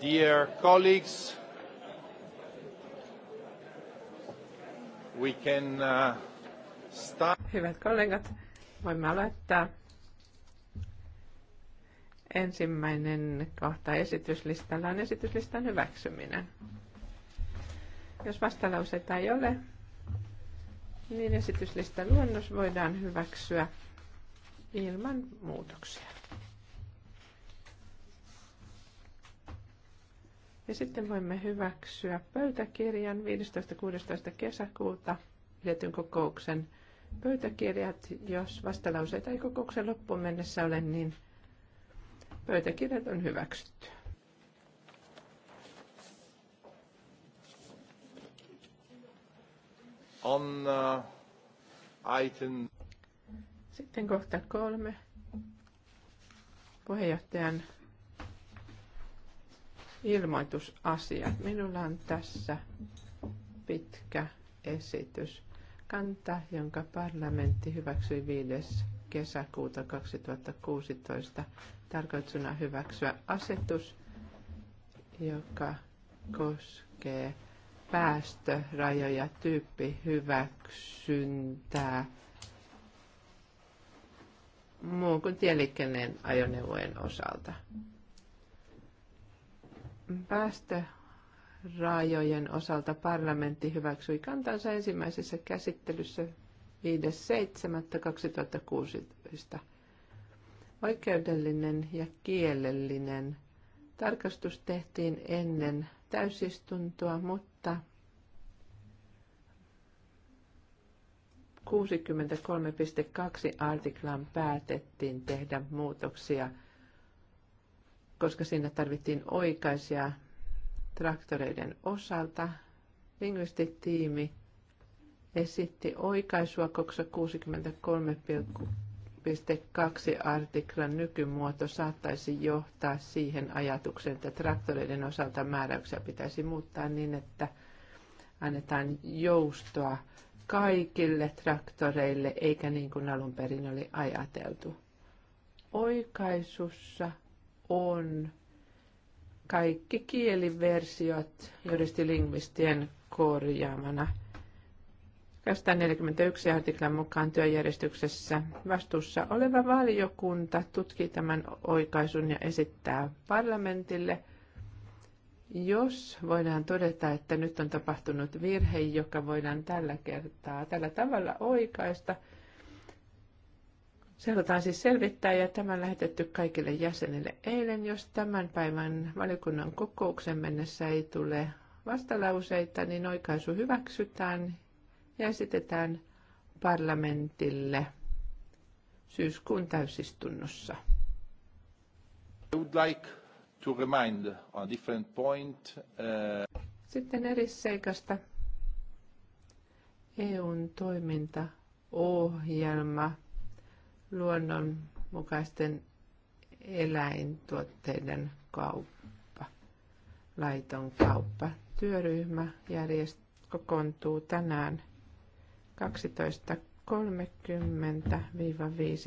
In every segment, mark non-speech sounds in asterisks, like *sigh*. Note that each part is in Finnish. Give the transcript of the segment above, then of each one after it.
Dear colleagues, we can uh, start. Hyvät kollegat, voimme aloittaa. Ensimmäinen kohta esityslistalla on esityslistan hyväksyminen. Jos vastalauseita ei ole, niin esityslistan luonnos voidaan hyväksyä ilman muutoksia. Ja sitten voimme hyväksyä pöytäkirjan 15.16. kesäkuuta pidetyn kokouksen pöytäkirjat. Jos vastalauseita ei kokouksen loppuun mennessä ole, niin pöytäkirjat on hyväksytty. On uh, item. Sitten kohta kolme. Puheenjohtajan ilmoitusasiat. Minulla on tässä pitkä esitys. Kanta, jonka parlamentti hyväksyi 5. kesäkuuta 2016, tarkoituksena hyväksyä asetus, joka koskee päästörajoja, hyväksyntää muun kuin tieliikenneen ajoneuvojen osalta päästörajojen osalta parlamentti hyväksyi kantansa ensimmäisessä käsittelyssä 5.7.2016. Oikeudellinen ja kielellinen tarkastus tehtiin ennen täysistuntoa, mutta 63.2 artiklaan päätettiin tehdä muutoksia – koska siinä tarvittiin oikaisia traktoreiden osalta. Lingvistitiimi esitti oikaisua koksa 63,2 artiklan nykymuoto saattaisi johtaa siihen ajatukseen, että traktoreiden osalta määräyksiä pitäisi muuttaa niin, että annetaan joustoa kaikille traktoreille, eikä niin kuin alun perin oli ajateltu. Oikaisussa on kaikki kieliversiot juristilingvistien korjaamana. 241 artiklan mukaan työjärjestyksessä vastuussa oleva valiokunta tutkii tämän oikaisun ja esittää parlamentille, jos voidaan todeta, että nyt on tapahtunut virhe, joka voidaan tällä kertaa tällä tavalla oikaista – se halutaan siis selvittää ja tämä on lähetetty kaikille jäsenille eilen. Jos tämän päivän valiokunnan kokouksen mennessä ei tule vastalauseita, niin oikaisu hyväksytään ja esitetään parlamentille syyskuun täysistunnossa. I would like to remind on different point, uh... Sitten eri seikasta. EUn toimintaohjelma luonnonmukaisten eläintuotteiden kauppa, laiton kauppa. Työryhmä järjest, kokoontuu tänään 1230 153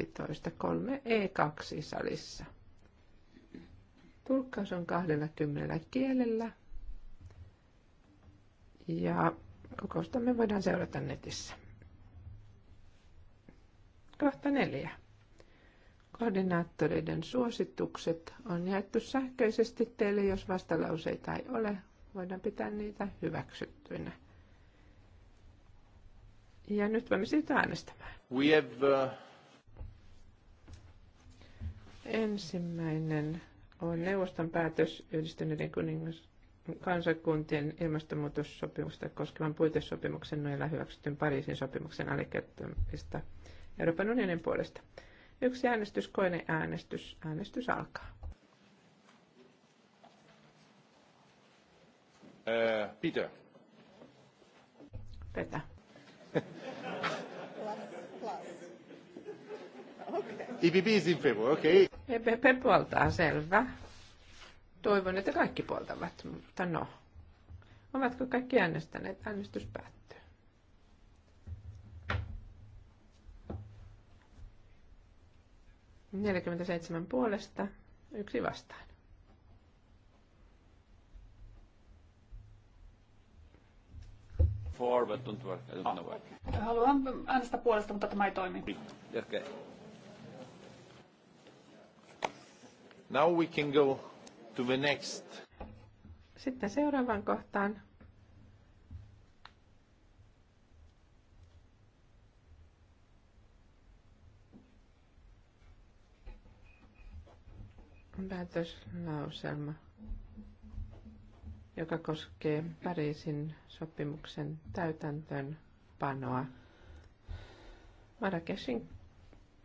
3 E2 salissa. Tulkkaus on 20 kielellä ja kokoustamme voidaan seurata netissä kohta neljä. Koordinaattoreiden suositukset on jaettu sähköisesti teille, jos vastalauseita ei ole. Voidaan pitää niitä hyväksyttyinä. Ja nyt voimme siitä äänestämään. We have, uh... Ensimmäinen on neuvoston päätös yhdistyneiden kuningas kansakuntien ilmastonmuutossopimusta koskevan puitesopimuksen nojalla hyväksytyn Pariisin sopimuksen allekirjoittamista Euroopan unionin puolesta. Yksi äänestys, äänestys. Äänestys alkaa. Ää, äh, Peter. Petä. EPP is in favor, okay. EPP puoltaa, selvä. Toivon, että kaikki puoltavat, mutta no. Ovatko kaikki äänestäneet? Äänestys päättyy. 47 puolesta, yksi vastaan. For, but don't work. I don't know why. Haluan äänestää puolesta, mutta tämä ei toimi. Okay. Now we can go to the next. Sitten seuraavaan kohtaan. päätöslauselma, joka koskee Pariisin sopimuksen täytäntöönpanoa Marrakeshin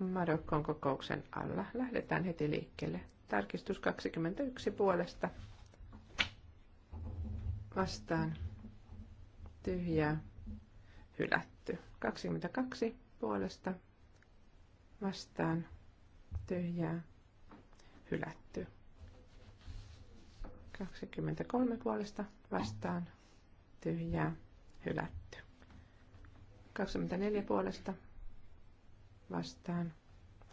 Marokon kokouksen alla. Lähdetään heti liikkeelle. Tarkistus 21 puolesta. Vastaan tyhjää hylätty. 22 puolesta vastaan tyhjää hylätty. 23 puolesta vastaan tyhjää hylätty. 24 puolesta vastaan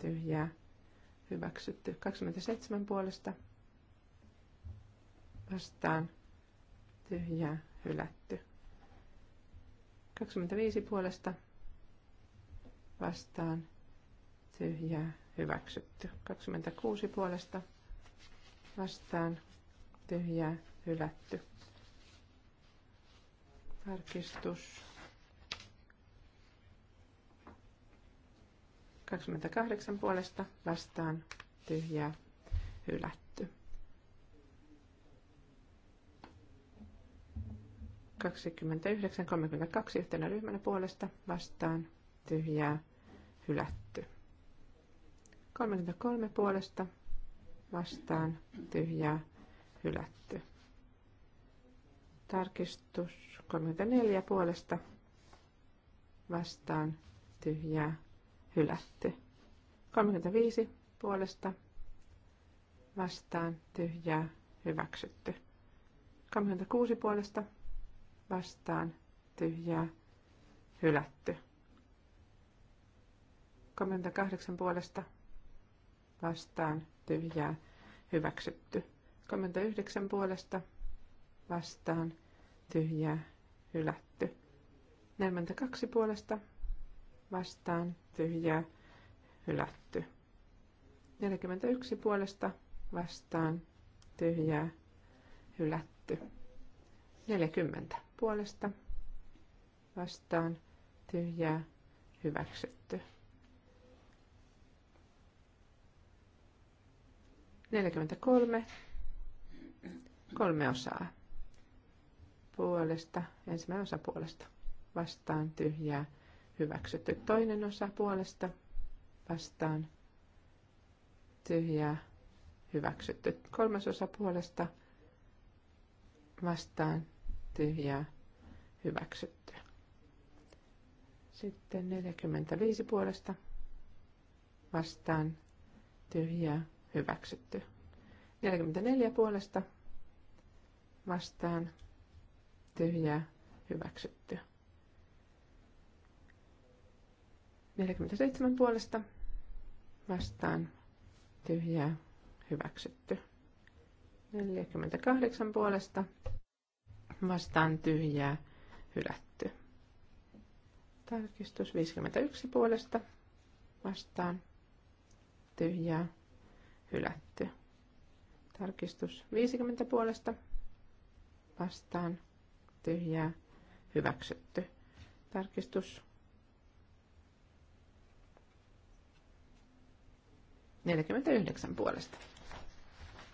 tyhjää hyväksytty. 27 puolesta vastaan tyhjää hylätty. 25 puolesta vastaan tyhjää hyväksytty. 26 puolesta vastaan tyhjää hylätty. Tarkistus. 28 puolesta vastaan tyhjää hylätty. 29, 32 yhtenä ryhmänä puolesta vastaan tyhjää hylätty. 33 puolesta vastaan tyhjää hylätty. Tarkistus 34 puolesta vastaan tyhjää hylätty. 35 puolesta vastaan tyhjää hyväksytty. 36 puolesta vastaan tyhjää hylätty. 38 puolesta vastaan tyhjää hyväksytty. 39 puolesta vastaan tyhjää hylätty. 42 puolesta vastaan tyhjää hylätty. 41 puolesta vastaan tyhjää hylätty. 40 puolesta vastaan tyhjää hyväksytty. 43. Kolme osaa. Puolesta. Ensimmäinen osa puolesta. Vastaan tyhjää. Hyväksytty. Toinen osa puolesta. Vastaan tyhjää. Hyväksytty. Kolmas osa puolesta. Vastaan tyhjää. Hyväksytty. Sitten 45 puolesta vastaan tyhjää hyväksytty. 44 puolesta vastaan tyhjää hyväksytty. 47 puolesta vastaan tyhjää hyväksytty. 48 puolesta vastaan tyhjää hylätty. Tarkistus 51 puolesta vastaan tyhjää hylätty. Tarkistus 50 puolesta vastaan tyhjää hyväksytty. Tarkistus 49 puolesta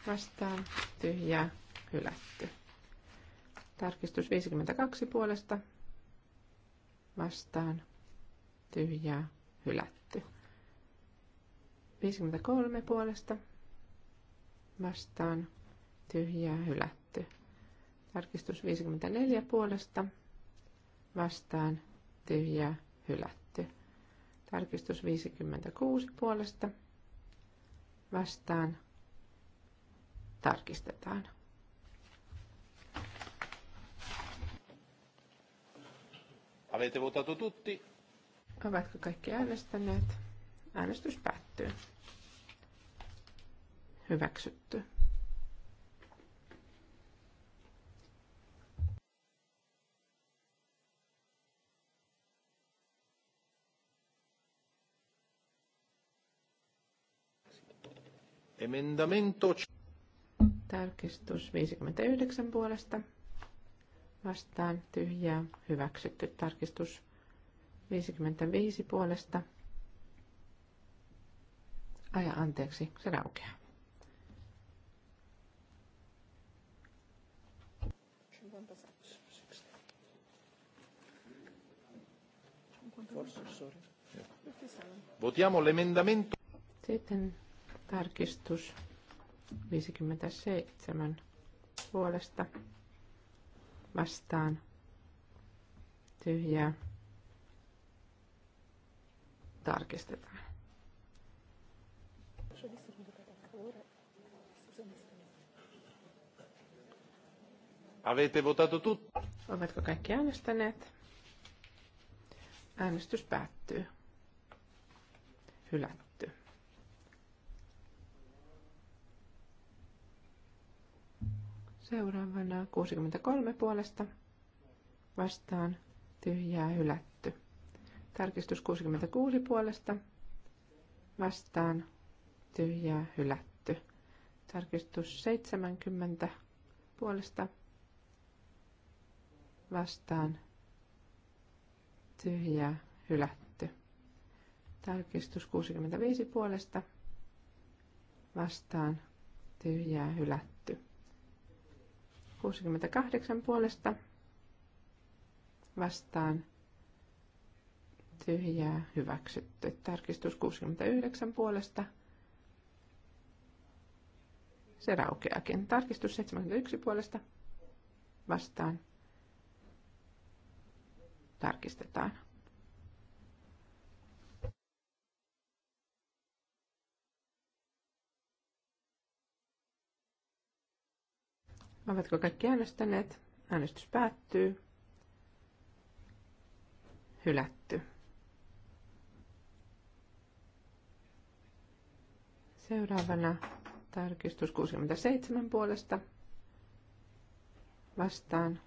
vastaan tyhjää hylätty. Tarkistus 52 puolesta vastaan tyhjää hylätty. 53 puolesta vastaan tyhjää hylätty. Tarkistus 54 puolesta vastaan tyhjää hylätty. Tarkistus 56 puolesta vastaan tarkistetaan. Avete votato tutti? Ovatko kaikki äänestäneet? Äänestys päättyy. Hyväksytty. Emendamento. Tarkistus 59 puolesta. Vastaan tyhjää. Hyväksytty. Tarkistus 55 puolesta. Aja anteeksi, se raukeaa. Votiamo l'emendamento. Sitten tarkistus 57 puolesta vastaan tyhjää tarkistetaan. Avete votato tutto? Ovatko kaikki äänestäneet? Äänestys päättyy. Hylätty. Seuraavana 63 puolesta vastaan tyhjää hylätty. Tarkistus 66 puolesta vastaan tyhjää hylätty. Tarkistus 70 puolesta vastaan tyhjää, hylätty. Tarkistus 65 puolesta vastaan tyhjää, hylätty. 68 puolesta vastaan tyhjää, hyväksytty. Tarkistus 69 puolesta se raukeakin. Tarkistus 71 puolesta vastaan tarkistetaan. Ovatko kaikki äänestäneet? Äänestys päättyy. Hylätty. Seuraavana tarkistus 67 puolesta. Vastaan.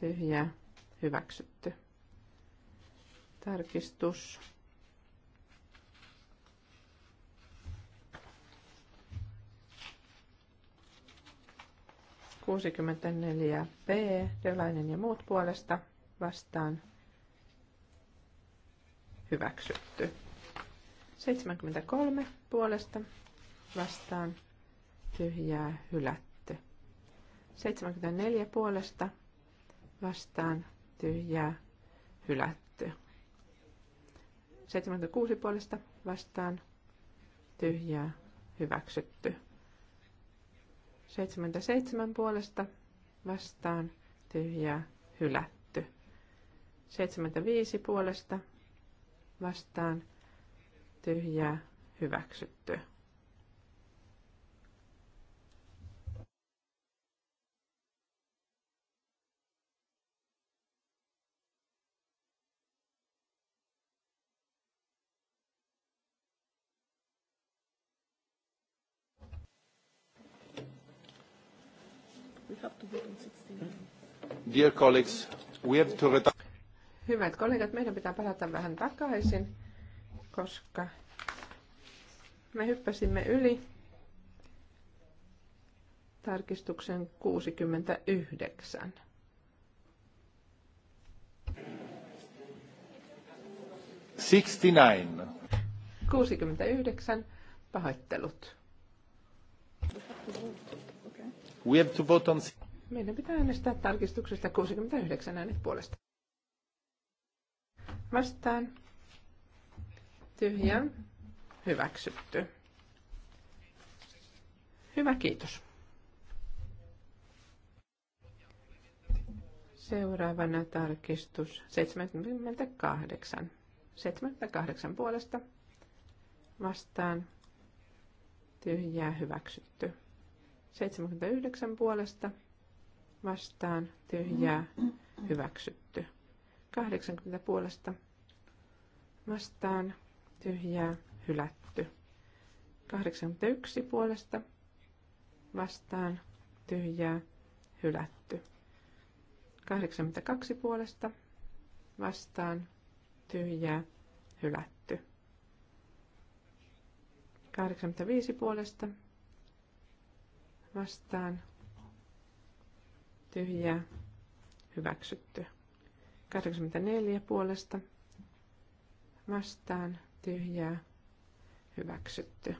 Tyhjää hyväksytty. Tarkistus. Kuusikymmentäneljä B, Delainen ja muut puolesta vastaan hyväksytty. 73 puolesta vastaan tyhjää hylätty. 74 puolesta vastaan ja hylätty. 76 puolesta vastaan, tyhjää, hyväksytty. 77 puolesta vastaan, tyhjää, hylätty. 75 puolesta vastaan, tyhjää, hyväksytty. Dear colleagues, we have to ret- Hyvät kollegat, meidän pitää palata vähän takaisin, koska me hyppäsimme yli tarkistuksen 69. Sixty-nine. 69. Pahoittelut. We have to vote on... Meidän pitää äänestää tarkistuksesta 69 äänet puolesta. Vastaan. Tyhjä. Hyväksytty. Hyvä, kiitos. Seuraavana tarkistus 78. 78 puolesta vastaan tyhjää hyväksytty. 79 puolesta vastaan tyhjää hyväksytty. 80 puolesta vastaan tyhjää hylätty. 81 puolesta vastaan tyhjää hylätty. 82 puolesta vastaan tyhjää hylätty. 85 puolesta vastaan tyhjää, hyväksytty. 84 puolesta vastaan, tyhjää, hyväksytty.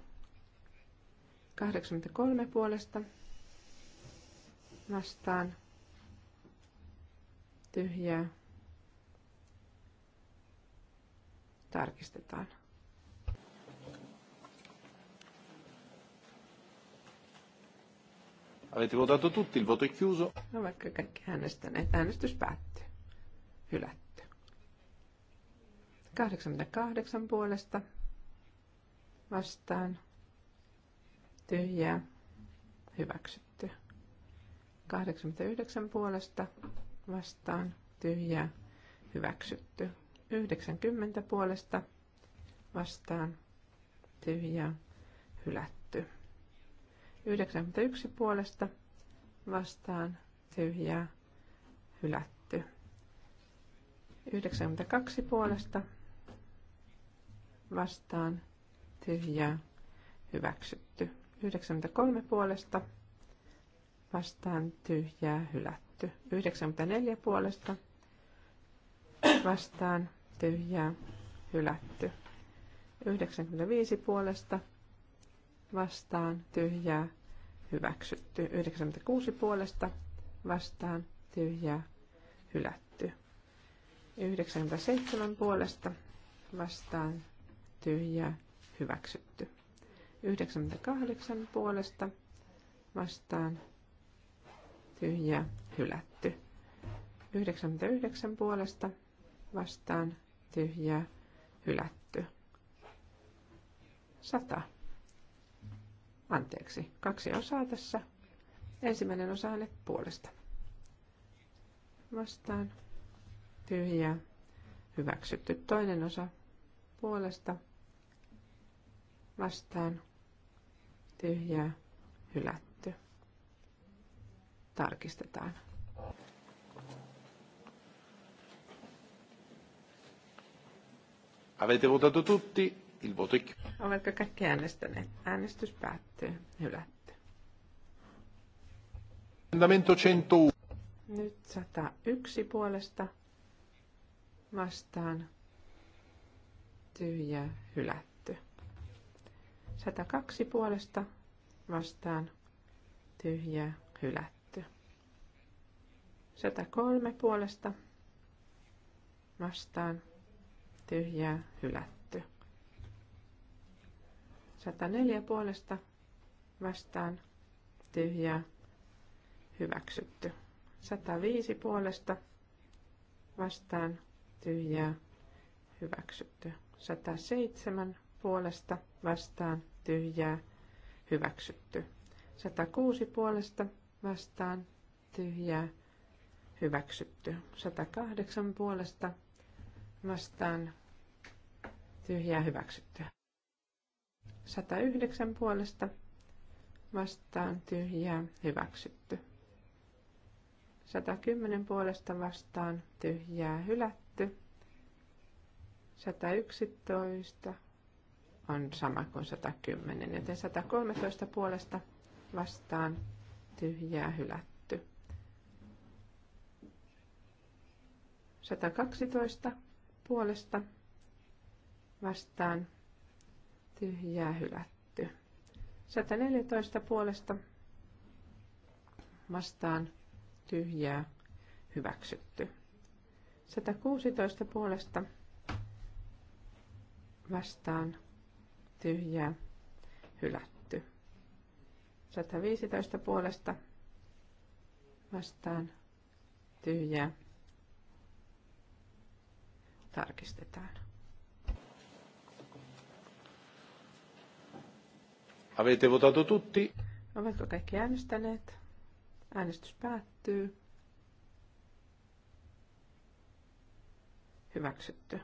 83 puolesta vastaan, tyhjää, tarkistetaan. Avete votato tutti, il voto è chiuso. No vaikka kaikki äänestäneet, äänestys päättyy. Hylätty. 88 puolesta vastaan tyhjää hyväksytty. 89 puolesta vastaan tyhjää hyväksytty. 90 puolesta vastaan tyhjää hylätty. 91 puolesta vastaan tyhjää hylätty. 92 puolesta vastaan tyhjää hyväksytty. 93 puolesta vastaan tyhjää hylätty. 94 puolesta vastaan tyhjää hylätty. 95 puolesta vastaan tyhjää hyväksytty. 96 puolesta vastaan tyhjää hylätty. 97 puolesta vastaan tyhjää hyväksytty. 98 puolesta vastaan tyhjää hylätty. 99 puolesta vastaan tyhjää hylätty. 100 Anteeksi, kaksi osaa tässä. Ensimmäinen osa on puolesta. Vastaan. tyhjä Hyväksytty. Toinen osa puolesta. Vastaan. tyhjä Hylätty. Tarkistetaan. Avete votato tutti? Il voto Ovatko kaikki äänestäneet? Äänestys päättyy. Hylätty. Emendamento 101. Nyt 101 puolesta vastaan tyhjä hylätty. 102 puolesta vastaan tyhjä hylätty. 103 puolesta vastaan Tyhjä hylätty. 104 puolesta vastaan tyhjää hyväksytty. 105 puolesta vastaan tyhjää hyväksytty. 107 puolesta vastaan tyhjää hyväksytty. 106 puolesta vastaan tyhjää hyväksytty. 108 puolesta vastaan tyhjää hyväksytty. 109 puolesta vastaan tyhjää hyväksytty. 110 puolesta vastaan tyhjää hylätty. 111 on sama kuin 110, joten 113 puolesta vastaan tyhjää hylätty. 112 puolesta vastaan tyhjää hylätty. 114 puolesta vastaan tyhjää hyväksytty. 116 puolesta vastaan tyhjää hylätty. 115 puolesta vastaan tyhjää tarkistetaan. Avete votato tutti? Ovatko kaikki äänestäneet? Äänestys päättyy. Hyväksytty.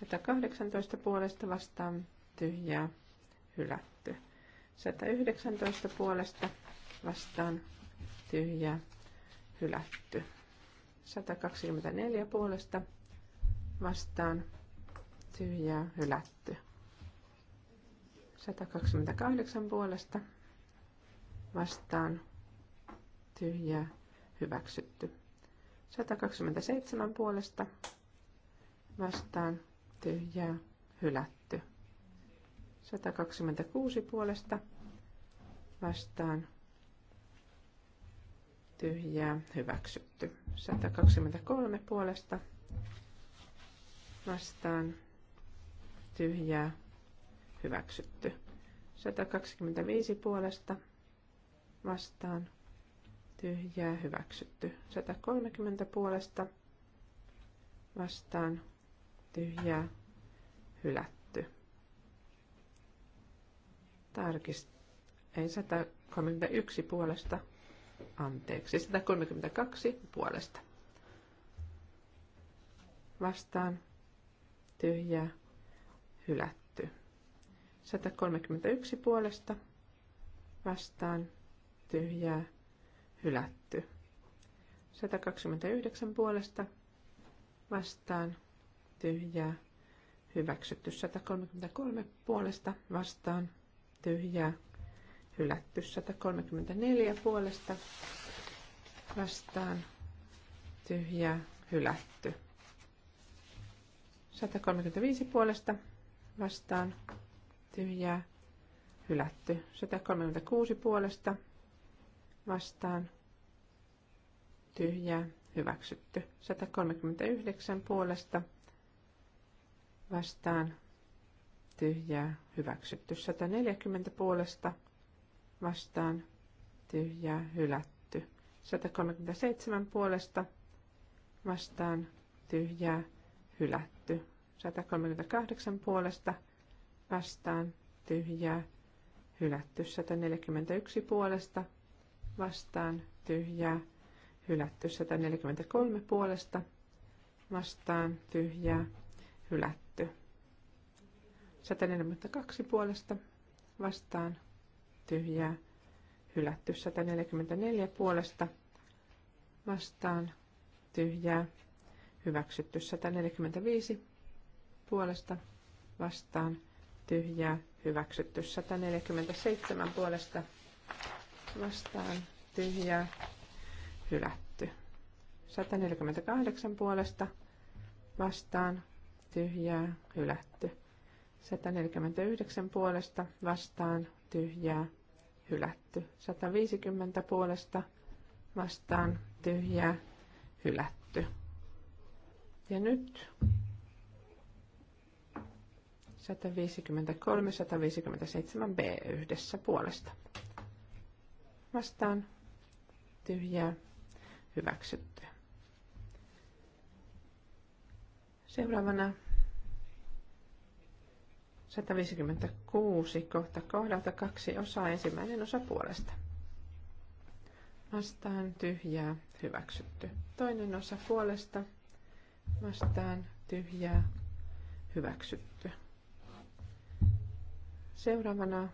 118 puolesta vastaan tyhjää hylätty. 119 puolesta vastaan tyhjää hylätty. 124 puolesta vastaan tyhjää hylätty. 128 puolesta vastaan tyhjää hyväksytty. 127 puolesta vastaan tyhjää hylätty. 126 puolesta vastaan tyhjää hyväksytty. 123 puolesta vastaan tyhjää hyväksytty. 125 puolesta vastaan tyhjää hyväksytty. 130 puolesta vastaan tyhjää hylätty. Tarkist. Ei 131 puolesta. Anteeksi. 132 puolesta. Vastaan tyhjää hylätty. 131 puolesta vastaan tyhjää hylätty. 129 puolesta vastaan tyhjää hyväksytty. 133 puolesta vastaan tyhjää hylätty. 134 puolesta vastaan tyhjää hylätty. 135 puolesta vastaan tyhjää hylätty. 136 puolesta vastaan tyhjää hyväksytty. 139 puolesta vastaan tyhjää hyväksytty. 140 puolesta vastaan tyhjää hylätty. 137 puolesta vastaan tyhjää hylätty. 138 puolesta vastaan tyhjää hylätty. 141 puolesta vastaan tyhjää hylätty. 143 puolesta vastaan tyhjää hylätty. 142 puolesta vastaan tyhjää hylätty. 144 puolesta vastaan tyhjää hyväksytty. 145 puolesta vastaan tyhjää hyväksytty. 147 puolesta vastaan tyhjää hylätty. 148 puolesta vastaan tyhjää hylätty. 149 puolesta vastaan tyhjää hylätty. 150 puolesta vastaan tyhjää hylätty. Ja nyt 153-157 B yhdessä puolesta. Vastaan tyhjää hyväksytty. Seuraavana 156 kohta kohdalta kaksi osaa ensimmäinen osa puolesta. Vastaan tyhjää hyväksytty. Toinen osa puolesta vastaan tyhjää hyväksytty. Seuraavana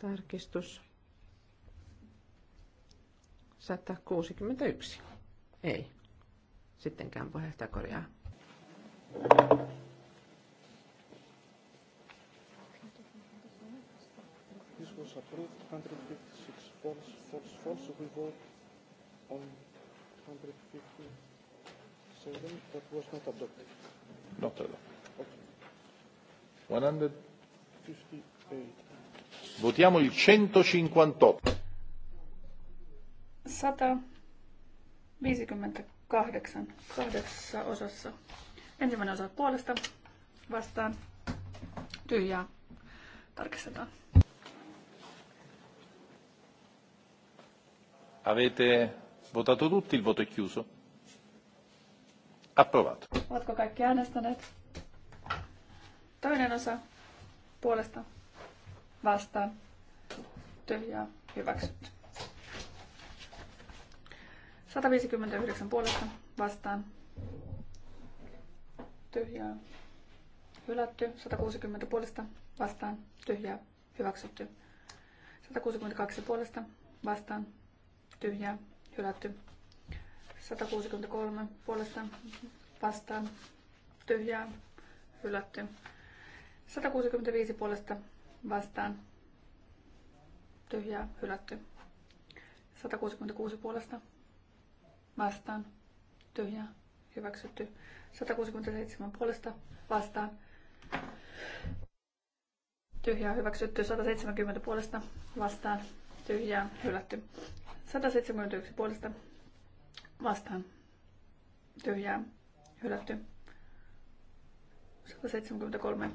tarkistus 161. Ei. Sittenkään puheenjohtaja korjaa. This was approved 156 false, false, false. We vote on 157. That was not adopted. Not adopted. 100... Votiamo il 158. 158 kahdessa osassa. Ensimmäinen osa puolesta vastaan tyhjää. Tarkistetaan. Avete votato tutti, il voto è chiuso. Approvato. Ovatko kaikki äänestäneet? Toinen osa puolesta vastaan tyhjää hyväksytty. 159 puolesta vastaan tyhjää hylätty. 160 puolesta vastaan tyhjää hyväksytty. 162 puolesta vastaan tyhjää hylätty. 163 puolesta vastaan tyhjää hylätty. 165 puolesta vastaan. Tyhjää, hylätty. 166 puolesta vastaan. Tyhjää, hyväksytty. 167 puolesta vastaan. Tyhjää, hyväksytty. 170 puolesta vastaan. Tyhjää, hylätty. 171 puolesta vastaan. Tyhjää, hylätty. 173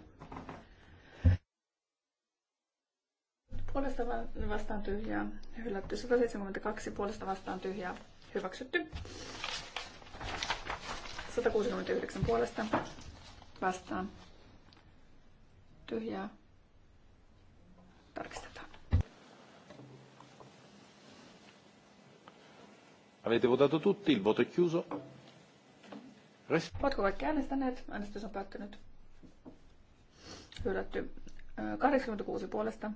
Puolesta vastaan tyhjää. Hylätty 172. Puolesta vastaan tyhjää. Hyväksytty. 169 puolesta vastaan. Tyhjää. Tarkistetaan. Avete votato tutti, il voto è chiuso. Ovatko kaikki äänestäneet? Äänestys on päättynyt. Hylätty 86 puolesta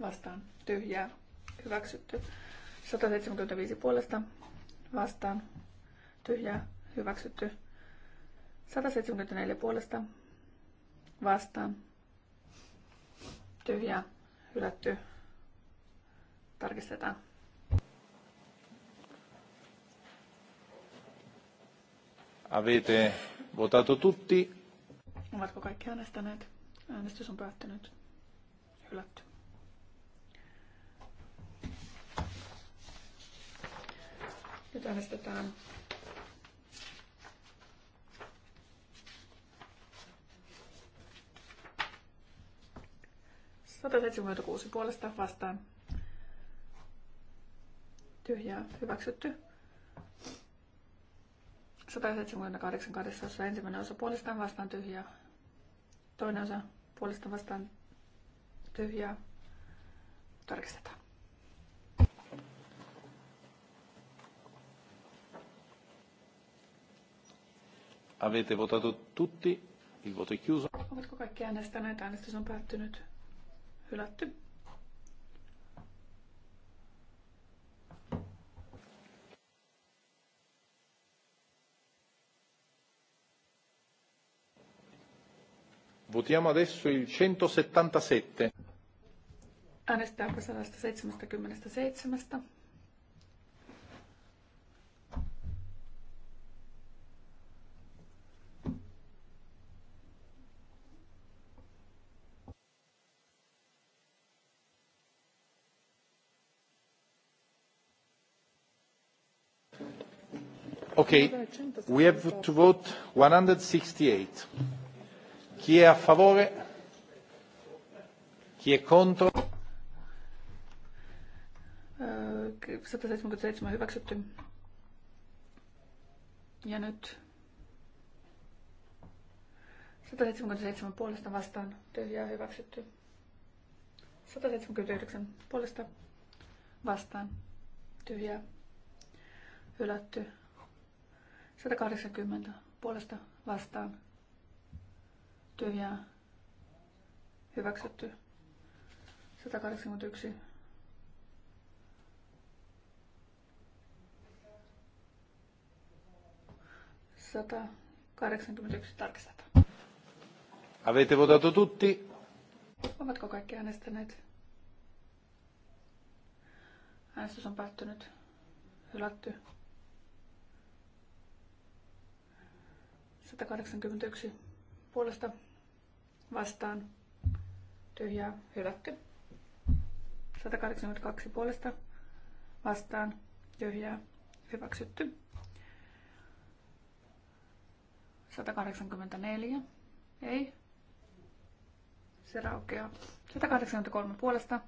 vastaan tyhjää. Hyväksytty 175 puolesta vastaan tyhjää. Hyväksytty 174 puolesta vastaan tyhjää. Hylätty. Tarkistetaan. Avete votato tutti? Ovatko kaikki äänestäneet? Äänestys on päättynyt. Hylätty. Nyt äänestetään kuusi puolesta vastaan. Tyhjää hyväksytty. 178 kahdessa ensimmäinen osa puolestaan vastaan tyhjää Toinen osa puolesta vastaan tyhjää. Tarkistetaan. Avete votato tutti? Il voto è chiuso. Ovatko kaikki äänestäneet? Äänestys on päättynyt. Hylätty. Votiamo adesso il 177. Äänestääkö 177? Okay, we have to vote 168. Chi è a favore? Chi è contro? 177 hyväksytty. Ja nyt 177 puolesta vastaan tyhjää hyväksytty. 179 puolesta vastaan tyhjää hylätty. 180 puolesta vastaan tyhjää hyväksytty 181 181 tarkistetaan. Avete votato tutti? Ovatko kaikki äänestäneet? Äänestys on päättynyt. Hylätty. 181 puolesta vastaan tyhjää hylätty. 182 puolesta vastaan tyhjää hyväksytty. 184 ei. Se raukeaa. 183 puolesta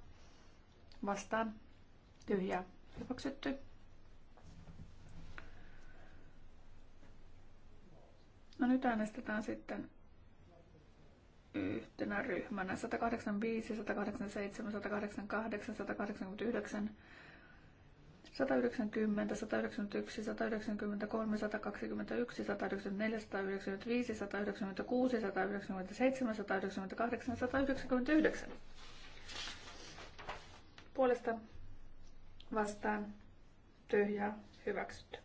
vastaan tyhjää hyväksytty. No nyt sitten yhtenä ryhmänä. 185, 187, 188, 189, 190, 191, 193, 121, 194, 195, 196, 197, 198, 199. Puolesta vastaan tyhjää hyväksytty.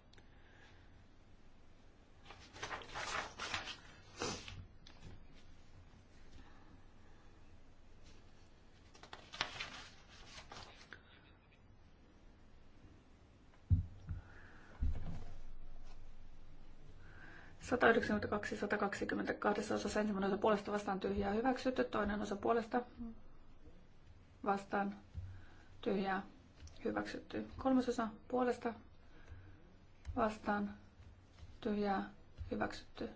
192, 122 osassa ensimmäinen osa puolesta vastaan tyhjää hyväksytty, toinen osa puolesta vastaan tyhjää hyväksytty. Kolmas osa puolesta vastaan tyhjää hyväksytty.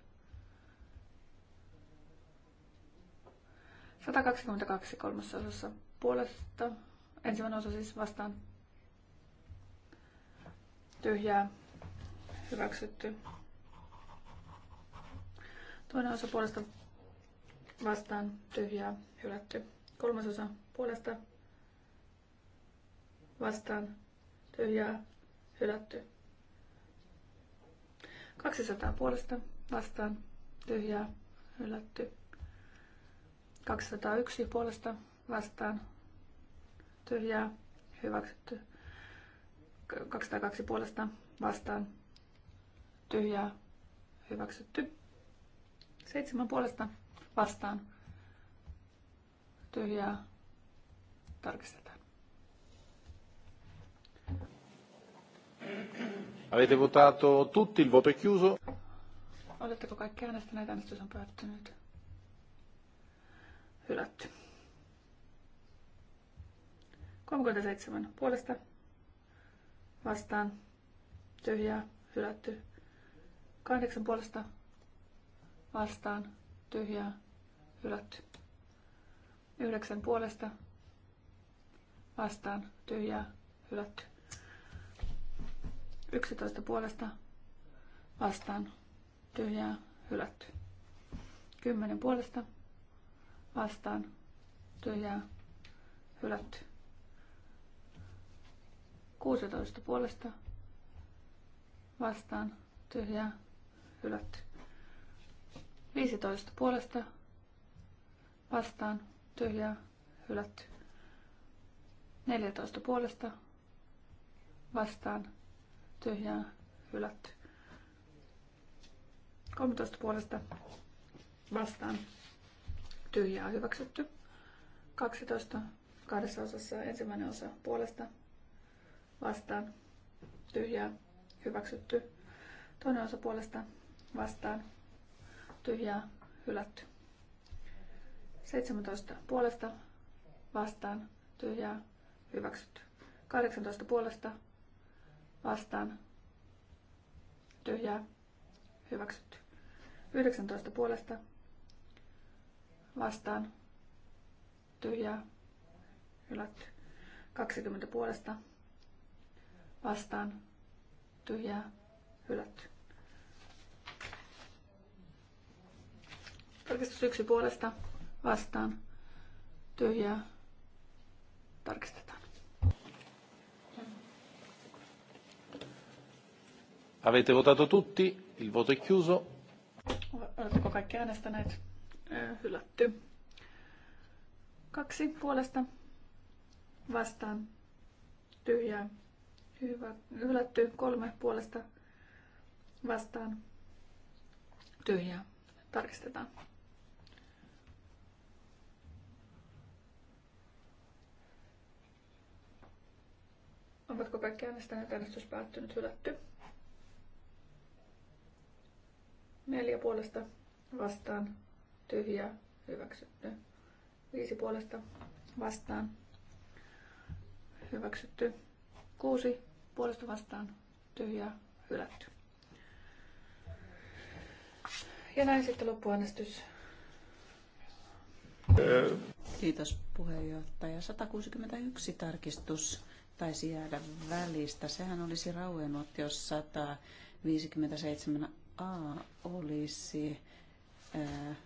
122 kolmessa osassa puolesta. Ensimmäinen osa siis vastaan tyhjää hyväksytty. Toinen osa puolesta vastaan tyhjää hylätty. Kolmas osa puolesta vastaan tyhjää hylätty. 200 puolesta vastaan tyhjää hylätty. 201 puolesta vastaan tyhjää hyväksytty. 202 puolesta vastaan tyhjää hyväksytty. Seitsemän puolesta vastaan. Tyhjää. Tarkistetaan. Avete votato tutti, il voto è chiuso. Oletteko kaikki äänestäneet? Äänestys on päättynyt. Hylätty. 37 puolesta vastaan. Tyhjää. Hylätty. 8 puolesta vastaan tyhjää hylätty. Yhdeksän puolesta vastaan tyhjää hylätty. Yksitoista puolesta vastaan tyhjää hylätty. Kymmenen puolesta vastaan tyhjää hylätty. 16 puolesta vastaan tyhjää hylätty. 15 puolesta vastaan tyhjää hylätty. 14 puolesta vastaan tyhjää hylätty. 13 puolesta vastaan tyhjää hyväksytty. 12 kahdessa osassa ensimmäinen osa puolesta vastaan tyhjää hyväksytty. Toinen osa puolesta vastaan tyhjää, hylätty. 17 puolesta vastaan, tyhjää, hyväksytty. 18 puolesta vastaan, tyhjää, hyväksytty. 19 puolesta vastaan, tyhjää, hylätty. 20 puolesta vastaan, tyhjää, hylätty. Tarkistus yksi puolesta vastaan. Tyhjää. Tarkistetaan. Avete votato tutti? Il voto è chiuso. Oletteko kaikki äänestäneet? Hylätty. Kaksi puolesta vastaan. Tyhjää. Hyvä. Hylätty. Kolme puolesta vastaan. Tyhjää. Tarkistetaan. Ovatko kaikki äänestäneet? Äänestys päättynyt, hylätty. Neljä puolesta vastaan, tyhjä, hyväksytty. Viisi puolesta vastaan, hyväksytty. Kuusi puolesta vastaan, tyhjä, hylätty. Ja näin sitten loppuäänestys. Kiitos puheenjohtaja. 161 tarkistus saattaisi jäädä välistä. Sehän olisi rauennut, jos 157a olisi, ää, äh,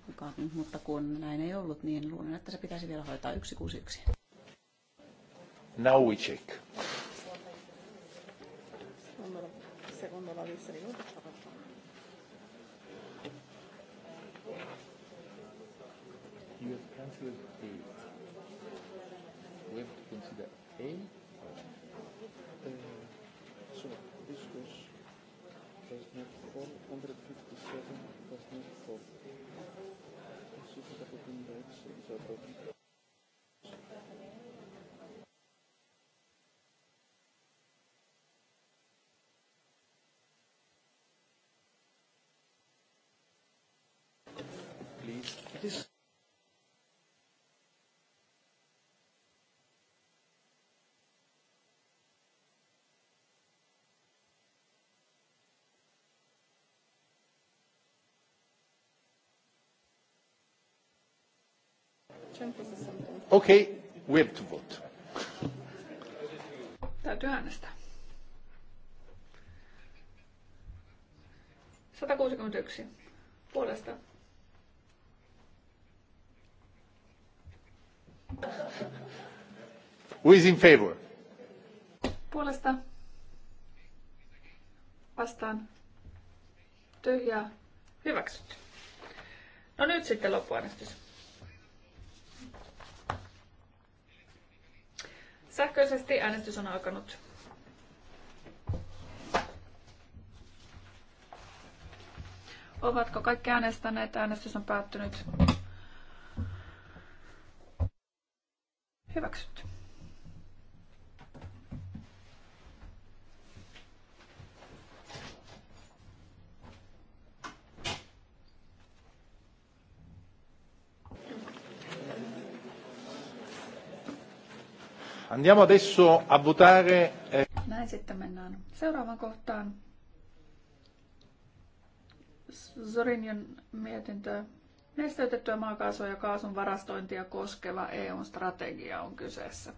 mutta kun näin ei ollut, niin luulen, että se pitäisi vielä hoitaa 161. Now we check. You have cancelled A. We have to consider A So, this was does 457 fall, 157 This is the is Please. This Okay, we have to vote. Täytyy äänestää. 161 puolesta. Who is in favor? Puolesta. Vastaan. Tyhjää. Hyväksytty. No nyt sitten loppuäänestys. Sähköisesti äänestys on alkanut. Ovatko kaikki äänestäneet? Äänestys on päättynyt. Hyväksytty. Andiamo adesso a votare... Eh, Näin sitten mennään seuraavaan kohtaan. Zorinjon mietintö. Nesteytettyä maakaasua ja kaasun varastointia koskeva EU-strategia on kyseessä.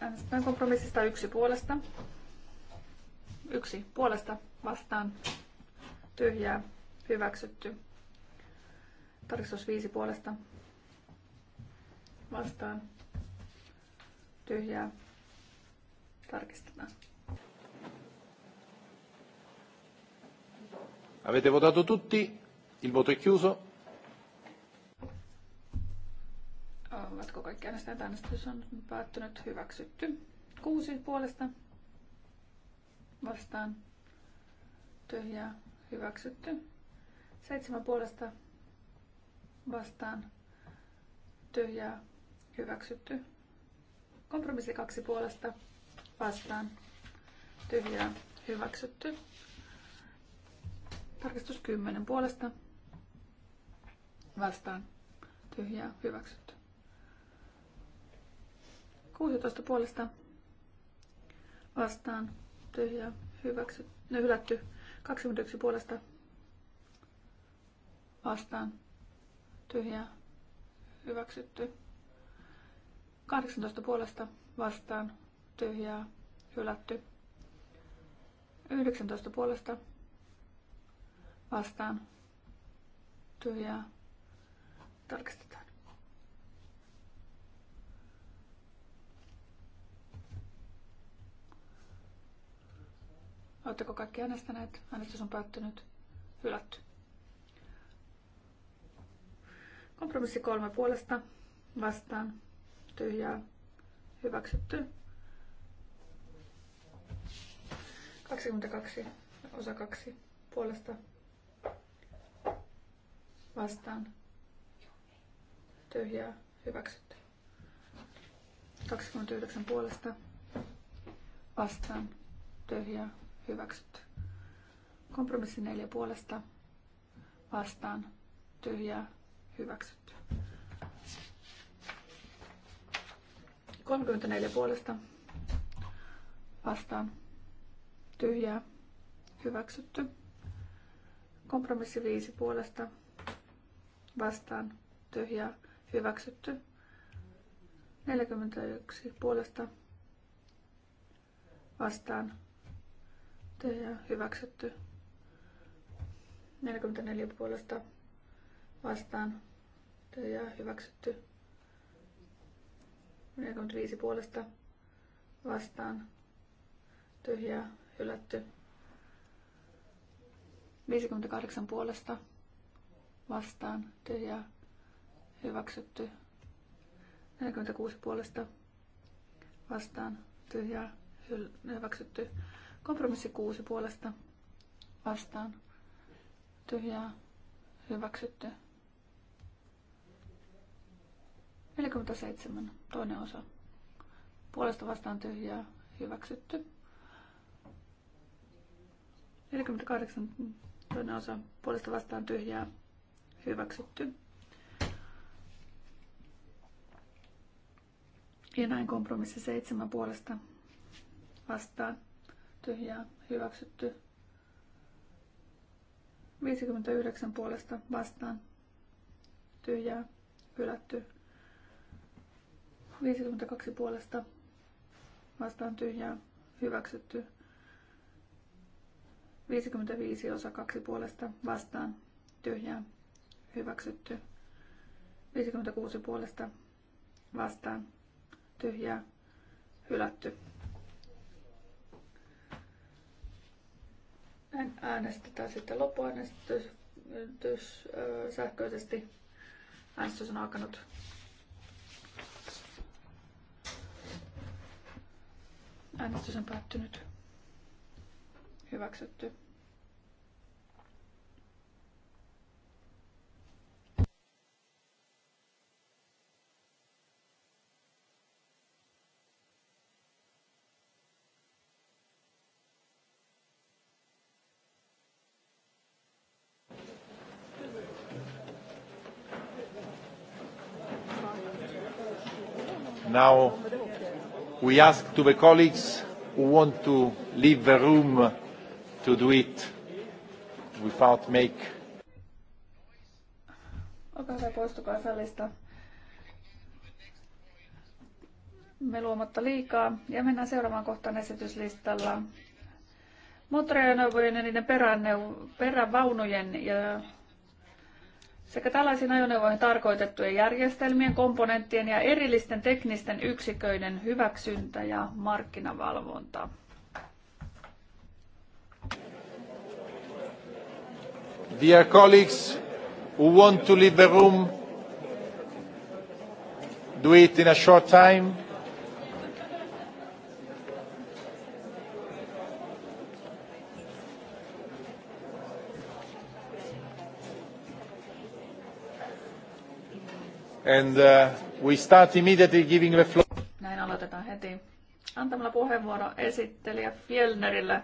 Äänestetään kompromissista yksi puolesta. Yksi puolesta vastaan. Tyhjää. Hyväksytty. Tarkistus viisi puolesta. Vastaan. Tyhjää. Tarkistetaan. Avete votato tutti? Il voto è chiuso. Ovatko kaikki äänestäjät? Äänestys on päättynyt. Hyväksytty. Kuusi puolesta. Vastaan. Tyhjää. Hyväksytty. Seitsemän puolesta. Vastaan. Tyhjää. Hyväksytty. Kompromissi kaksi puolesta vastaan. Tyhjää hyväksytty. Tarkistus 10 puolesta vastaan. Tyhjää hyväksytty. 16 no, puolesta vastaan. Tyhjää hyväksytty. Hylätty. 21 puolesta vastaan. Tyhjää hyväksytty. 18 puolesta vastaan tyhjää hylätty. 19 puolesta vastaan tyhjää tarkistetaan. Oletteko kaikki äänestäneet? Äänestys on päättynyt. Hylätty. Kompromissi kolme puolesta vastaan hyväksytty ja hyväksytty. 22 osa 2 puolesta vastaan tyhjää hyväksytty. 29 puolesta vastaan tyhjää hyväksytty. Kompromissi 4 puolesta vastaan tyhjää hyväksytty. 34 puolesta vastaan tyhjää hyväksytty. Kompromissi 5 puolesta vastaan tyhjää hyväksytty. 41 puolesta vastaan tyhjää hyväksytty. 44 puolesta vastaan tyhjää hyväksytty. 45 puolesta vastaan. Tyhjää, hylätty. 58 puolesta vastaan. Tyhjää, hyväksytty. 46 puolesta vastaan. Tyhjää, hyväksytty. Kompromissi 6 puolesta vastaan. Tyhjää, hyväksytty. 47. Toinen osa. Puolesta vastaan tyhjää. Hyväksytty. 48. Toinen osa. Puolesta vastaan tyhjää. Hyväksytty. Ja näin kompromissi 7. puolesta vastaan tyhjää hyväksytty. 59 puolesta vastaan tyhjää hylätty. 52 puolesta vastaan tyhjää hyväksytty. 55 osa 2 puolesta vastaan tyhjää hyväksytty. 56 puolesta vastaan tyhjää hylätty. Näin äänestetään sitten loppuäänestys äh, sähköisesti. Äänestys on alkanut. Äänestys on päättynyt. Hyväksytty. now We ask to the colleagues who want to leave the room to do it without make. Me luomatta liikaa. Ja mennään seuraavaan kohtaan esityslistalla. Moottoriajoneuvojen ja niiden perävaunujen ja sekä tällaisiin ajoneuvoihin tarkoitettujen järjestelmien, komponenttien ja erillisten teknisten yksiköiden hyväksyntä ja markkinavalvonta. Dear colleagues who want to leave the room, do it in a short time. Uh, Näin aloitetaan heti. Antamalla puheenvuoro esittelijä Fjellnerille.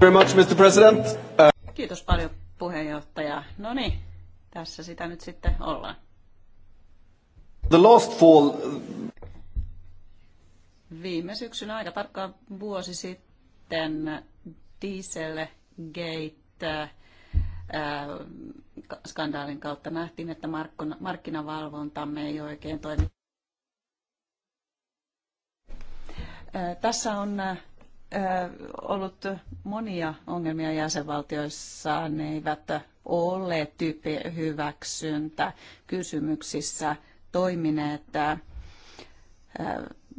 Very much, Mr. President. Uh, Kiitos paljon puheenjohtaja. No niin, tässä sitä nyt sitten ollaan. The last fall... Viime syksynä aika tarkkaan vuosi sitten Dieselgate skandaalin kautta nähtiin, että markkinavalvontamme ei oikein toimi. Tässä on ollut monia ongelmia jäsenvaltioissa, ne eivät ole tyyppi hyväksyntä kysymyksissä toimineet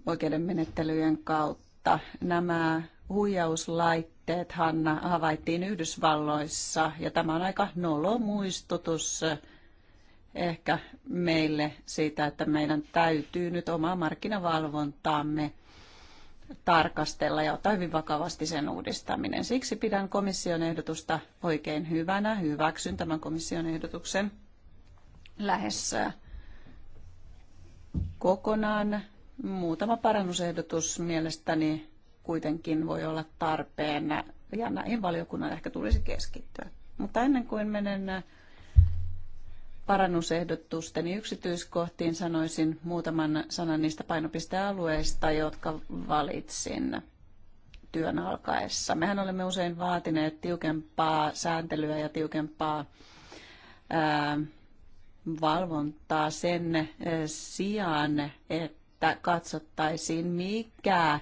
oikeuden menettelyjen kautta. Nämä huijauslait Hanna, havaittiin Yhdysvalloissa ja tämä on aika nolo muistutus ehkä meille siitä, että meidän täytyy nyt omaa markkinavalvontaamme tarkastella ja ottaa hyvin vakavasti sen uudistaminen. Siksi pidän komission ehdotusta oikein hyvänä. Hyväksyn tämän komission ehdotuksen lähes kokonaan. Muutama parannusehdotus mielestäni kuitenkin voi olla tarpeen ja näihin valiokunnan ehkä tulisi keskittyä. Mutta ennen kuin menen parannusehdotusten yksityiskohtiin, sanoisin muutaman sanan niistä painopistealueista, jotka valitsin työn alkaessa. Mehän olemme usein vaatineet tiukempaa sääntelyä ja tiukempaa ää, valvontaa sen sijaan, että että katsottaisiin, mikä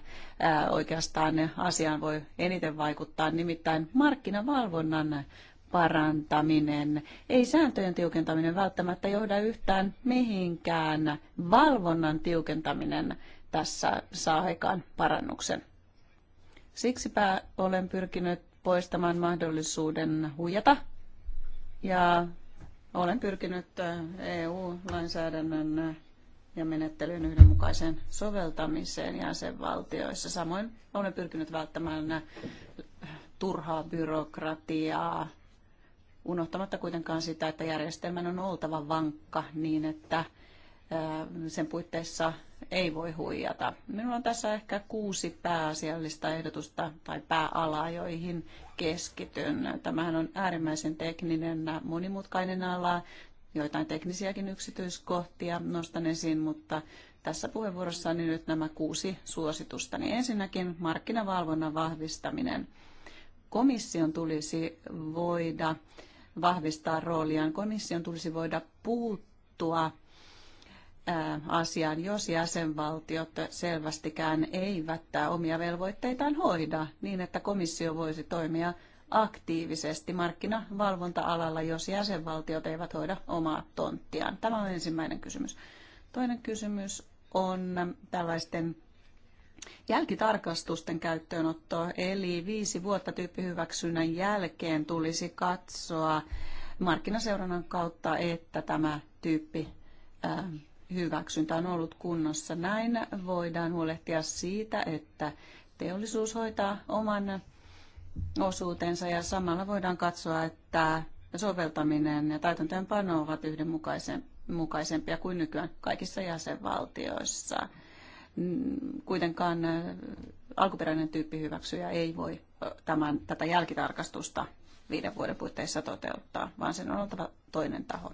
oikeastaan asiaan voi eniten vaikuttaa, nimittäin markkinavalvonnan parantaminen. Ei sääntöjen tiukentaminen välttämättä johda yhtään mihinkään. Valvonnan tiukentaminen tässä saa aikaan parannuksen. Siksipä olen pyrkinyt poistamaan mahdollisuuden huijata ja olen pyrkinyt EU-lainsäädännön ja menettelyjen yhdenmukaiseen soveltamiseen jäsenvaltioissa. Samoin olemme pyrkinyt välttämään turhaa byrokratiaa, unohtamatta kuitenkaan sitä, että järjestelmän on oltava vankka niin, että sen puitteissa ei voi huijata. Minulla on tässä ehkä kuusi pääasiallista ehdotusta tai pääalaa, joihin keskityn. Tämähän on äärimmäisen tekninen, monimutkainen ala joitain teknisiäkin yksityiskohtia nostan esiin, mutta tässä puheenvuorossa niin nyt nämä kuusi suositusta. Niin ensinnäkin markkinavalvonnan vahvistaminen. Komission tulisi voida vahvistaa rooliaan. Komission tulisi voida puuttua asiaan, jos jäsenvaltiot selvästikään eivät omia velvoitteitaan hoida niin, että komissio voisi toimia aktiivisesti markkinavalvonta-alalla, jos jäsenvaltiot eivät hoida omaa tonttiaan? Tämä on ensimmäinen kysymys. Toinen kysymys on tällaisten jälkitarkastusten käyttöönotto, eli viisi vuotta tyyppihyväksynnän jälkeen tulisi katsoa markkinaseurannan kautta, että tämä tyyppi hyväksyntä on ollut kunnossa. Näin voidaan huolehtia siitä, että teollisuus hoitaa oman osuutensa ja samalla voidaan katsoa, että soveltaminen ja täytäntöönpano ovat yhdenmukaisempia kuin nykyään kaikissa jäsenvaltioissa. Mm, kuitenkaan alkuperäinen tyyppihyväksyjä ei voi tämän, tätä jälkitarkastusta viiden vuoden puitteissa toteuttaa, vaan sen on oltava toinen taho.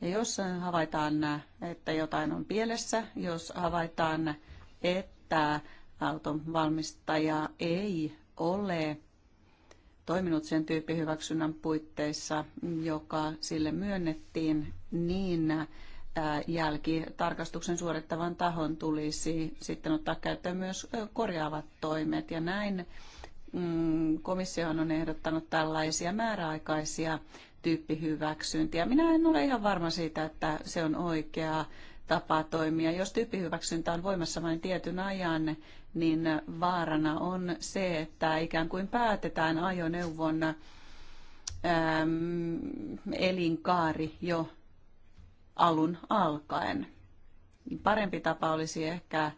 Ja jos havaitaan, että jotain on pielessä, jos havaitaan, että auton valmistaja ei ole toiminut sen tyyppihyväksynnän puitteissa, joka sille myönnettiin, niin jälkitarkastuksen suorittavan tahon tulisi sitten ottaa käyttöön myös korjaavat toimet. Ja näin mm, komissio on ehdottanut tällaisia määräaikaisia tyyppihyväksyntiä. Minä en ole ihan varma siitä, että se on oikea tapa toimia. Jos tyyppihyväksyntä on voimassa vain tietyn ajan, niin vaarana on se, että ikään kuin päätetään ajoneuvon äm, elinkaari jo alun alkaen. Parempi tapa olisi ehkä äm,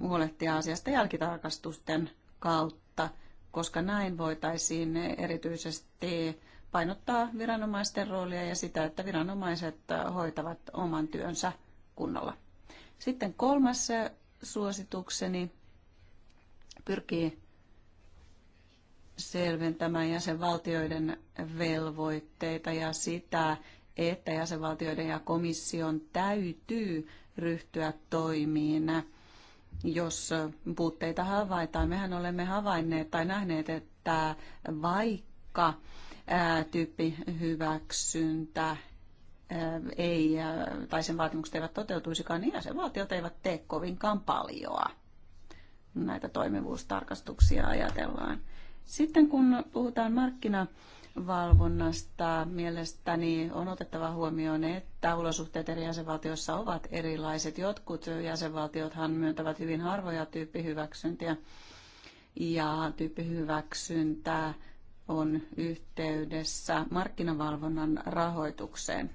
huolehtia asiasta jälkitarkastusten kautta, koska näin voitaisiin erityisesti painottaa viranomaisten roolia ja sitä, että viranomaiset hoitavat oman työnsä kunnolla. Sitten kolmas suositukseni pyrkii selventämään jäsenvaltioiden velvoitteita ja sitä, että jäsenvaltioiden ja komission täytyy ryhtyä toimiin, jos puutteita havaitaan. Mehän olemme havainneet tai nähneet, että vaikka tyyppihyväksyntä hyväksyntä ei, tai sen vaatimukset eivät toteutuisikaan, niin jäsenvaltiot eivät tee kovinkaan paljoa näitä toimivuustarkastuksia ajatellaan. Sitten kun puhutaan markkinavalvonnasta, mielestäni on otettava huomioon, että olosuhteet eri jäsenvaltioissa ovat erilaiset. Jotkut jäsenvaltiothan myöntävät hyvin harvoja tyyppihyväksyntiä ja tyyppihyväksyntää on yhteydessä markkinavalvonnan rahoitukseen.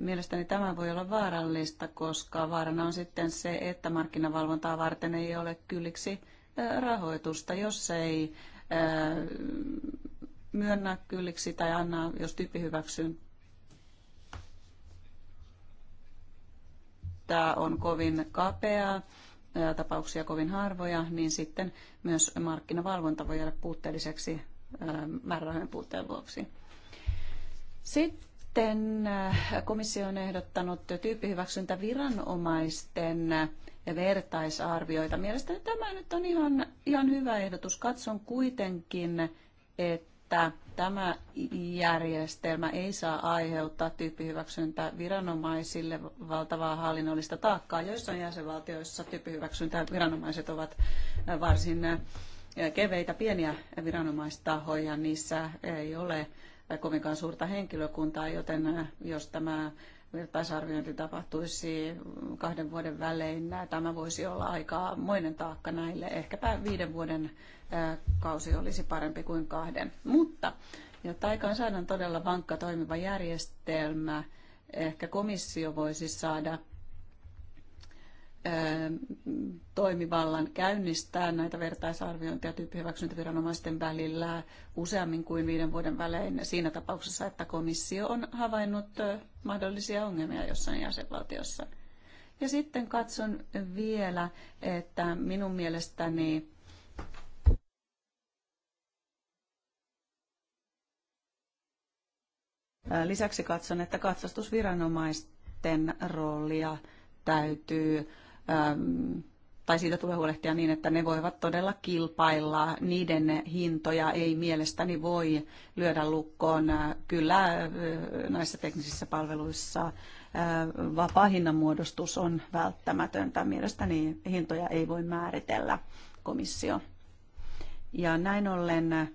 Mielestäni tämä voi olla vaarallista, koska vaarana on sitten se, että markkinavalvontaa varten ei ole kylliksi rahoitusta, jos ei myönnä kylliksi tai anna, jos tyyppi hyväksyy. Tämä on kovin kapeaa, tapauksia kovin harvoja, niin sitten myös markkinavalvonta voi jäädä puutteelliseksi määrärahojen puutteen vuoksi. Sitten sitten äh, komissio on ehdottanut tyyppihyväksyntäviranomaisten äh, vertaisarvioita. Mielestäni tämä nyt on ihan, ihan hyvä ehdotus. Katson kuitenkin, että tämä järjestelmä ei saa aiheuttaa tyyppihyväksyntä viranomaisille valtavaa hallinnollista taakkaa. Joissain jäsenvaltioissa tyyppihyväksyntä viranomaiset ovat äh, varsin keveitä pieniä viranomaistahoja, niissä ei ole kovinkaan suurta henkilökuntaa, joten äh, jos tämä vertaisarviointi tapahtuisi kahden vuoden välein, äh, tämä voisi olla aika moinen taakka näille. Ehkäpä viiden vuoden äh, kausi olisi parempi kuin kahden. Mutta jotta aikaan saadaan todella vankka toimiva järjestelmä, ehkä komissio voisi saada toimivallan käynnistää näitä vertaisarviointia tyyppihyväksyntäviranomaisten välillä useammin kuin viiden vuoden välein siinä tapauksessa, että komissio on havainnut mahdollisia ongelmia jossain jäsenvaltiossa. Ja sitten katson vielä, että minun mielestäni Lisäksi katson, että katsastusviranomaisten roolia täytyy tai siitä tulee huolehtia niin, että ne voivat todella kilpailla. Niiden hintoja ei mielestäni voi lyödä lukkoon. Kyllä näissä teknisissä palveluissa vapaa hinnanmuodostus on välttämätöntä. Mielestäni hintoja ei voi määritellä komissio. Ja näin ollen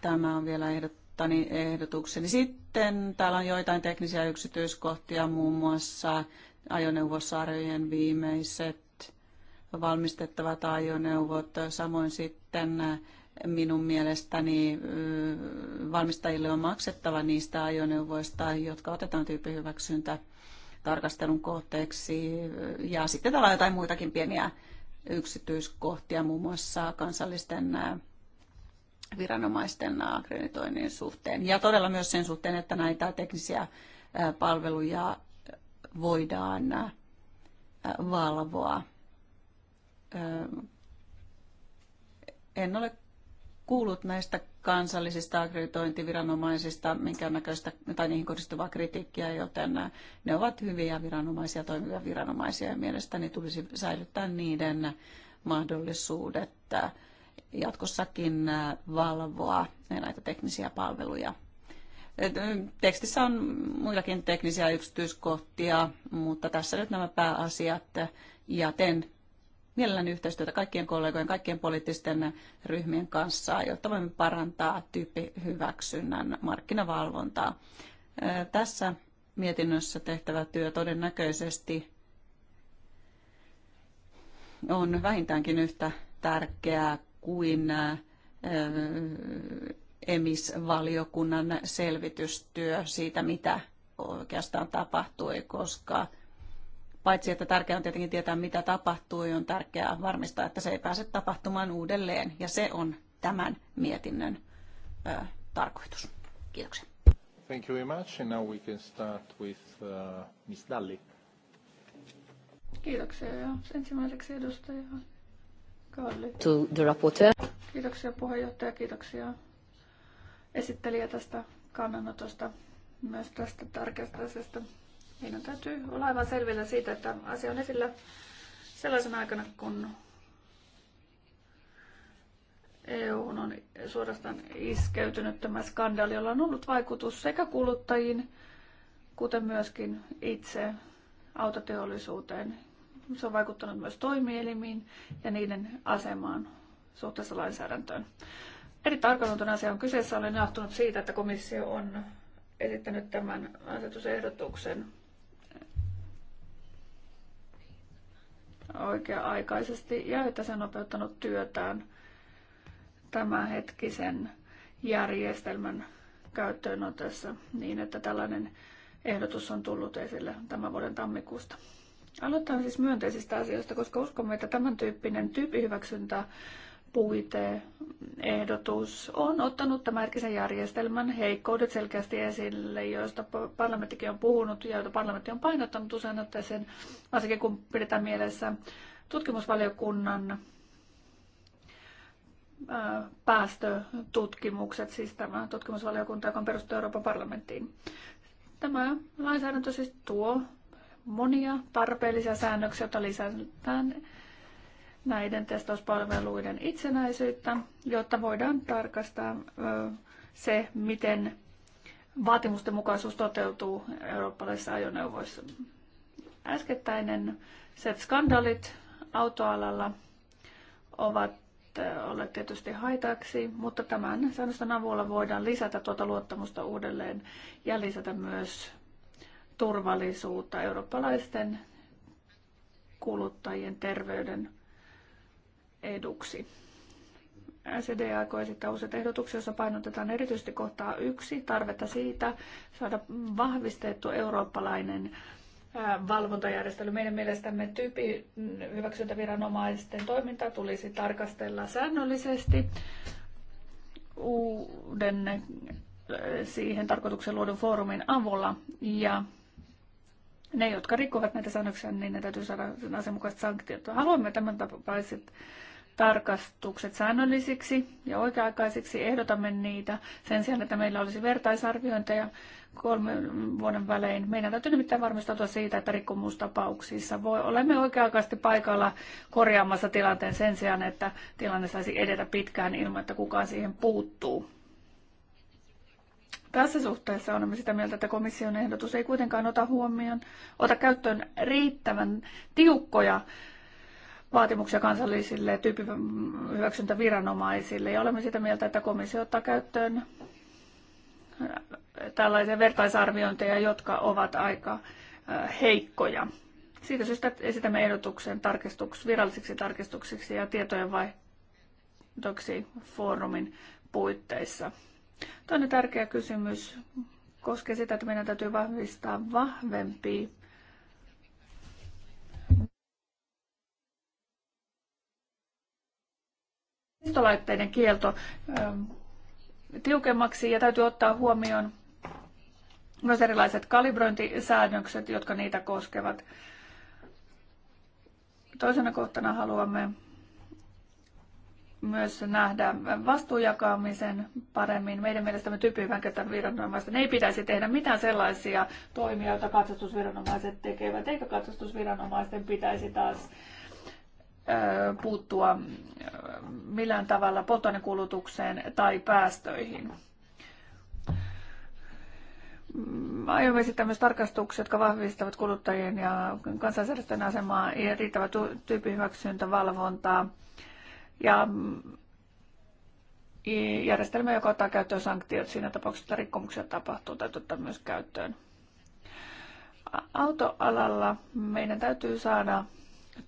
tämä on vielä ehdottani ehdotukseni. Sitten täällä on joitain teknisiä yksityiskohtia, muun muassa ajoneuvosarjojen viimeiset valmistettavat ajoneuvot. Samoin sitten minun mielestäni valmistajille on maksettava niistä ajoneuvoista, jotka otetaan tyyppihyväksyntä tarkastelun kohteeksi. Ja sitten täällä on jotain muitakin pieniä yksityiskohtia, muun muassa kansallisten viranomaisten akreditoinnin suhteen. Ja todella myös sen suhteen, että näitä teknisiä palveluja voidaan äh, valvoa. En ole kuullut näistä kansallisista akkreditointiviranomaisista minkäännäköistä tai niihin kohdistuvaa kritiikkiä, joten äh, ne ovat hyviä viranomaisia, toimivia viranomaisia ja mielestäni tulisi säilyttää niiden mahdollisuudet äh, jatkossakin valvoa näitä teknisiä palveluja Tekstissä on muillakin teknisiä yksityiskohtia, mutta tässä nyt nämä pääasiat. Ja teen mielelläni yhteistyötä kaikkien kollegojen, kaikkien poliittisten ryhmien kanssa, jotta voimme parantaa tyyppihyväksynnän markkinavalvontaa. Tässä mietinnössä tehtävä työ todennäköisesti on vähintäänkin yhtä tärkeää kuin EMIS-valiokunnan selvitystyö siitä, mitä oikeastaan tapahtui, koska paitsi että tärkeää on tietenkin tietää, mitä tapahtui, on tärkeää varmistaa, että se ei pääse tapahtumaan uudelleen. Ja se on tämän mietinnön ö, tarkoitus. Kiitoksia. Thank you very much. And now we can start with uh, Miss Dalli. Kiitoksia. Ja ensimmäiseksi edustaja Kalli. To the rapporteur. Kiitoksia puheenjohtaja, kiitoksia esittelijä tästä kannanotosta myös tästä tärkeästä asiasta. Meidän täytyy olla aivan selvillä siitä, että asia on esillä sellaisena aikana, kun EU on suorastaan iskeytynyt tämä skandaali, jolla on ollut vaikutus sekä kuluttajiin, kuten myöskin itse autoteollisuuteen. Se on vaikuttanut myös toimielimiin ja niiden asemaan suhteessa lainsäädäntöön. Eri arkaluonton asia on kyseessä. Olen ahtunut siitä, että komissio on esittänyt tämän asetusehdotuksen oikea-aikaisesti ja että se on nopeuttanut työtään tämänhetkisen järjestelmän käyttöönotossa niin, että tällainen ehdotus on tullut esille tämän vuoden tammikuusta. Aloitetaan siis myönteisistä asioista, koska uskomme, että tämän tyyppinen tyyppihyväksyntä puiteehdotus on ottanut tämän erkisen järjestelmän heikkoudet selkeästi esille, joista parlamenttikin on puhunut ja joita parlamentti on painottanut usein otteeseen, varsinkin kun pidetään mielessä tutkimusvaliokunnan päästötutkimukset, siis tämä tutkimusvaliokunta, joka on perustettu Euroopan parlamenttiin. Tämä lainsäädäntö siis tuo monia tarpeellisia säännöksiä, joita lisätään näiden testauspalveluiden itsenäisyyttä, jotta voidaan tarkastaa se, miten vaatimusten mukaisuus toteutuu eurooppalaisissa ajoneuvoissa. Äskettäinen set skandalit autoalalla ovat olleet tietysti haitaksi, mutta tämän säännösten avulla voidaan lisätä tuota luottamusta uudelleen ja lisätä myös turvallisuutta eurooppalaisten kuluttajien terveyden eduksi. SED aikoo esittää useita ehdotuksia, joissa painotetaan erityisesti kohtaa yksi tarvetta siitä saada vahvistettu eurooppalainen valvontajärjestely. Meidän mielestämme tyypi hyväksyntäviranomaisten toimintaa tulisi tarkastella säännöllisesti uuden siihen tarkoituksen luodun foorumin avulla ja ne, jotka rikkovat näitä säännöksiä, niin ne täytyy saada sen asianmukaiset sanktiot. Haluamme tämän tapaiset tarkastukset säännöllisiksi ja oikea-aikaisiksi. Ehdotamme niitä sen sijaan, että meillä olisi vertaisarviointeja kolmen vuoden välein. Meidän täytyy nimittäin varmistautua siitä, että rikkomustapauksissa voi, olemme oikea-aikaisesti paikalla korjaamassa tilanteen sen sijaan, että tilanne saisi edetä pitkään ilman, että kukaan siihen puuttuu. Tässä suhteessa olemme sitä mieltä, että komission ehdotus ei kuitenkaan ota huomioon, ota käyttöön riittävän tiukkoja vaatimuksia kansallisille tyyppihyväksyntäviranomaisille ja olemme sitä mieltä, että komissio ottaa käyttöön äh, tällaisia vertaisarviointeja, jotka ovat aika äh, heikkoja. Siitä syystä esitämme ehdotuksen tarkistuks, virallisiksi tarkistuksiksi ja tietojen foorumin puitteissa. Toinen tärkeä kysymys koskee sitä, että meidän täytyy vahvistaa vahvempi polttolaitteiden kielto ähm, tiukemmaksi ja täytyy ottaa huomioon myös erilaiset kalibrointisäännökset, jotka niitä koskevat. Toisena kohtana haluamme myös nähdä vastuujakaamisen paremmin. Meidän mielestämme tyyppihyvänketän viranomaisten ei pitäisi tehdä mitään sellaisia toimia, joita katsastusviranomaiset tekevät, eikä katsastusviranomaisten pitäisi taas puuttua millään tavalla polttoainekulutukseen tai päästöihin. Mm, aiomme esittää myös tarkastuksia, jotka vahvistavat kuluttajien ja kansalaisjärjestöjen asemaa ja riittävä valvontaa. ja mm, järjestelmä, joka ottaa käyttöön sanktiot siinä tapauksessa, että rikkomuksia tapahtuu, täytyy ottaa myös käyttöön. Autoalalla meidän täytyy saada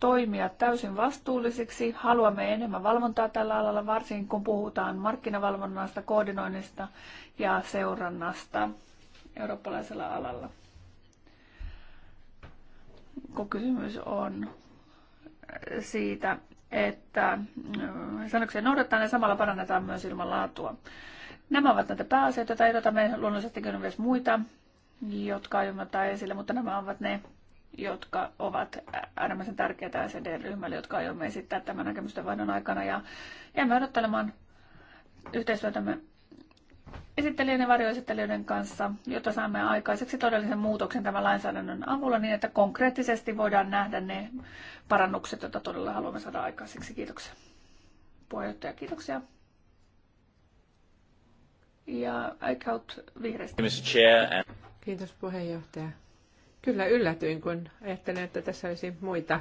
toimia täysin vastuullisiksi. Haluamme enemmän valvontaa tällä alalla, varsinkin kun puhutaan markkinavalvonnasta, koordinoinnista ja seurannasta eurooppalaisella alalla. Kun kysymys on siitä, että äh, säännöksiä noudattaen ja samalla parannetaan myös ilman laatua. Nämä ovat näitä pääasioita, joita ehdotamme. Luonnollisesti on myös muita, jotka aiomme ottaa esille, mutta nämä ovat ne jotka ovat äärimmäisen tärkeitä sd ryhmälle jotka aiomme esittää tämän näkemysten vaihdon aikana. Ja jäämme odottelemaan yhteistyötämme esittelijöiden ja varjoesittelijöiden kanssa, jotta saamme aikaiseksi todellisen muutoksen tämän lainsäädännön avulla niin, että konkreettisesti voidaan nähdä ne parannukset, joita todella haluamme saada aikaiseksi. Kiitoksia. Puheenjohtaja, kiitoksia. Ja Eichhout vihreistä. Kiitos puheenjohtaja. Kyllä yllätyin, kun ajattelin, että tässä olisi muita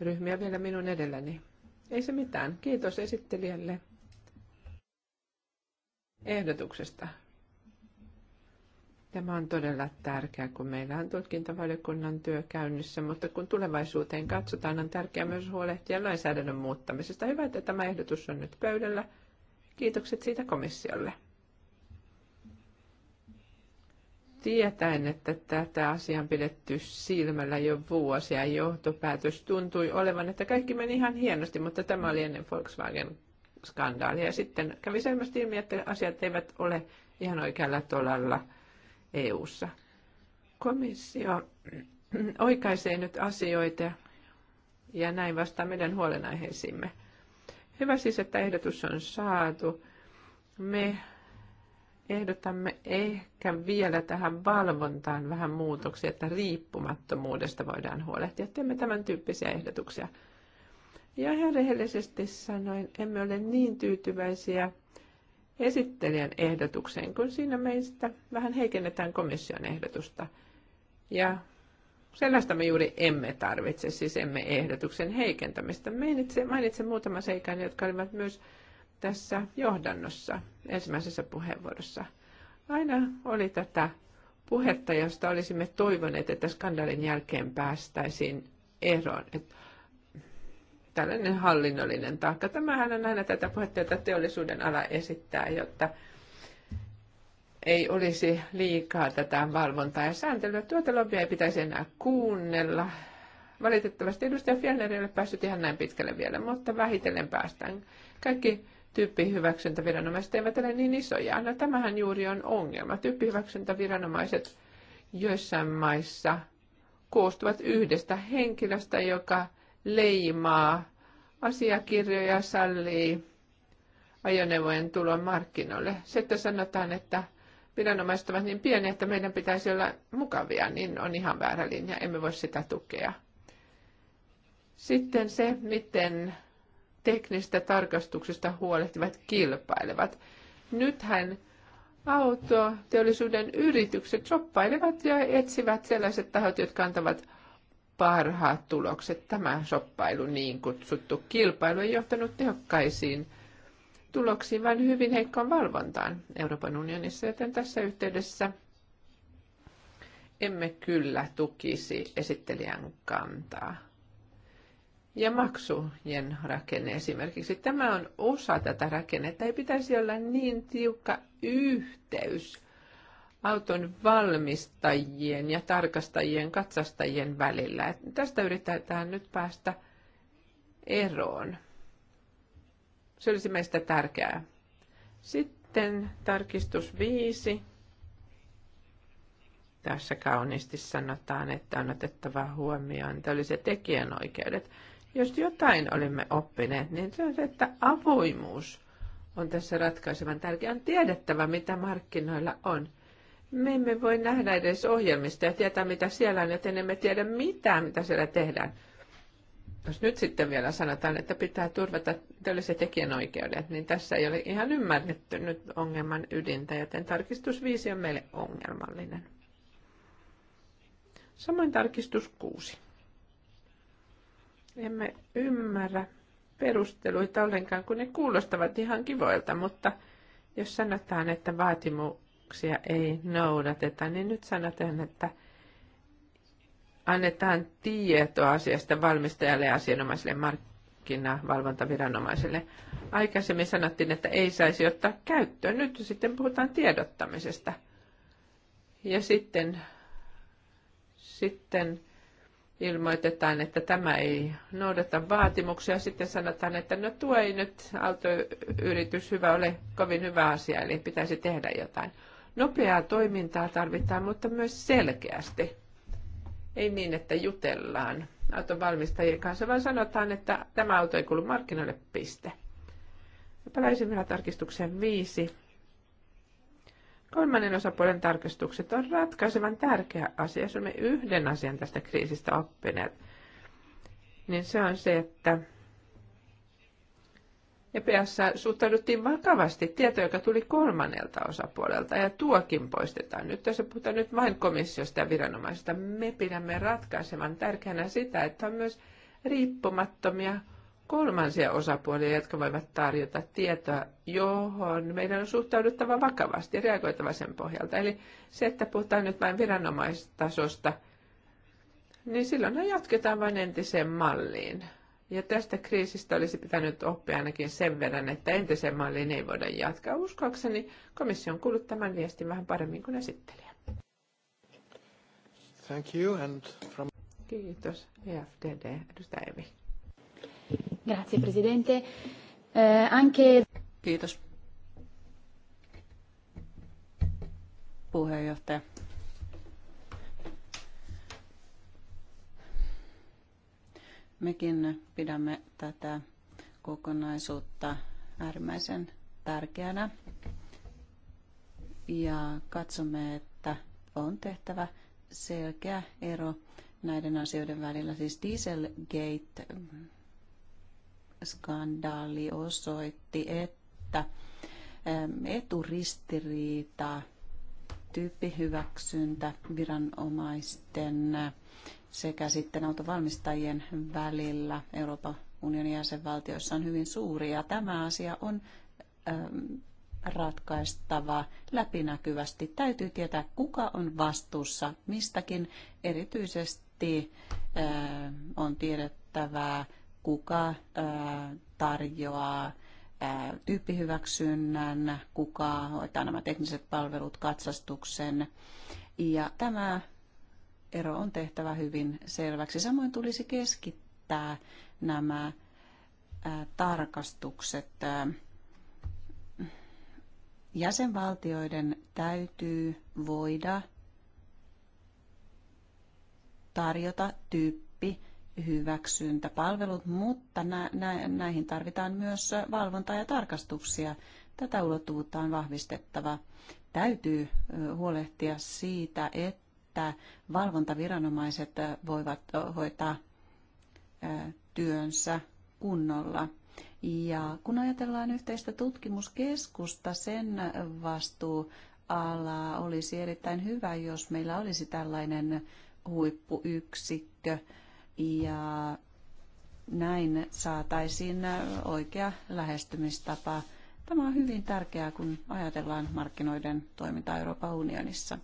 ryhmiä vielä minun edelläni. Ei se mitään. Kiitos esittelijälle ehdotuksesta. Tämä on todella tärkeää, kun meillä on tutkintavaliokunnan työ käynnissä, mutta kun tulevaisuuteen katsotaan, on tärkeää myös huolehtia lainsäädännön muuttamisesta. Hyvä, että tämä ehdotus on nyt pöydällä. Kiitokset siitä komissiolle. tietäen, että tätä asiaa on pidetty silmällä jo vuosia. Johtopäätös tuntui olevan, että kaikki meni ihan hienosti, mutta tämä oli ennen Volkswagen-skandaalia. Ja sitten kävi selvästi ilmi, että asiat eivät ole ihan oikealla tolalla EU-ssa. Komissio *clears throat* oikaisee nyt asioita ja näin vastaa meidän huolenaiheisimme. Hyvä siis, että ehdotus on saatu. Me ehdotamme ehkä vielä tähän valvontaan vähän muutoksia, että riippumattomuudesta voidaan huolehtia. Teemme tämän tyyppisiä ehdotuksia. Ja ihan rehellisesti sanoen, emme ole niin tyytyväisiä esittelijän ehdotukseen, kun siinä meistä vähän heikennetään komission ehdotusta. Ja sellaista me juuri emme tarvitse, siis emme ehdotuksen heikentämistä. Mainitsen, mainitsen muutaman seikan, jotka olivat myös tässä johdannossa, ensimmäisessä puheenvuorossa. Aina oli tätä puhetta, josta olisimme toivoneet, että skandaalin jälkeen päästäisiin eroon. että tällainen hallinnollinen taakka. Tämähän on aina tätä puhetta, jota teollisuuden ala esittää, jotta ei olisi liikaa tätä valvontaa ja sääntelyä. Tuota lobia ei pitäisi enää kuunnella. Valitettavasti edustaja Fjellner ei ole päässyt ihan näin pitkälle vielä, mutta vähitellen päästään. Kaikki tyyppihyväksyntäviranomaiset eivät ole niin isoja. No tämähän juuri on ongelma. Tyyppihyväksyntäviranomaiset joissain maissa koostuvat yhdestä henkilöstä, joka leimaa asiakirjoja, sallii ajoneuvojen tulon markkinoille. Se, että sanotaan, että viranomaiset ovat niin pieniä, että meidän pitäisi olla mukavia, niin on ihan väärä linja. Emme voi sitä tukea. Sitten se, miten teknistä tarkastuksesta huolehtivat kilpailevat. Nythän autoteollisuuden yritykset soppailevat ja etsivät sellaiset tahot, jotka antavat parhaat tulokset. Tämä soppailu, niin kutsuttu kilpailu, ei johtanut tehokkaisiin tuloksiin, vaan hyvin heikkoon valvontaan Euroopan unionissa, joten tässä yhteydessä emme kyllä tukisi esittelijän kantaa ja maksujen rakenne esimerkiksi. Tämä on osa tätä rakennetta. Ei pitäisi olla niin tiukka yhteys auton valmistajien ja tarkastajien, katsastajien välillä. Tästä yritetään nyt päästä eroon. Se olisi meistä tärkeää. Sitten tarkistus viisi. Tässä kauniisti sanotaan, että on otettava huomioon se tekijänoikeudet. Jos jotain olemme oppineet, niin se on se, että avoimuus on tässä ratkaisevan tärkeä. On tiedettävä, mitä markkinoilla on. Me emme voi nähdä edes ohjelmista ja tietää, mitä siellä on, joten emme tiedä mitään, mitä siellä tehdään. Jos nyt sitten vielä sanotaan, että pitää turvata teolliset tekijänoikeudet, niin tässä ei ole ihan ymmärretty nyt ongelman ydintä, joten tarkistus 5 on meille ongelmallinen. Samoin tarkistus 6. Emme ymmärrä perusteluita ollenkaan, kun ne kuulostavat ihan kivoilta, mutta jos sanotaan, että vaatimuksia ei noudateta, niin nyt sanotaan, että annetaan tietoa asiasta valmistajalle ja asianomaiselle markkinavalvontaviranomaiselle. Aikaisemmin sanottiin, että ei saisi ottaa käyttöön. Nyt sitten puhutaan tiedottamisesta. Ja sitten, sitten ilmoitetaan, että tämä ei noudata vaatimuksia. Sitten sanotaan, että no tuo ei nyt autoyritys hyvä ole kovin hyvä asia, eli pitäisi tehdä jotain. Nopeaa toimintaa tarvitaan, mutta myös selkeästi. Ei niin, että jutellaan auton valmistajien kanssa, vaan sanotaan, että tämä auto ei kuulu markkinoille, piste. Palaisin vielä tarkistukseen viisi Kolmannen osapuolen tarkastukset on ratkaisevan tärkeä asia. Jos me yhden asian tästä kriisistä oppineet, niin se on se, että EPS suhtauduttiin vakavasti tietoa, joka tuli kolmannelta osapuolelta, ja tuokin poistetaan. Nyt tässä puhutaan nyt vain komissiosta ja viranomaisista. Me pidämme ratkaisevan tärkeänä sitä, että on myös riippumattomia kolmansia osapuolia, jotka voivat tarjota tietoa, johon meidän on suhtauduttava vakavasti ja reagoitava sen pohjalta. Eli se, että puhutaan nyt vain viranomaistasosta, niin silloin jatketaan vain entiseen malliin. Ja tästä kriisistä olisi pitänyt oppia ainakin sen verran, että entiseen malliin ei voida jatkaa. Uskoakseni komissio on kuullut tämän viestin vähän paremmin kuin esittelijä. Thank you and from... Kiitos, EFDD, edustaja Evi. Grazie Presidente. Eh, anche... Kiitos. Puheenjohtaja. Mekin pidämme tätä kokonaisuutta äärimmäisen tärkeänä ja katsomme, että on tehtävä selkeä ero näiden asioiden välillä. Siis Dieselgate skandaali osoitti, että ähm, eturistiriita, tyyppihyväksyntä viranomaisten äh, sekä sitten autovalmistajien välillä Euroopan unionin jäsenvaltioissa on hyvin suuri ja tämä asia on ähm, ratkaistava läpinäkyvästi. Täytyy tietää, kuka on vastuussa mistäkin. Erityisesti äh, on tiedettävää, kuka tarjoaa tyyppihyväksynnän, kuka hoitaa nämä tekniset palvelut, katsastuksen. Ja tämä ero on tehtävä hyvin selväksi. Samoin tulisi keskittää nämä tarkastukset. Jäsenvaltioiden täytyy voida tarjota tyyppi hyväksyntäpalvelut, mutta näihin tarvitaan myös valvontaa ja tarkastuksia. Tätä ulottuvuutta on vahvistettava. Täytyy huolehtia siitä, että valvontaviranomaiset voivat hoitaa työnsä kunnolla. Ja kun ajatellaan yhteistä tutkimuskeskusta, sen vastuuala olisi erittäin hyvä, jos meillä olisi tällainen huippuyksikkö, ja näin saataisiin oikea lähestymistapa. Tämä on hyvin tärkeää, kun ajatellaan markkinoiden toimintaa Euroopan unionissa.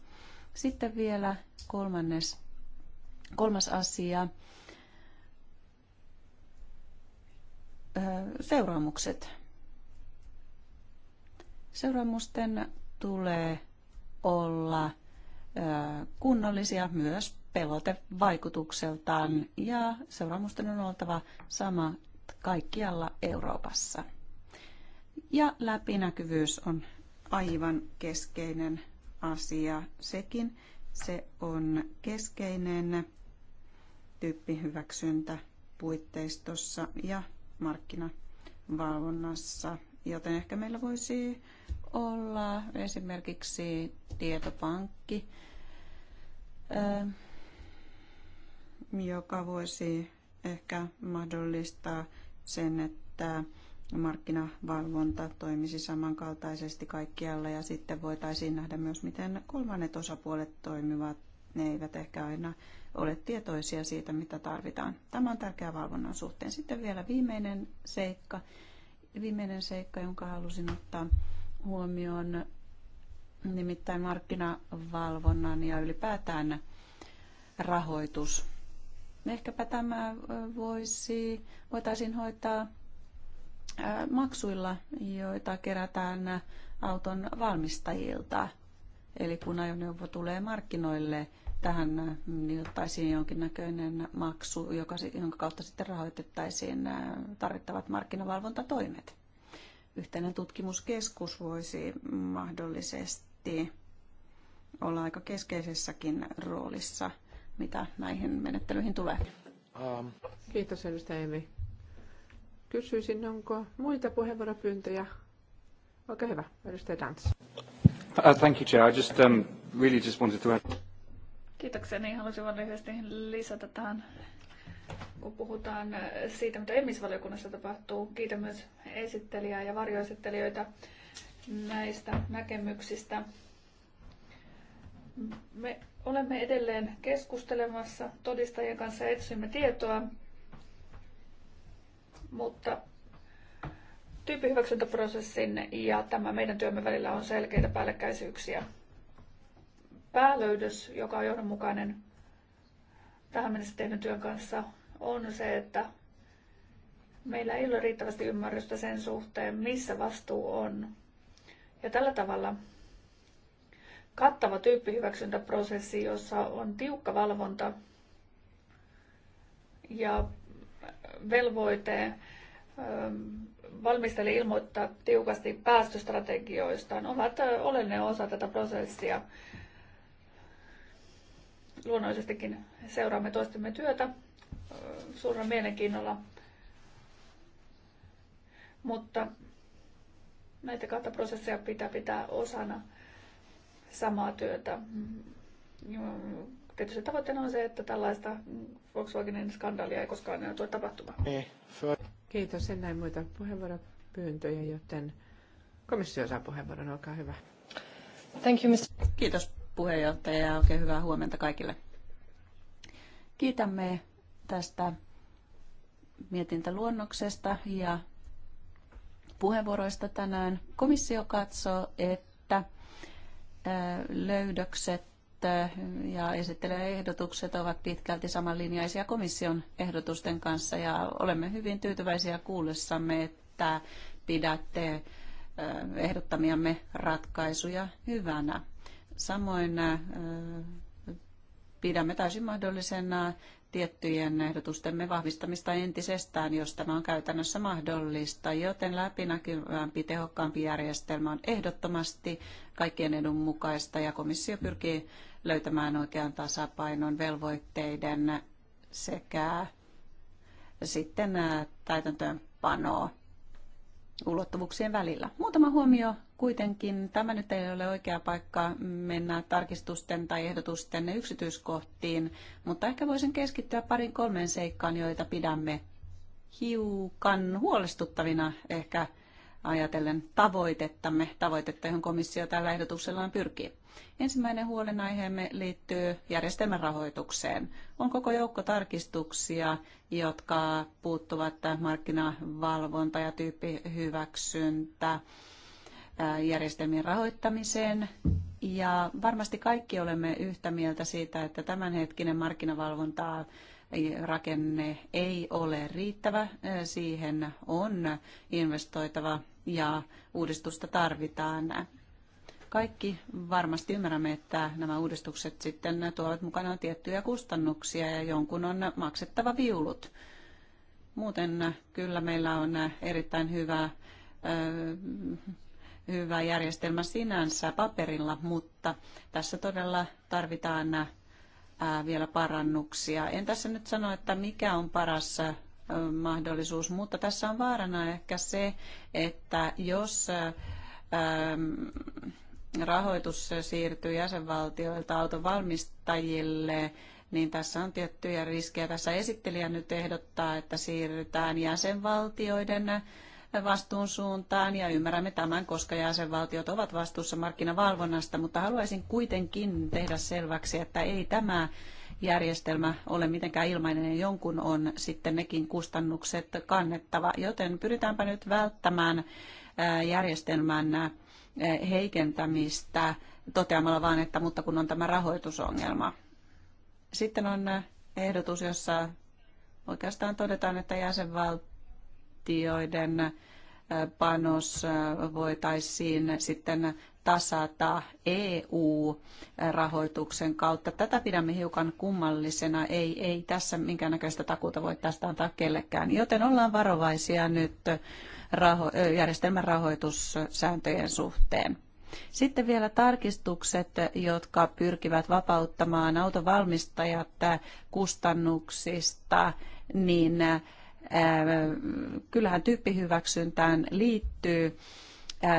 Sitten vielä kolmannes, kolmas asia. Seuraamukset. Seuraamusten tulee olla kunnollisia myös pelotevaikutukseltaan ja seuraamusten on oltava sama kaikkialla Euroopassa. Ja läpinäkyvyys on aivan keskeinen asia sekin. Se on keskeinen tyyppihyväksyntä puitteistossa ja markkinavalvonnassa, joten ehkä meillä voisi olla esimerkiksi tietopankki, joka voisi ehkä mahdollistaa sen, että markkinavalvonta toimisi samankaltaisesti kaikkialla ja sitten voitaisiin nähdä myös, miten kolmannet osapuolet toimivat. Ne eivät ehkä aina ole tietoisia siitä, mitä tarvitaan. Tämä on tärkeä valvonnan suhteen. Sitten vielä viimeinen seikka, viimeinen seikka jonka halusin ottaa huomioon, nimittäin markkinavalvonnan ja ylipäätään rahoitus Ehkäpä tämä voisi, voitaisiin hoitaa maksuilla, joita kerätään auton valmistajilta. Eli kun ajoneuvo tulee markkinoille, tähän jonkin jonkinnäköinen maksu, joka, jonka kautta sitten rahoitettaisiin tarvittavat markkinavalvontatoimet. Yhteinen tutkimuskeskus voisi mahdollisesti olla aika keskeisessäkin roolissa – mitä näihin menettelyihin tulee. Um. Kiitos edustaja Emi. Kysyisin, onko muita puheenvuoropyyntöjä? Olkaa hyvä, edustaja Dans. Uh, thank you, Chair. I just um, really just wanted to add... Kiitoksia, niin halusin vain lyhyesti lisätä tähän kun puhutaan uh, siitä, mitä emisvaliokunnassa tapahtuu. Kiitän myös esittelijää ja varjoesittelijöitä näistä näkemyksistä. Me olemme edelleen keskustelemassa todistajien kanssa etsimme tietoa, mutta tyyppihyväksyntäprosessin ja tämä meidän työmme välillä on selkeitä päällekkäisyyksiä. Päälöydös, joka on johdonmukainen tähän mennessä tehdyn työn kanssa, on se, että meillä ei ole riittävästi ymmärrystä sen suhteen, missä vastuu on. Ja tällä tavalla kattava tyyppihyväksyntäprosessi, jossa on tiukka valvonta ja velvoite ähm, valmistele ilmoittaa tiukasti päästöstrategioistaan ovat äh, oleellinen osa tätä prosessia. Luonnollisestikin seuraamme toistemme työtä äh, suurella mielenkiinnolla, mutta näitä kahta prosessia pitää pitää osana – samaa työtä. Tietysti tavoitteena on se, että tällaista Volkswagenin skandaalia ei koskaan enää tule tapahtumaan. Kiitos, en näin muita puheenvuoropyyntöjä, joten komissio saa puheenvuoron, olkaa hyvä. Thank you, Mr. Kiitos puheenjohtaja ja oikein hyvää huomenta kaikille. Kiitämme tästä mietintäluonnoksesta ja puheenvuoroista tänään. Komissio katsoo, että löydökset ja esittelyehdotukset ovat pitkälti samanlinjaisia komission ehdotusten kanssa ja olemme hyvin tyytyväisiä kuullessamme, että pidätte ehdottamiamme ratkaisuja hyvänä. Samoin pidämme täysin mahdollisena tiettyjen ehdotustemme vahvistamista entisestään, jos tämä on käytännössä mahdollista, joten läpinäkyvämpi, tehokkaampi järjestelmä on ehdottomasti kaikkien edun mukaista ja komissio pyrkii löytämään oikean tasapainon velvoitteiden sekä sitten täytäntöönpanoa ulottuvuuksien välillä. Muutama huomio Kuitenkin tämä nyt ei ole oikea paikka mennä tarkistusten tai ehdotusten yksityiskohtiin, mutta ehkä voisin keskittyä parin kolmeen seikkaan, joita pidämme hiukan huolestuttavina ehkä ajatellen tavoitettamme, tavoitetta, johon komissio tällä ehdotuksellaan pyrkii. Ensimmäinen huolenaiheemme liittyy järjestelmän rahoitukseen. On koko joukko tarkistuksia, jotka puuttuvat markkinavalvonta ja tyyppihyväksyntä järjestelmien rahoittamiseen. Ja varmasti kaikki olemme yhtä mieltä siitä, että tämänhetkinen markkinavalvonta rakenne ei ole riittävä. Siihen on investoitava ja uudistusta tarvitaan. Kaikki varmasti ymmärrämme, että nämä uudistukset sitten tuovat mukanaan tiettyjä kustannuksia ja jonkun on maksettava viulut. Muuten kyllä meillä on erittäin hyvä hyvä järjestelmä sinänsä paperilla, mutta tässä todella tarvitaan äh, vielä parannuksia. En tässä nyt sano, että mikä on paras äh, mahdollisuus, mutta tässä on vaarana ehkä se, että jos äh, ähm, rahoitus siirtyy jäsenvaltioilta autovalmistajille, niin tässä on tiettyjä riskejä. Tässä esittelijä nyt ehdottaa, että siirrytään jäsenvaltioiden vastuun suuntaan ja ymmärrämme tämän, koska jäsenvaltiot ovat vastuussa markkinavalvonnasta, mutta haluaisin kuitenkin tehdä selväksi, että ei tämä järjestelmä ole mitenkään ilmainen ja jonkun on sitten nekin kustannukset kannettava, joten pyritäänpä nyt välttämään järjestelmän heikentämistä toteamalla vaan, että mutta kun on tämä rahoitusongelma. Sitten on ehdotus, jossa oikeastaan todetaan, että jäsenvaltio valtioiden panos voitaisiin sitten tasata EU-rahoituksen kautta. Tätä pidämme hiukan kummallisena. Ei, ei tässä minkäännäköistä takuuta voi tästä antaa kellekään. Joten ollaan varovaisia nyt raho- järjestelmän rahoitussääntöjen suhteen. Sitten vielä tarkistukset, jotka pyrkivät vapauttamaan autovalmistajat kustannuksista, niin kyllähän tyyppihyväksyntään liittyy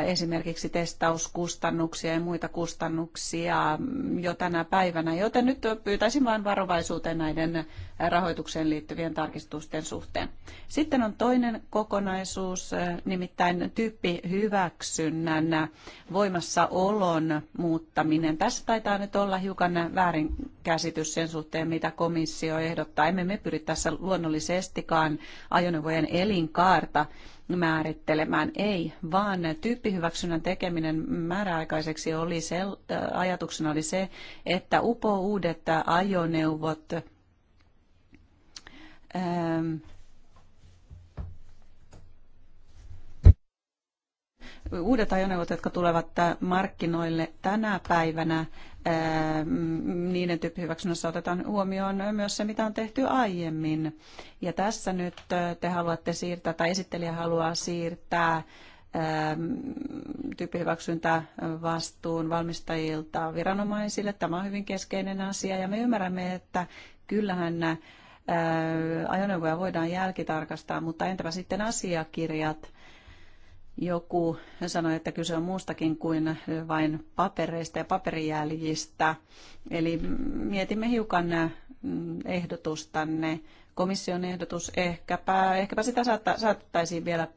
esimerkiksi testauskustannuksia ja muita kustannuksia jo tänä päivänä, joten nyt pyytäisin vain varovaisuuteen näiden rahoitukseen liittyvien tarkistusten suhteen. Sitten on toinen kokonaisuus, nimittäin tyyppihyväksynnän voimassaolon muuttaminen. Tässä taitaa nyt olla hiukan väärinkäsitys sen suhteen, mitä komissio ehdottaa. Emme me pyri tässä luonnollisestikaan ajoneuvojen elinkaarta määrittelemään. Ei, vaan tyyppihyväksynnän tekeminen määräaikaiseksi oli se, äh, ajatuksena oli se, että upouudet ajoneuvot Ähm, uudet ajoneuvot, jotka tulevat markkinoille tänä päivänä, ähm, niiden tyyppihyväksynnässä otetaan huomioon myös se, mitä on tehty aiemmin. Ja tässä nyt äh, te haluatte siirtää, tai esittelijä haluaa siirtää ähm, vastuun valmistajilta viranomaisille. Tämä on hyvin keskeinen asia ja me ymmärrämme, että kyllähän äh, ajoneuvoja voidaan jälkitarkastaa, mutta entäpä sitten asiakirjat? Joku sanoi, että kyse on muustakin kuin vain papereista ja paperijäljistä. Eli mietimme hiukan ehdotustanne. Komission ehdotus ehkäpä, ehkäpä sitä saattaisiin vielä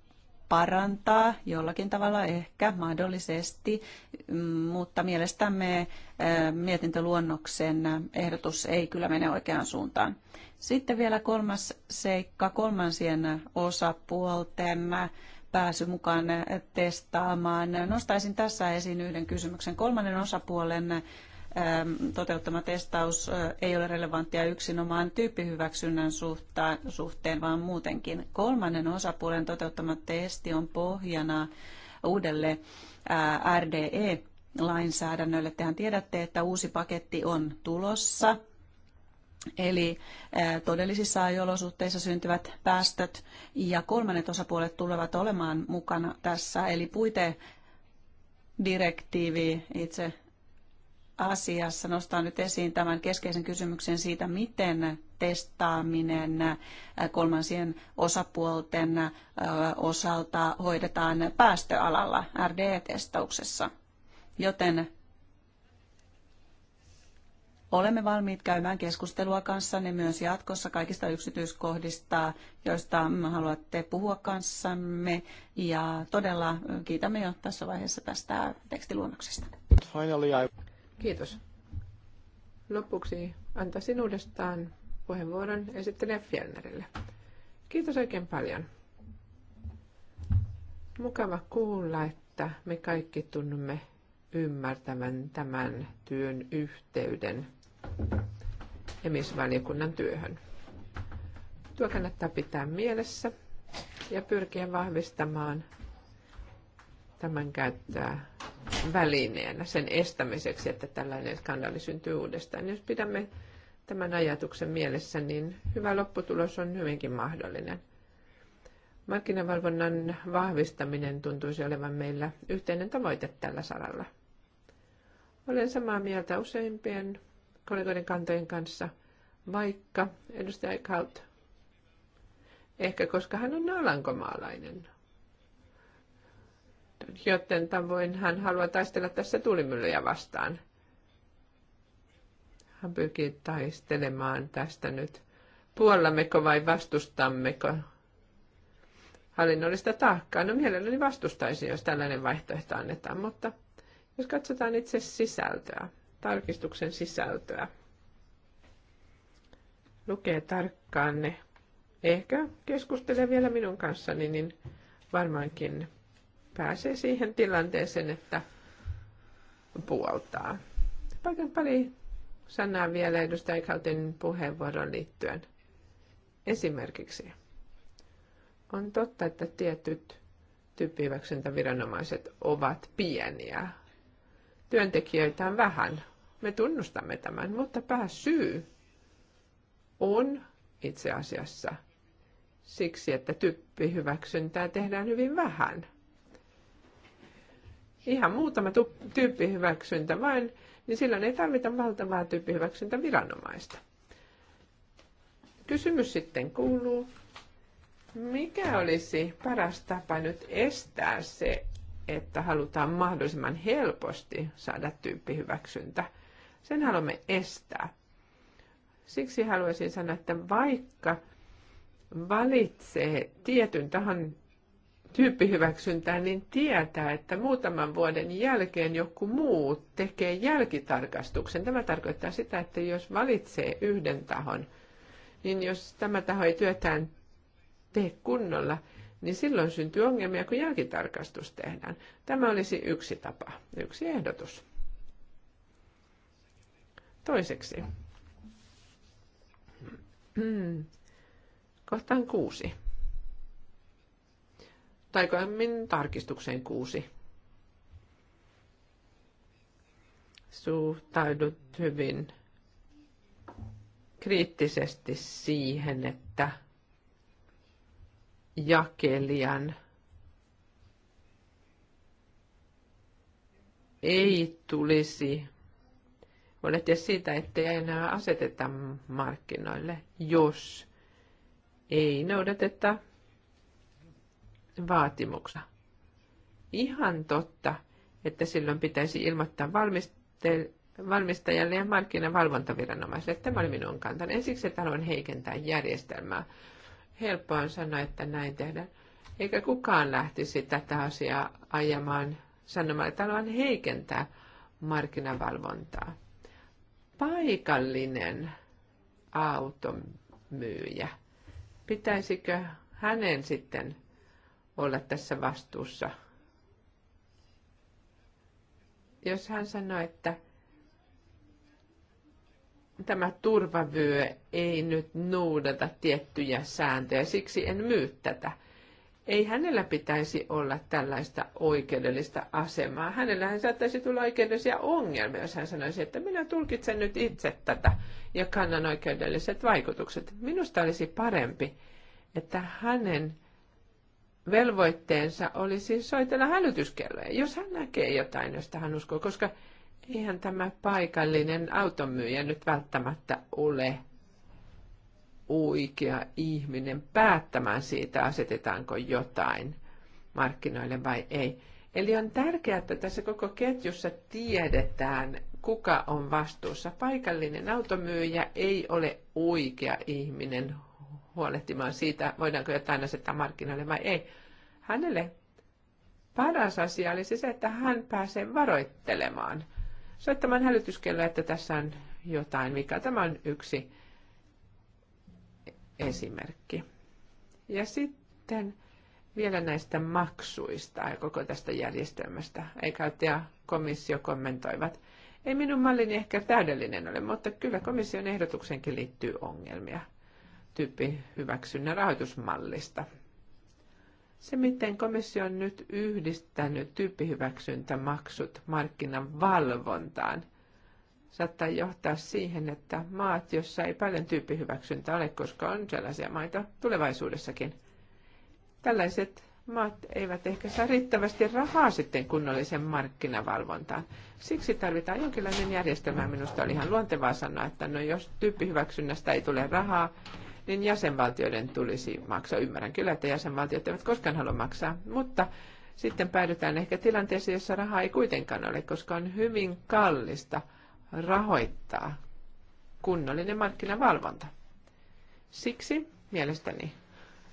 parantaa jollakin tavalla ehkä mahdollisesti, mm, mutta mielestämme mietintöluonnoksen ehdotus ei kyllä mene oikeaan suuntaan. Sitten vielä kolmas seikka, kolmansien osapuolten pääsy mukaan testaamaan. Nostaisin tässä esiin yhden kysymyksen. Kolmannen osapuolen ähm, toteuttama testaus äh, ei ole relevanttia yksinomaan tyyppihyväksynnän suhteen, vaan muutenkin. Kolmannen osapuolen toteuttama testi on pohjana uudelle äh, RDE-lainsäädännölle. Tehän tiedätte, että uusi paketti on tulossa Eli todellisissa ajolosuhteissa syntyvät päästöt ja kolmannet osapuolet tulevat olemaan mukana tässä. Eli puitedirektiivi itse asiassa nostaa nyt esiin tämän keskeisen kysymyksen siitä, miten testaaminen kolmansien osapuolten osalta hoidetaan päästöalalla RDE-testauksessa. Joten Olemme valmiit käymään keskustelua kanssanne myös jatkossa kaikista yksityiskohdista, joista haluatte puhua kanssamme. Ja todella kiitämme jo tässä vaiheessa tästä tekstiluonnoksesta. Kiitos. Lopuksi antaisin uudestaan puheenvuoron esittelijä Fjellnerille. Kiitos oikein paljon. Mukava kuulla, että me kaikki tunnumme ymmärtävän tämän työn yhteyden emisvaliokunnan työhön. Tuo kannattaa pitää mielessä ja pyrkiä vahvistamaan tämän käyttää välineenä sen estämiseksi, että tällainen skandaali syntyy uudestaan. Jos pidämme tämän ajatuksen mielessä, niin hyvä lopputulos on hyvinkin mahdollinen. Markkinavalvonnan vahvistaminen tuntuisi olevan meillä yhteinen tavoite tällä saralla. Olen samaa mieltä useimpien kollegoiden kantojen kanssa, vaikka edustaja Eichhout, ehkä koska hän on alankomaalainen, joten tavoin hän haluaa taistella tässä tuulimyllyjä vastaan. Hän pyrkii taistelemaan tästä nyt. Puollammeko vai vastustammeko hallinnollista taakkaa? No mielelläni vastustaisin, jos tällainen vaihtoehto annetaan, mutta jos katsotaan itse sisältöä, tarkistuksen sisältöä. Lukee tarkkaan ne. Ehkä keskustele vielä minun kanssani, niin varmaankin pääsee siihen tilanteeseen, että puoltaa. Paikan pari sanaa vielä edustaja Kautin puheenvuoron liittyen. Esimerkiksi on totta, että tietyt tyyppihyväksyntäviranomaiset ovat pieniä, työntekijöitä on vähän. Me tunnustamme tämän, mutta pääsyy on itse asiassa siksi, että tyyppihyväksyntää tehdään hyvin vähän. Ihan muutama tyyppihyväksyntä vain, niin silloin ei tarvita valtavaa tyyppihyväksyntä viranomaista. Kysymys sitten kuuluu, mikä olisi paras tapa nyt estää se, että halutaan mahdollisimman helposti saada tyyppihyväksyntä. Sen haluamme estää. Siksi haluaisin sanoa, että vaikka valitsee tietyn tahon tyyppihyväksyntää, niin tietää, että muutaman vuoden jälkeen joku muu tekee jälkitarkastuksen. Tämä tarkoittaa sitä, että jos valitsee yhden tahon, niin jos tämä taho ei työtään tee kunnolla, niin silloin syntyy ongelmia, kun jälkitarkastus tehdään. Tämä olisi yksi tapa, yksi ehdotus. Toiseksi. *clears throat* Kohtaan kuusi. Tai koemmin tarkistukseen kuusi. Suhtaudut hyvin kriittisesti siihen, että jakelijan ei tulisi Olette siitä, ettei enää aseteta markkinoille, jos ei noudateta vaatimuksia. Ihan totta, että silloin pitäisi ilmoittaa valmistajalle ja markkinavalvontaviranomaiselle. Tämä oli minun kantani. Ensiksi, että haluan heikentää järjestelmää helppoa on sanoa, että näin tehdään. Eikä kukaan lähtisi tätä asiaa ajamaan sanomaan, että haluan heikentää markkinavalvontaa. Paikallinen automyyjä, pitäisikö hänen sitten olla tässä vastuussa? Jos hän sanoo, että tämä turvavyö ei nyt noudata tiettyjä sääntöjä, siksi en myy tätä. Ei hänellä pitäisi olla tällaista oikeudellista asemaa. Hänellä hän saattaisi tulla oikeudellisia ongelmia, jos hän sanoisi, että minä tulkitsen nyt itse tätä ja kannan oikeudelliset vaikutukset. Minusta olisi parempi, että hänen velvoitteensa olisi soitella hälytyskelloja, jos hän näkee jotain, josta hän uskoo, koska – Eihän tämä paikallinen automyyjä nyt välttämättä ole oikea ihminen päättämään siitä, asetetaanko jotain markkinoille vai ei. Eli on tärkeää, että tässä koko ketjussa tiedetään, kuka on vastuussa. Paikallinen automyyjä ei ole oikea ihminen huolehtimaan siitä, voidaanko jotain asettaa markkinoille vai ei. Hänelle paras asia olisi se, että hän pääsee varoittelemaan – soittamaan hälytyskelloa, että tässä on jotain mikä Tämä on yksi esimerkki. Ja sitten vielä näistä maksuista ja koko tästä järjestelmästä. Ei käyttäjä komissio kommentoivat. Ei minun mallini ehkä täydellinen ole, mutta kyllä komission ehdotuksenkin liittyy ongelmia tyyppi hyväksynnän rahoitusmallista se, miten komissio on nyt yhdistänyt tyyppihyväksyntämaksut markkinan valvontaan, saattaa johtaa siihen, että maat, joissa ei paljon tyyppihyväksyntä ole, koska on sellaisia maita tulevaisuudessakin, tällaiset maat eivät ehkä saa riittävästi rahaa sitten kunnolliseen markkinavalvontaan. Siksi tarvitaan jonkinlainen järjestelmä. Minusta oli ihan luontevaa sanoa, että no jos tyyppihyväksynnästä ei tule rahaa, niin jäsenvaltioiden tulisi maksaa. Ymmärrän kyllä, että jäsenvaltiot eivät koskaan halua maksaa, mutta sitten päädytään ehkä tilanteeseen, jossa rahaa ei kuitenkaan ole, koska on hyvin kallista rahoittaa kunnollinen markkinavalvonta. Siksi mielestäni,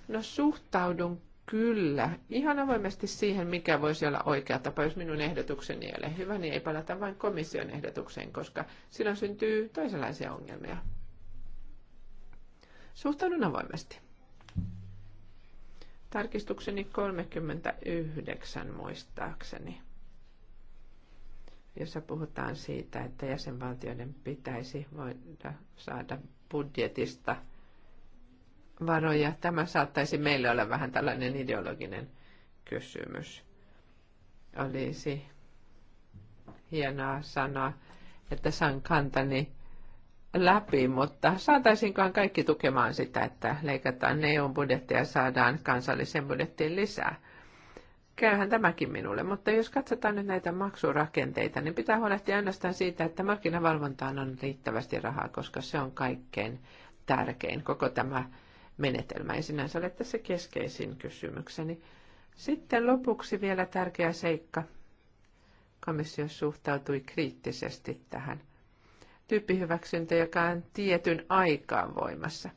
no suhtaudun kyllä ihan avoimesti siihen, mikä voisi olla oikea tapa, jos minun ehdotukseni ei ole hyvä, niin ei palata vain komission ehdotukseen, koska silloin syntyy toisenlaisia ongelmia. Suhtaudun avoimesti. Tarkistukseni 39 muistaakseni, jossa puhutaan siitä, että jäsenvaltioiden pitäisi voida saada budjetista varoja. Tämä saattaisi meille olla vähän tällainen ideologinen kysymys. Olisi hienoa sanoa, että saan kantani läpi, mutta saataisinkaan kaikki tukemaan sitä, että leikataan EUn budjettia ja saadaan kansalliseen budjettiin lisää? Käyhän tämäkin minulle, mutta jos katsotaan nyt näitä maksurakenteita, niin pitää huolehtia ainoastaan siitä, että markkinavalvontaan on riittävästi rahaa, koska se on kaikkein tärkein koko tämä menetelmä. Ja sinänsä olet tässä keskeisin kysymykseni. Sitten lopuksi vielä tärkeä seikka. Komissio suhtautui kriittisesti tähän – tyyppihyväksyntä, joka on tietyn aikaan voimassa.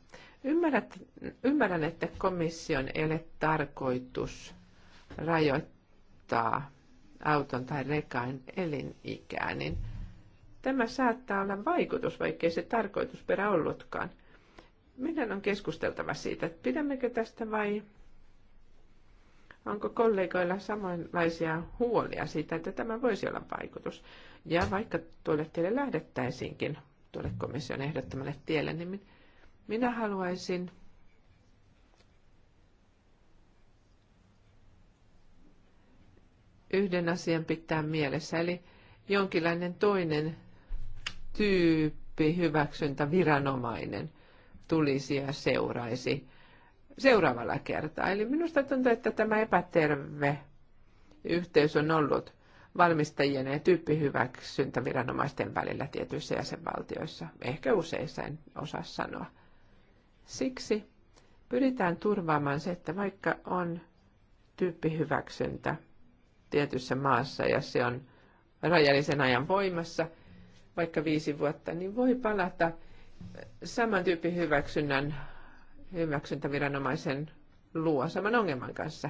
Ymmärrät, ymmärrän, että komission ei ole tarkoitus rajoittaa auton tai rekain elinikää, niin tämä saattaa olla vaikutus, vaikkei se tarkoitusperä ollutkaan. Meidän on keskusteltava siitä, että pidämmekö tästä vai Onko kollegoilla samanlaisia huolia siitä, että tämä voisi olla vaikutus? Ja vaikka tuolle tielle lähdettäisiinkin, tuolle komission ehdottamalle tielle, niin minä haluaisin yhden asian pitää mielessä, eli jonkinlainen toinen tyyppi hyväksyntäviranomainen tulisi ja seuraisi seuraavalla kertaa. Eli minusta tuntuu, että tämä epäterve yhteys on ollut valmistajien ja viranomaisten välillä tietyissä jäsenvaltioissa, ehkä useissa en osaa sanoa. Siksi pyritään turvaamaan se, että vaikka on tyyppihyväksyntä tietyssä maassa ja se on rajallisen ajan voimassa, vaikka viisi vuotta, niin voi palata saman tyyppihyväksynnän hyväksyntäviranomaisen luo saman ongelman kanssa.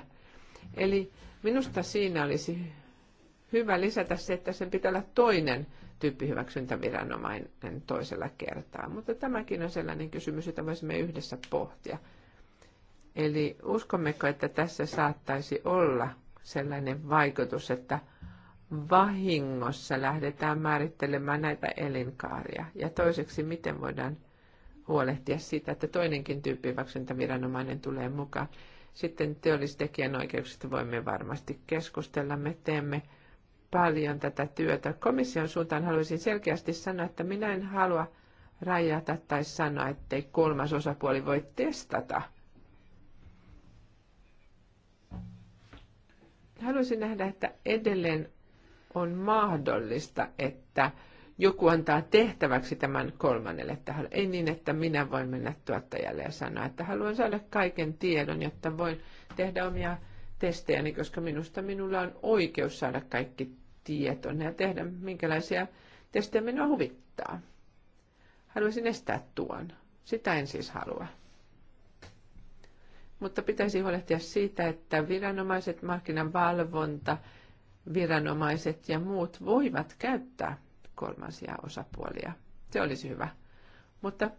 Eli minusta siinä olisi hyvä lisätä se, että sen pitää olla toinen tyyppihyväksyntäviranomainen toisella kertaa. Mutta tämäkin on sellainen kysymys, jota voisimme yhdessä pohtia. Eli uskommeko, että tässä saattaisi olla sellainen vaikutus, että vahingossa lähdetään määrittelemään näitä elinkaaria? Ja toiseksi, miten voidaan huolehtia siitä, että toinenkin tyyppihyväksyntäviranomainen tulee mukaan. Sitten teollistekijän oikeuksista voimme varmasti keskustella. Me teemme paljon tätä työtä. Komission suuntaan haluaisin selkeästi sanoa, että minä en halua rajata tai sanoa, ettei kolmas osapuoli voi testata. Haluaisin nähdä, että edelleen on mahdollista, että joku antaa tehtäväksi tämän kolmannelle taholle. Ei niin, että minä voin mennä tuottajalle ja sanoa, että haluan saada kaiken tiedon, jotta voin tehdä omia testejäni, koska minusta minulla on oikeus saada kaikki tietoni ja tehdä minkälaisia testejä minua huvittaa. Haluaisin estää tuon. Sitä en siis halua. Mutta pitäisi huolehtia siitä, että viranomaiset, markkinavalvonta, viranomaiset ja muut voivat käyttää kolmansia osapuolia. Se olisi hyvä. Mutta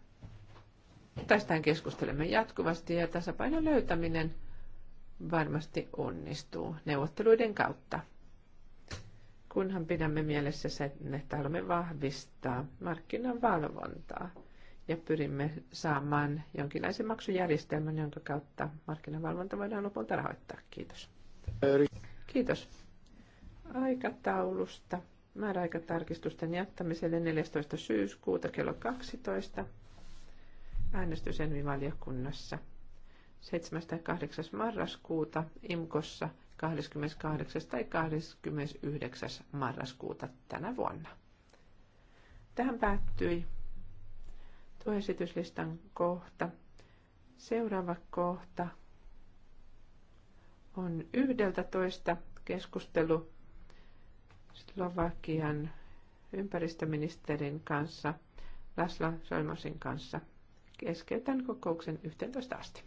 tästähän keskustelemme jatkuvasti ja tasapainon löytäminen varmasti onnistuu neuvotteluiden kautta. Kunhan pidämme mielessä sen, että haluamme vahvistaa markkinavalvontaa ja pyrimme saamaan jonkinlaisen maksujärjestelmän, jonka kautta markkinavalvonta voidaan lopulta rahoittaa. Kiitos. Kiitos aikataulusta määräaikatarkistusten jättämiselle 14. syyskuuta kello 12 äänestys Envi-valiokunnassa. 7. ja 8. marraskuuta IMKossa 28. tai 29. marraskuuta tänä vuonna. Tähän päättyi tuo esityslistan kohta. Seuraava kohta on 11. keskustelu Slovakian ympäristöministerin kanssa, Lasla Solmosin kanssa. Keskeytän kokouksen 11 asti.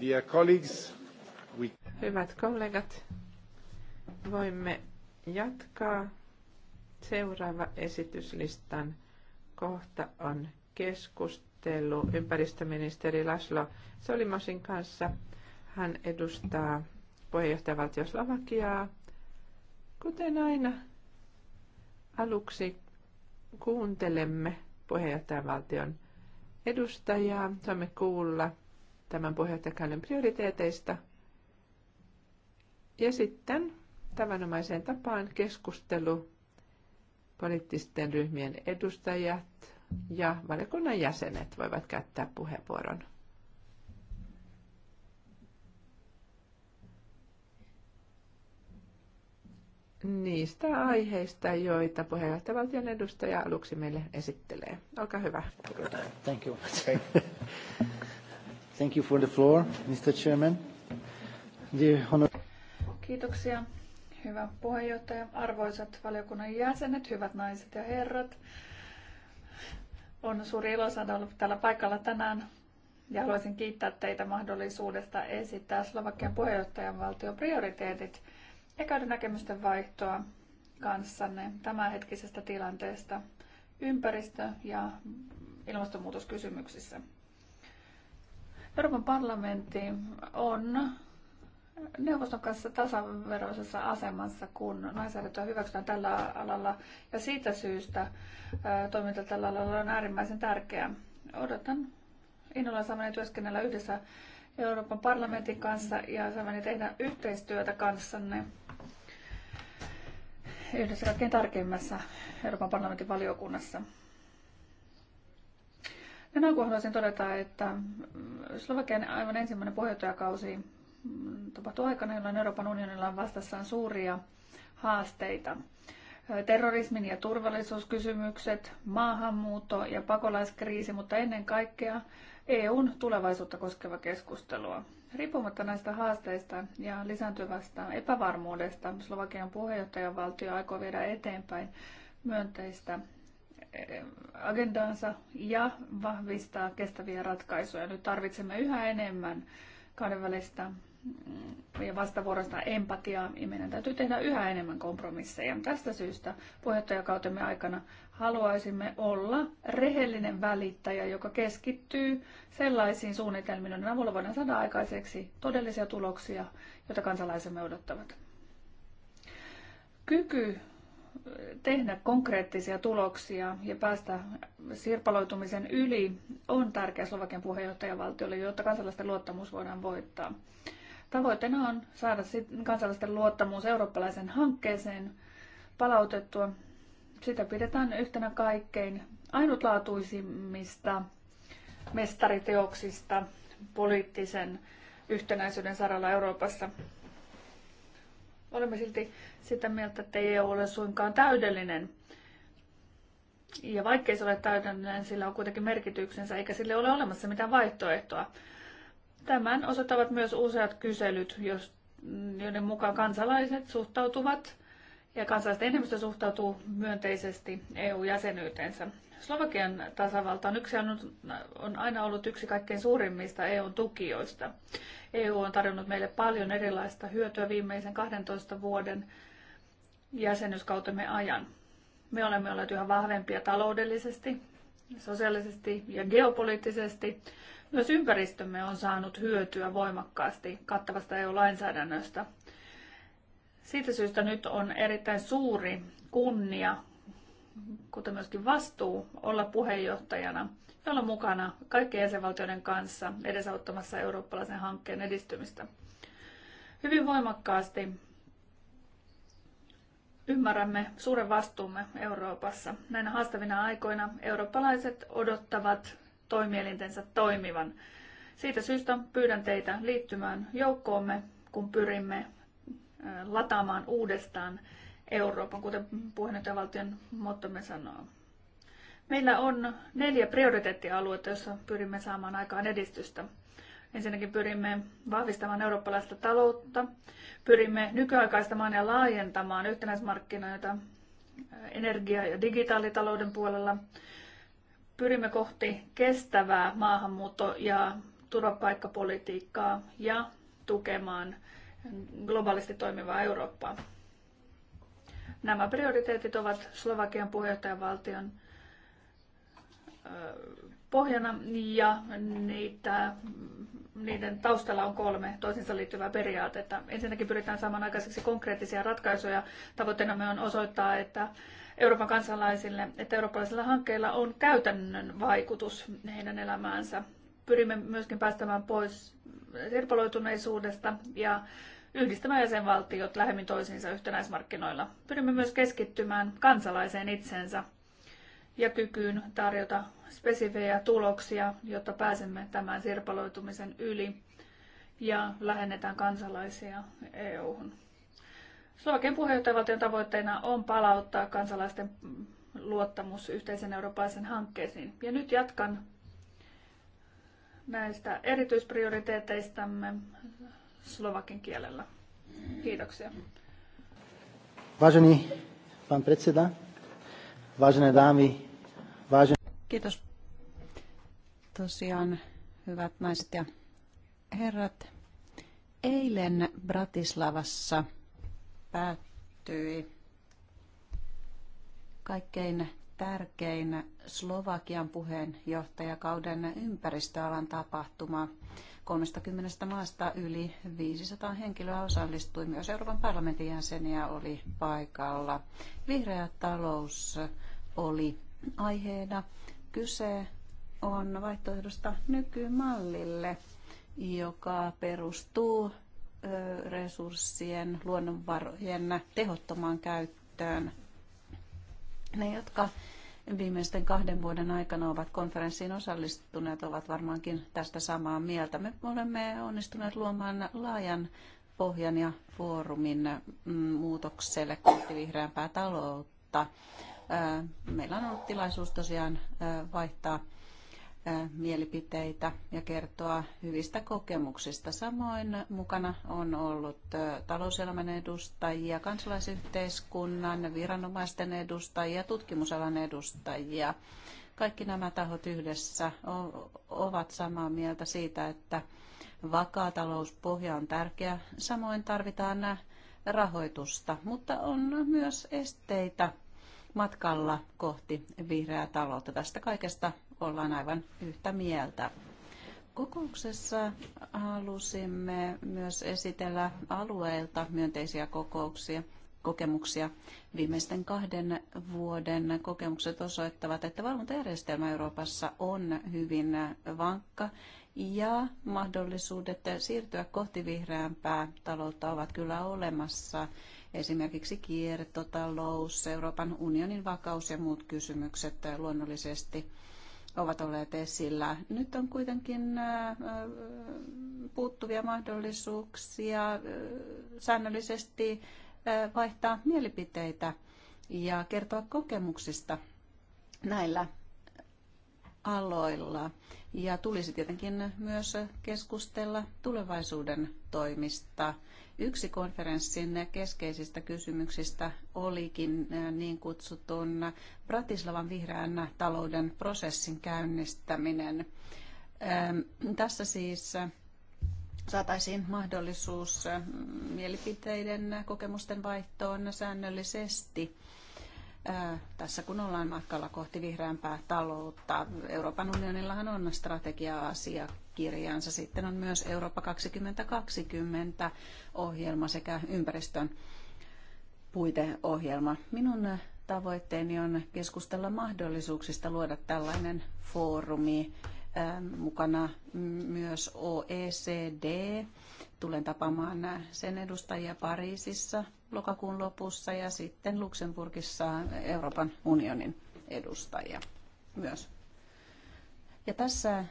Dear colleagues, we... Hyvät kollegat, voimme jatkaa. Seuraava esityslistan kohta on keskustelu ympäristöministeri Laslo Solimosin kanssa. Hän edustaa puheenjohtajavaltio Slovakiaa. Kuten aina, aluksi kuuntelemme puheenjohtajavaltion edustajaa. Saamme kuulla tämän puheenjohtajakauden prioriteeteista. Ja sitten tavanomaiseen tapaan keskustelu poliittisten ryhmien edustajat ja valiokunnan jäsenet voivat käyttää puheenvuoron. niistä aiheista, joita puheenjohtajavaltion edustaja aluksi meille esittelee. Olkaa hyvä. Thank you. Thank you for the floor, Mr. Chairman. honor... Kiitoksia, hyvä puheenjohtaja, arvoisat valiokunnan jäsenet, hyvät naiset ja herrat. On suuri ilo saada olla täällä paikalla tänään ja haluaisin kiittää teitä mahdollisuudesta esittää Slovakian puheenjohtajan valtion prioriteetit ekaiden näkemysten vaihtoa kanssanne tämänhetkisestä tilanteesta ympäristö- ja ilmastonmuutoskysymyksissä. Euroopan parlamentti on neuvoston kanssa tasaveroisessa asemassa, kun lainsäädäntöä hyväksytään tällä alalla. Ja siitä syystä toiminta tällä alalla on äärimmäisen tärkeää. Odotan innolla saamani työskennellä yhdessä Euroopan parlamentin kanssa ja saamani tehdä yhteistyötä kanssanne yhdessä kaikkein tarkimmassa Euroopan parlamentin valiokunnassa. Minä alkuun haluaisin todeta, että Slovakian aivan ensimmäinen puheenjohtajakausi tapahtui aikana, jolloin Euroopan unionilla on vastassaan suuria haasteita. Terrorismin ja turvallisuuskysymykset, maahanmuutto ja pakolaiskriisi, mutta ennen kaikkea EUn tulevaisuutta koskeva keskustelua. Riippumatta näistä haasteista ja lisääntyvästä epävarmuudesta, Slovakian puheenjohtajavaltio aikoo viedä eteenpäin myönteistä eh, agendaansa ja vahvistaa kestäviä ratkaisuja. Nyt tarvitsemme yhä enemmän kahdenvälistä ja vastavuoroista empatiaa, ja meidän täytyy tehdä yhä enemmän kompromisseja. Tästä syystä puheenjohtajakautemme aikana haluaisimme olla rehellinen välittäjä, joka keskittyy sellaisiin suunnitelmiin, joiden avulla voidaan saada aikaiseksi todellisia tuloksia, joita kansalaisemme odottavat. Kyky eh, tehdä konkreettisia tuloksia ja päästä sirpaloitumisen yli on tärkeä Slovakian puheenjohtajavaltiolle, jotta kansalaisten luottamus voidaan voittaa. Tavoitteena on saada kansalaisten luottamus eurooppalaisen hankkeeseen palautettua. Sitä pidetään yhtenä kaikkein ainutlaatuisimmista mestariteoksista poliittisen yhtenäisyyden saralla Euroopassa. Olemme silti sitä mieltä, että ei EU ole suinkaan täydellinen. Ja vaikkei se ole täydellinen, sillä on kuitenkin merkityksensä, eikä sille ole olemassa mitään vaihtoehtoa. Tämän osoittavat myös useat kyselyt, joiden mukaan kansalaiset suhtautuvat ja kansalaisten enemmistö suhtautuu myönteisesti EU-jäsenyyteensä. Slovakian tasavalta on, yksi, on aina ollut yksi kaikkein suurimmista eu tukijoista. EU on tarjonnut meille paljon erilaista hyötyä viimeisen 12 vuoden jäsenyyskautemme ajan. Me olemme olleet yhä vahvempia taloudellisesti, sosiaalisesti ja geopoliittisesti. Myös ympäristömme on saanut hyötyä voimakkaasti kattavasta EU-lainsäädännöstä. Siitä syystä nyt on erittäin suuri kunnia, kuten myöskin vastuu, olla puheenjohtajana, jolla mukana kaikkien jäsenvaltioiden kanssa edesauttamassa eurooppalaisen hankkeen edistymistä. Hyvin voimakkaasti ymmärrämme suuren vastuumme Euroopassa. Näinä haastavina aikoina eurooppalaiset odottavat toimielintensä toimivan. Siitä syystä pyydän teitä liittymään joukkoomme, kun pyrimme lataamaan uudestaan Euroopan, kuten puheenjohtajavaltion mottomme sanoo. Meillä on neljä prioriteettialuetta, joissa pyrimme saamaan aikaan edistystä. Ensinnäkin pyrimme vahvistamaan eurooppalaista taloutta, pyrimme nykyaikaistamaan ja laajentamaan yhtenäismarkkinoita energia- ja digitaalitalouden puolella pyrimme kohti kestävää maahanmuutto- ja turvapaikkapolitiikkaa ja tukemaan globaalisti toimivaa Eurooppaa. Nämä prioriteetit ovat Slovakian puheenjohtajavaltion pohjana ja niitä niiden taustalla on kolme toisinsa liittyvää periaatetta. Ensinnäkin pyritään saamaan aikaiseksi konkreettisia ratkaisuja. tavoitteena me on osoittaa, että Euroopan kansalaisille, että eurooppalaisilla hankkeilla on käytännön vaikutus heidän elämäänsä. Pyrimme myöskin päästämään pois sirpaloituneisuudesta ja yhdistämään jäsenvaltiot lähemmin toisiinsa yhtenäismarkkinoilla. Pyrimme myös keskittymään kansalaiseen itsensä ja kykyyn tarjota spesifejä tuloksia, jotta pääsemme tämän sirpaloitumisen yli ja lähennetään kansalaisia EU-hun. Slovakian puheenjohtajavaltion tavoitteena on palauttaa kansalaisten luottamus yhteisen eurooppalaisen hankkeisiin. Ja nyt jatkan näistä erityisprioriteeteistamme slovakin kielellä. Kiitoksia. Vážený pán predseda, vážené dámy, vážené... Kiitos. Tosiaan, hyvät naiset ja herrat, eilen Bratislavassa päättyi kaikkein tärkein Slovakian puheenjohtajakauden ympäristöalan tapahtuma. 30 maasta yli 500 henkilöä osallistui, myös Euroopan parlamentin jäseniä oli paikalla. Vihreä talous oli aiheena. Kyse on vaihtoehdosta nykymallille, joka perustuu resurssien, luonnonvarojen tehottomaan käyttöön. Ne, jotka viimeisten kahden vuoden aikana ovat konferenssiin osallistuneet, ovat varmaankin tästä samaa mieltä. Me olemme onnistuneet luomaan laajan pohjan ja foorumin mm, muutokselle kohti vihreämpää taloutta. Meillä on ollut tilaisuus tosiaan vaihtaa mielipiteitä ja kertoa hyvistä kokemuksista. Samoin mukana on ollut talouselämän edustajia, kansalaisyhteiskunnan, viranomaisten edustajia, tutkimusalan edustajia. Kaikki nämä tahot yhdessä ovat samaa mieltä siitä, että vakaa talouspohja on tärkeä. Samoin tarvitaan rahoitusta, mutta on myös esteitä matkalla kohti vihreää taloutta. Tästä kaikesta ollaan aivan yhtä mieltä. Kokouksessa halusimme myös esitellä alueilta myönteisiä kokouksia, kokemuksia. Viimeisten kahden vuoden kokemukset osoittavat, että valvontajärjestelmä Euroopassa on hyvin vankka ja mahdollisuudet siirtyä kohti vihreämpää taloutta ovat kyllä olemassa. Esimerkiksi kiertotalous, Euroopan unionin vakaus ja muut kysymykset luonnollisesti ovat olleet esillä. Nyt on kuitenkin äh, äh, puuttuvia mahdollisuuksia äh, säännöllisesti vaihtaa mielipiteitä ja kertoa kokemuksista näillä aloilla. Ja tulisi tietenkin myös keskustella tulevaisuuden toimista Yksi konferenssin keskeisistä kysymyksistä olikin niin kutsutun Bratislavan vihreän talouden prosessin käynnistäminen. Tässä siis saataisiin mahdollisuus mielipiteiden kokemusten vaihtoon säännöllisesti tässä kun ollaan matkalla kohti vihreämpää taloutta. Euroopan unionillahan on strategia-asia kirjaansa. Sitten on myös Eurooppa 2020 ohjelma sekä ympäristön puiteohjelma. Minun tavoitteeni on keskustella mahdollisuuksista luoda tällainen foorumi. Ähm, mukana myös OECD. Tulen tapaamaan sen edustajia Pariisissa lokakuun lopussa ja sitten Luxemburgissa Euroopan unionin edustajia myös. Ja tässä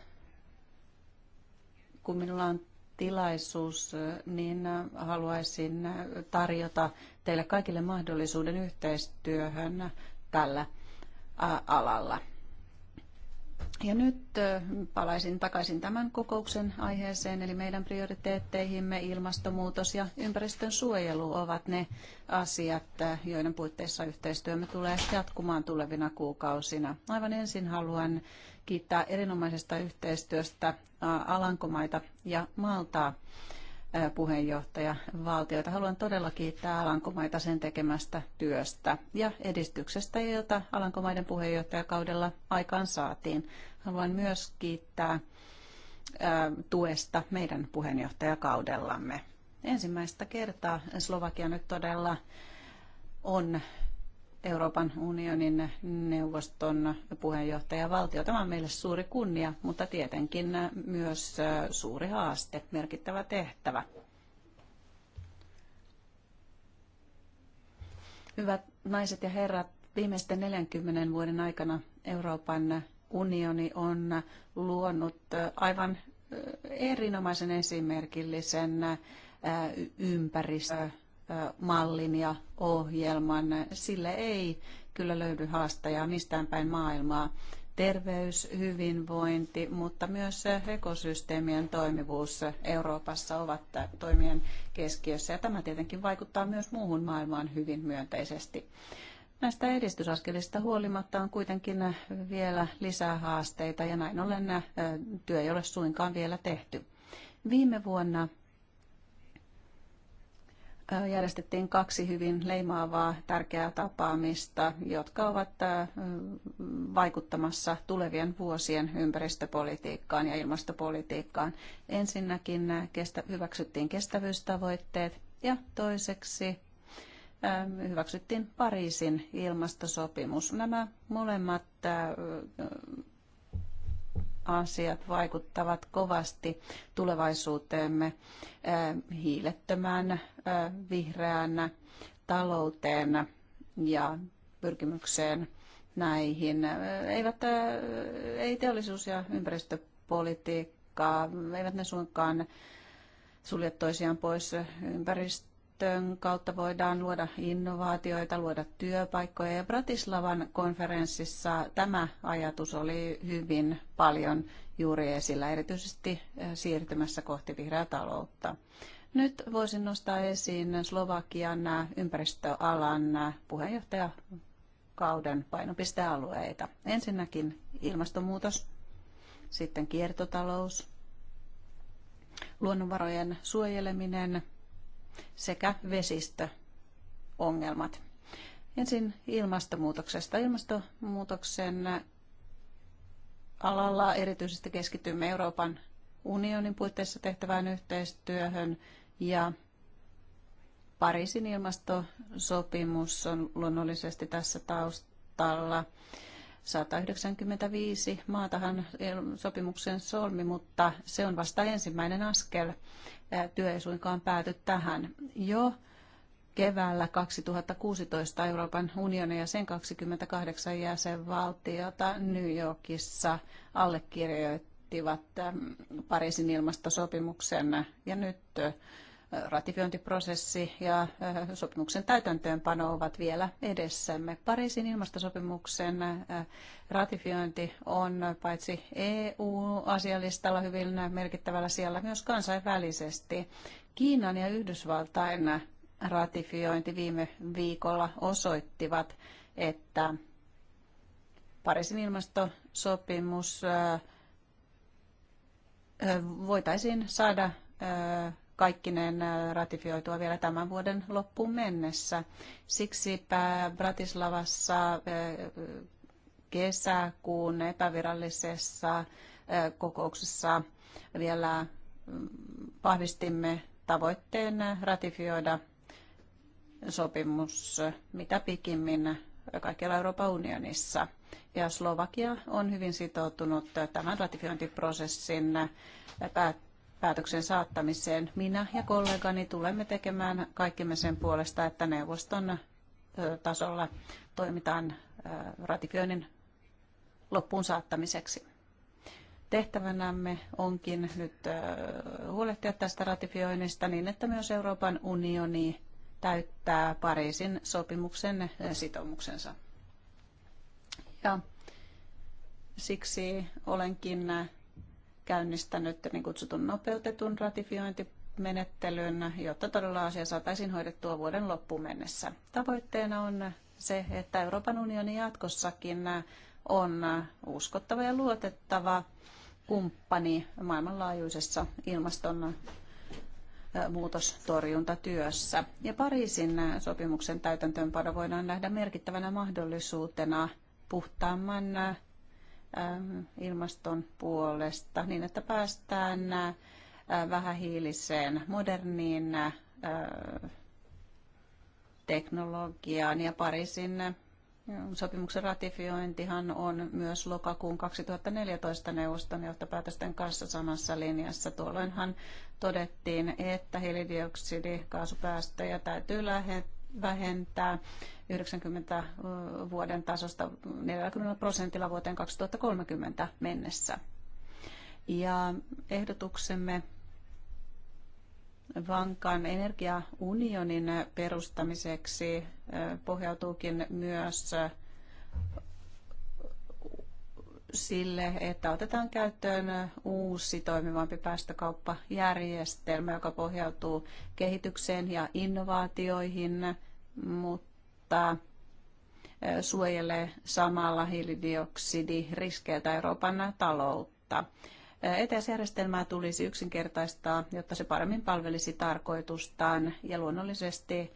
kun minulla on tilaisuus, niin haluaisin tarjota teille kaikille mahdollisuuden yhteistyöhön tällä alalla. Ja nyt palaisin takaisin tämän kokouksen aiheeseen, eli meidän prioriteetteihimme ilmastonmuutos ja ympäristön suojelu ovat ne asiat, joiden puitteissa yhteistyömme tulee jatkumaan tulevina kuukausina. Aivan ensin haluan kiittää erinomaisesta yhteistyöstä Alankomaita ja Maltaa puheenjohtaja valtioita. Haluan todella kiittää Alankomaita sen tekemästä työstä ja edistyksestä, jota Alankomaiden puheenjohtajakaudella aikaan saatiin. Haluan myös kiittää tuesta meidän puheenjohtajakaudellamme. Ensimmäistä kertaa Slovakia nyt todella on Euroopan unionin neuvoston puheenjohtajavaltio. Tämä on meille suuri kunnia, mutta tietenkin myös suuri haaste, merkittävä tehtävä. Hyvät naiset ja herrat, viimeisten 40 vuoden aikana Euroopan unioni on luonut aivan erinomaisen esimerkillisen ympäristön mallin ja ohjelman. Sille ei kyllä löydy haastajaa mistään päin maailmaa. Terveys, hyvinvointi, mutta myös ekosysteemien toimivuus Euroopassa ovat toimien keskiössä. Ja tämä tietenkin vaikuttaa myös muuhun maailmaan hyvin myönteisesti. Näistä edistysaskelista huolimatta on kuitenkin vielä lisää haasteita ja näin ollen työ ei ole suinkaan vielä tehty. Viime vuonna järjestettiin kaksi hyvin leimaavaa tärkeää tapaamista, jotka ovat vaikuttamassa tulevien vuosien ympäristöpolitiikkaan ja ilmastopolitiikkaan. Ensinnäkin hyväksyttiin kestävyystavoitteet ja toiseksi hyväksyttiin Pariisin ilmastosopimus. Nämä molemmat asiat vaikuttavat kovasti tulevaisuuteemme eh, hiilettömään eh, vihreään talouteen ja pyrkimykseen näihin. Eh, eivät, ei teollisuus- ja ympäristöpolitiikkaa, eivät ne suinkaan sulje toisiaan pois ympäristö käyttöön kautta voidaan luoda innovaatioita, luoda työpaikkoja. Ja Bratislavan konferenssissa tämä ajatus oli hyvin paljon juuri esillä, erityisesti eh, siirtymässä kohti vihreää taloutta. Nyt voisin nostaa esiin Slovakian ympäristöalan puheenjohtajakauden painopistealueita. Ensinnäkin ilmastonmuutos, sitten kiertotalous, luonnonvarojen suojeleminen – sekä vesistöongelmat. Ensin ilmastonmuutoksesta. Ilmastonmuutoksen alalla erityisesti keskitymme Euroopan unionin puitteissa tehtävään yhteistyöhön ja Pariisin ilmastosopimus on luonnollisesti tässä taustalla. 195 maatahan sopimuksen solmi, mutta se on vasta ensimmäinen askel. Työ ei suinkaan pääty tähän. Jo keväällä 2016 Euroopan unioni ja sen 28 jäsenvaltiota New Yorkissa allekirjoittivat Pariisin ilmastosopimuksen ja nyt ratifiointiprosessi ja eh, sopimuksen täytäntöönpano ovat vielä edessämme. Pariisin ilmastosopimuksen eh, ratifiointi on paitsi EU-asialistalla hyvin merkittävällä siellä myös kansainvälisesti. Kiinan ja Yhdysvaltain ratifiointi viime viikolla osoittivat, että Pariisin ilmastosopimus eh, voitaisiin saada kaikkineen äh, ratifioitua vielä tämän vuoden loppuun mennessä. Siksi Bratislavassa äh, kesäkuun epävirallisessa äh, kokouksessa vielä mm, vahvistimme tavoitteen ratifioida sopimus mitä pikimmin kaikkialla Euroopan unionissa. Ja Slovakia on hyvin sitoutunut tämän ratifiointiprosessin päät- päätöksen saattamiseen. Minä ja kollegani tulemme tekemään kaikkemme sen puolesta, että neuvoston tasolla toimitaan ratifioinnin loppuun saattamiseksi. Tehtävänämme onkin nyt huolehtia tästä ratifioinnista niin, että myös Euroopan unioni täyttää Pariisin sopimuksen sitoumuksensa. Ja siksi olenkin käynnistänyt niin kutsutun nopeutetun ratifiointimenettelyn, jotta todella asia saataisiin hoidettua vuoden loppuun mennessä. Tavoitteena on se, että Euroopan unioni jatkossakin on uskottava ja luotettava kumppani maailmanlaajuisessa ilmaston muutostorjuntatyössä. Ja Pariisin sopimuksen täytäntöönpano voidaan nähdä merkittävänä mahdollisuutena puhtaamman Ähm, ilmaston puolesta niin, että päästään äh, vähähiiliseen moderniin äh, teknologiaan ja Pariisin äh, Sopimuksen ratifiointihan on myös lokakuun 2014 neuvoston johtopäätösten kanssa samassa linjassa. Tuolloinhan todettiin, että hiilidioksidikaasupäästöjä täytyy lähettää vähentää 90 vuoden tasosta 40 prosentilla vuoteen 2030 mennessä. Ja ehdotuksemme vankan energiaunionin perustamiseksi pohjautuukin myös sille, että otetaan käyttöön uusi toimivampi päästökauppajärjestelmä, joka pohjautuu kehitykseen ja innovaatioihin, mutta suojelee samalla hiilidioksidiriskiltä Euroopan taloutta. ETS-järjestelmää tulisi yksinkertaistaa, jotta se paremmin palvelisi tarkoitustaan ja luonnollisesti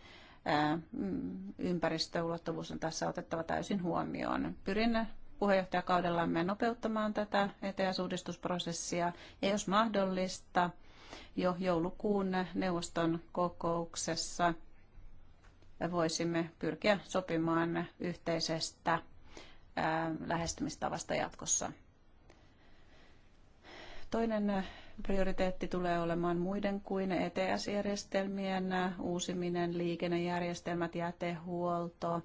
mm, ympäristöulottuvuus on tässä otettava täysin huomioon. Pyrin puheenjohtajakaudellamme nopeuttamaan tätä ets ja jos mahdollista jo joulukuun neuvoston kokouksessa voisimme pyrkiä sopimaan yhteisestä lähestymistavasta jatkossa. Toinen prioriteetti tulee olemaan muiden kuin ETS-järjestelmien uusiminen, liikennejärjestelmät, jätehuolto,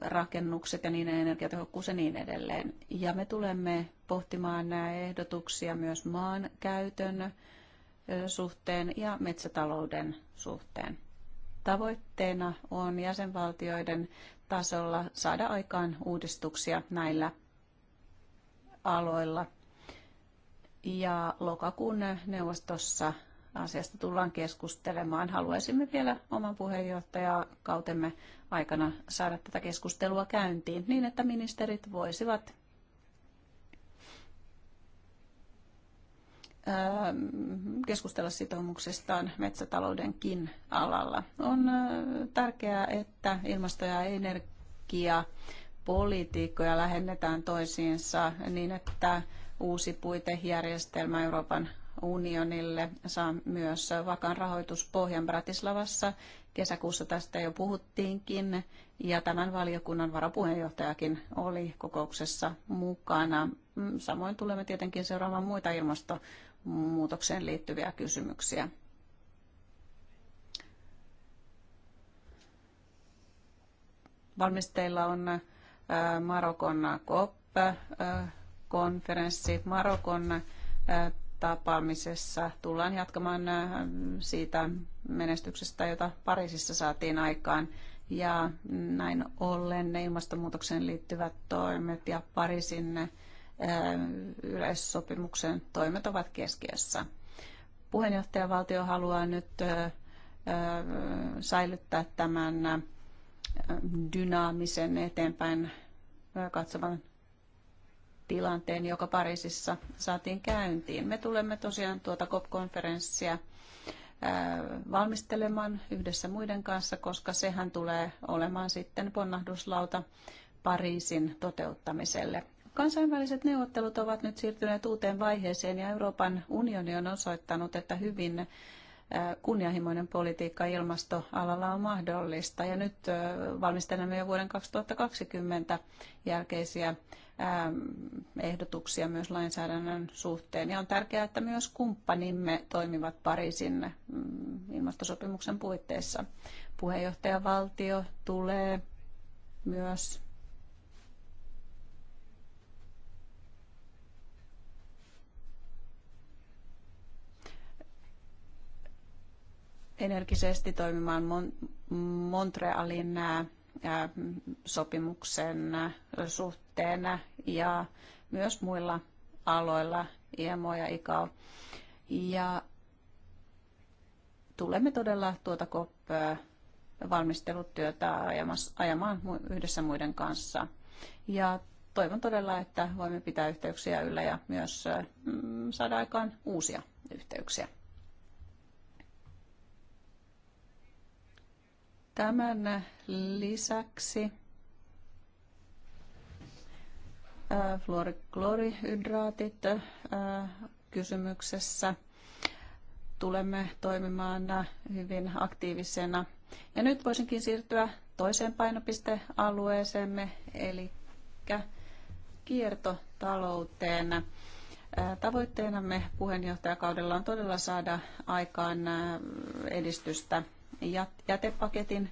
rakennukset ja niiden energiatehokkuus ja niin edelleen. Ja me tulemme pohtimaan nämä ehdotuksia myös maan käytön suhteen ja metsätalouden suhteen. Tavoitteena on jäsenvaltioiden tasolla saada aikaan uudistuksia näillä aloilla. Ja lokakuun neuvostossa asiasta tullaan keskustelemaan. Haluaisimme vielä oman puheenjohtajakautemme aikana saada tätä keskustelua käyntiin niin, että ministerit voisivat ähm, keskustella sitoumuksistaan metsätaloudenkin alalla. On äh, tärkeää, että ilmasto- ja energiapolitiikkoja lähennetään toisiinsa niin, että uusi puitejärjestelmä Euroopan unionille saa myös vakan rahoituspohjan Bratislavassa Kesäkuussa tästä jo puhuttiinkin ja tämän valiokunnan varapuheenjohtajakin oli kokouksessa mukana. Mm, samoin tulemme tietenkin seuraamaan muita ilmastonmuutokseen liittyviä kysymyksiä. Valmisteilla on Marokon COP-konferenssi. Marokon tapaamisessa tullaan jatkamaan äh, siitä menestyksestä, jota Pariisissa saatiin aikaan. Ja näin ollen ne ilmastonmuutokseen liittyvät toimet ja Pariisin äh, yleissopimuksen toimet ovat keskiössä. Puheenjohtajavaltio haluaa nyt äh, säilyttää tämän dynaamisen eteenpäin katsovan tilanteen, joka Pariisissa saatiin käyntiin. Me tulemme tosiaan tuota COP-konferenssia valmistelemaan yhdessä muiden kanssa, koska sehän tulee olemaan sitten ponnahduslauta Pariisin toteuttamiselle. Kansainväliset neuvottelut ovat nyt siirtyneet uuteen vaiheeseen ja Euroopan unioni on osoittanut, että hyvin kunnianhimoinen politiikka ilmastoalalla on mahdollista. Ja nyt valmistelemme jo vuoden 2020 jälkeisiä Ähm, ehdotuksia myös lainsäädännön suhteen. Ja on tärkeää, että myös kumppanimme toimivat Pariisin mm, ilmastosopimuksen puitteissa. Puheenjohtajavaltio tulee myös energisesti toimimaan Montrealin äh, sopimuksen suhteen ja myös muilla aloilla, IMO ja ICAO. Ja tulemme todella tuota COP valmistelutyötä ajamaan yhdessä muiden kanssa. Ja toivon todella, että voimme pitää yhteyksiä yllä ja myös mm, saada aikaan uusia yhteyksiä. Tämän lisäksi fluorihydraatit kysymyksessä tulemme toimimaan hyvin aktiivisena. Ja nyt voisinkin siirtyä toiseen painopistealueeseemme, eli kiertotalouteen. Tavoitteenamme puheenjohtajakaudella on todella saada aikaan edistystä jätepaketin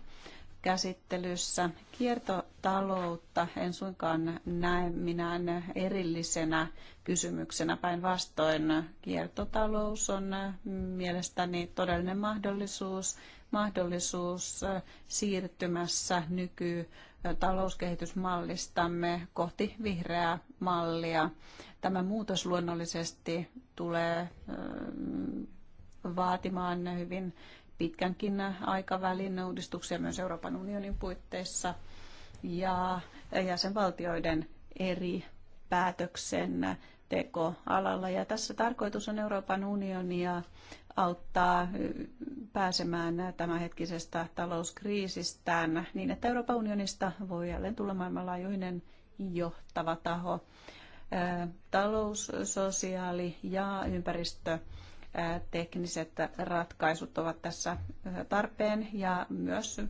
käsittelyssä. Kiertotaloutta en suinkaan näe minään erillisenä kysymyksenä. Päinvastoin kiertotalous on mielestäni todellinen mahdollisuus, mahdollisuus siirtymässä nyky talouskehitysmallistamme kohti vihreää mallia. Tämä muutos luonnollisesti tulee vaatimaan hyvin pitkänkin aikavälin uudistuksia myös Euroopan unionin puitteissa ja jäsenvaltioiden eri päätöksen tekoalalla. Ja tässä tarkoitus on Euroopan unionia auttaa pääsemään tämänhetkisestä talouskriisistään niin, että Euroopan unionista voi jälleen tulla maailmanlaajuinen johtava taho talous-, sosiaali- ja ympäristö- tekniset ratkaisut ovat tässä tarpeen ja myös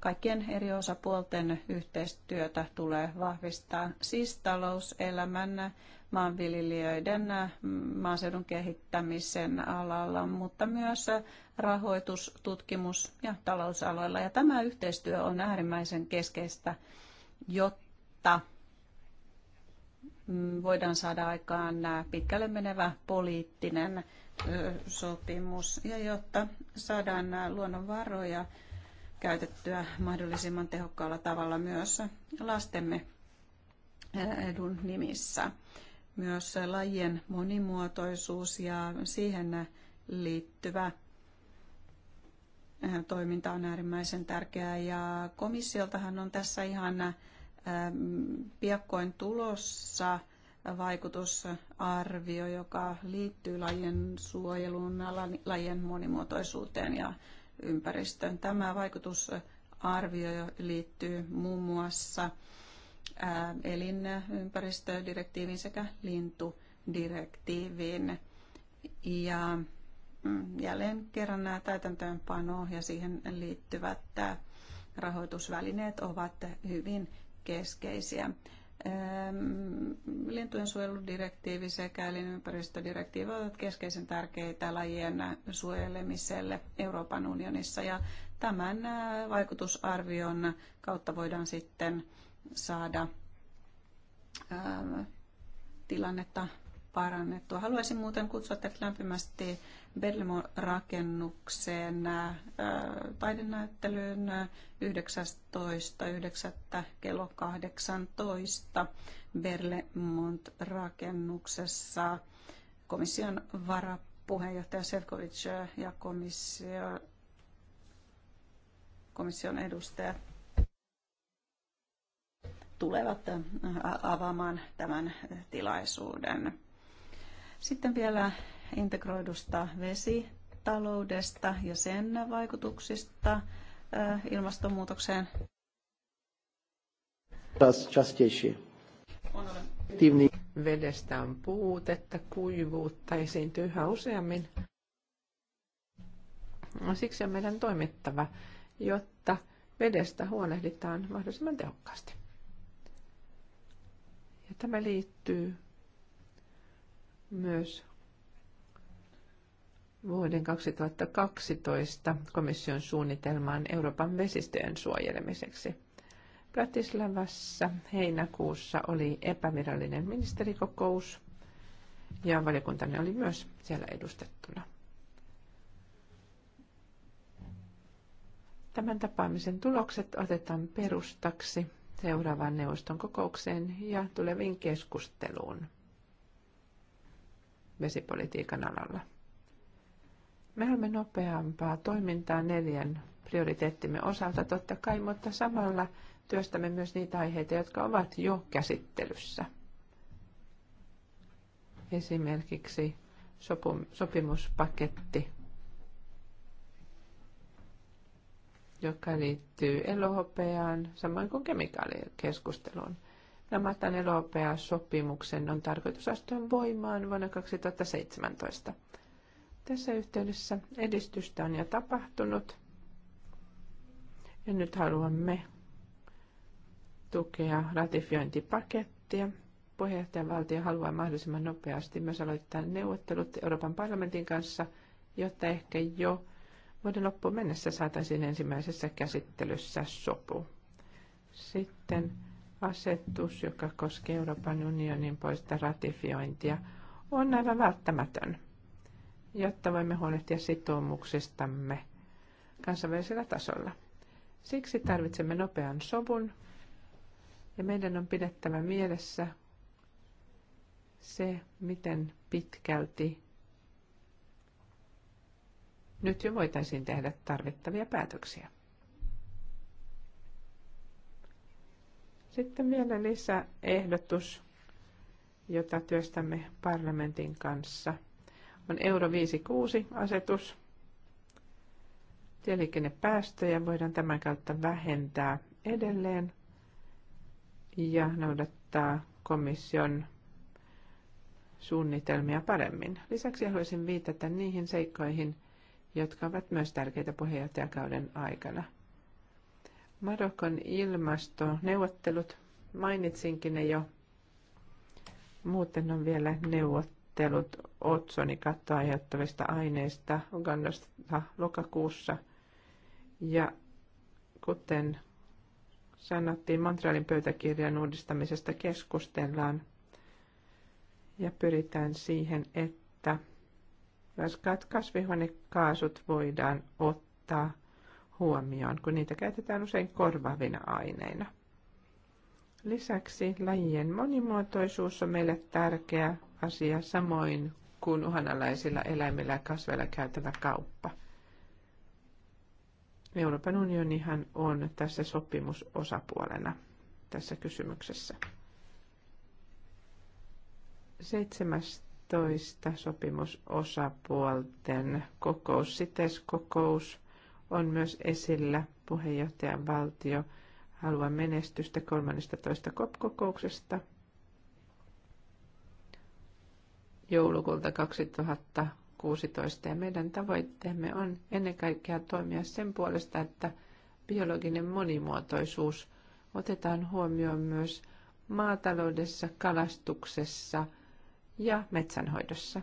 kaikkien eri osapuolten yhteistyötä tulee vahvistaa, siis talouselämän, maanviljelijöiden, maaseudun kehittämisen alalla, mutta myös rahoitus-, tutkimus- ja talousaloilla. Ja tämä yhteistyö on äärimmäisen keskeistä, jotta Mm, voidaan saada aikaan äh, pitkälle menevä poliittinen sopimus ja jotta saadaan äh, luonnonvaroja käytettyä mahdollisimman tehokkaalla tavalla myös lastemme äh, edun nimissä. Myös lajien monimuotoisuus ja siihen liittyvä toiminta on äärimmäisen tärkeää ja komissioltahan on tässä ihan Ähm, piakkoin tulossa vaikutusarvio, joka liittyy lajien suojeluun, lajien monimuotoisuuteen ja ympäristöön. Tämä vaikutusarvio liittyy muun muassa äh, elinympäristödirektiiviin sekä lintudirektiiviin. Ja mm, jälleen kerran nämä täytäntöönpano ja siihen liittyvät äh, rahoitusvälineet ovat hyvin keskeisiä. Lintujen suojeludirektiivi sekä elinympäristödirektiivi ovat keskeisen tärkeitä lajien suojelemiselle Euroopan unionissa ja tämän vaikutusarvion kautta voidaan sitten saada tilannetta parannettua. Haluaisin muuten kutsua teitä lämpimästi Bellemo-rakennukseen äh, taidenäyttelyyn 19.9. kello 18 Berlemont-rakennuksessa komission varapuheenjohtaja Sefcovic ja komissio, komission edustajat tulevat äh, avaamaan tämän tilaisuuden. Sitten vielä integroidusta vesitaloudesta ja sen vaikutuksista ilmastonmuutokseen? Vedestä on puutetta, kuivuutta esiintyy yhä useammin. No, siksi on meidän toimittava, jotta vedestä huolehditaan mahdollisimman tehokkaasti. Ja tämä liittyy myös vuoden 2012 komission suunnitelmaan Euroopan vesistöjen suojelemiseksi. Bratislavassa heinäkuussa oli epävirallinen ministerikokous ja valiokuntanne oli myös siellä edustettuna. Tämän tapaamisen tulokset otetaan perustaksi seuraavaan neuvoston kokoukseen ja tuleviin keskusteluun vesipolitiikan alalla. Me haluamme nopeampaa toimintaa neljän prioriteettimme osalta totta kai, mutta samalla työstämme myös niitä aiheita, jotka ovat jo käsittelyssä. Esimerkiksi sopimuspaketti, joka liittyy elohopeaan, samoin kuin kemikaalikeskusteluun. Namatan elohopea-sopimuksen on tarkoitus astua voimaan vuonna 2017. Tässä yhteydessä edistystä on jo tapahtunut ja nyt haluamme tukea ratifiointipakettia. Puheenjohtajavaltio haluaa mahdollisimman nopeasti myös aloittaa neuvottelut Euroopan parlamentin kanssa, jotta ehkä jo vuoden loppuun mennessä saataisiin ensimmäisessä käsittelyssä sopu. Sitten asetus, joka koskee Euroopan unionin poista ratifiointia, on aivan välttämätön jotta voimme huolehtia sitoumuksistamme kansainvälisellä tasolla. Siksi tarvitsemme nopean sovun ja meidän on pidettävä mielessä se, miten pitkälti nyt jo voitaisiin tehdä tarvittavia päätöksiä. Sitten vielä lisäehdotus, jota työstämme parlamentin kanssa – on Euro 56 asetus. Tieliikennepäästöjä voidaan tämän kautta vähentää edelleen ja noudattaa komission suunnitelmia paremmin. Lisäksi haluaisin viitata niihin seikkoihin, jotka ovat myös tärkeitä puheenjohtajakauden aikana. Marokon ilmastoneuvottelut, mainitsinkin ne jo. Muuten on vielä neuvottelut onnittelut otsonikattoa aiheuttavista aineista Ugandasta lokakuussa. Ja kuten sanottiin, Montrealin pöytäkirjan uudistamisesta keskustellaan ja pyritään siihen, että raskaat kasvihuonekaasut voidaan ottaa huomioon, kun niitä käytetään usein korvaavina aineina. Lisäksi lajien monimuotoisuus on meille tärkeä asia, samoin kuin uhanalaisilla eläimillä ja kasveilla käytävä kauppa. Euroopan unionihan on tässä sopimusosapuolena tässä kysymyksessä. 17 sopimusosapuolten kokous, sites kokous on myös esillä puheenjohtajan valtio – Haluan menestystä 13. COP-kokouksesta joulukuulta 2016 ja meidän tavoitteemme on ennen kaikkea toimia sen puolesta, että biologinen monimuotoisuus otetaan huomioon myös maataloudessa, kalastuksessa ja metsänhoidossa.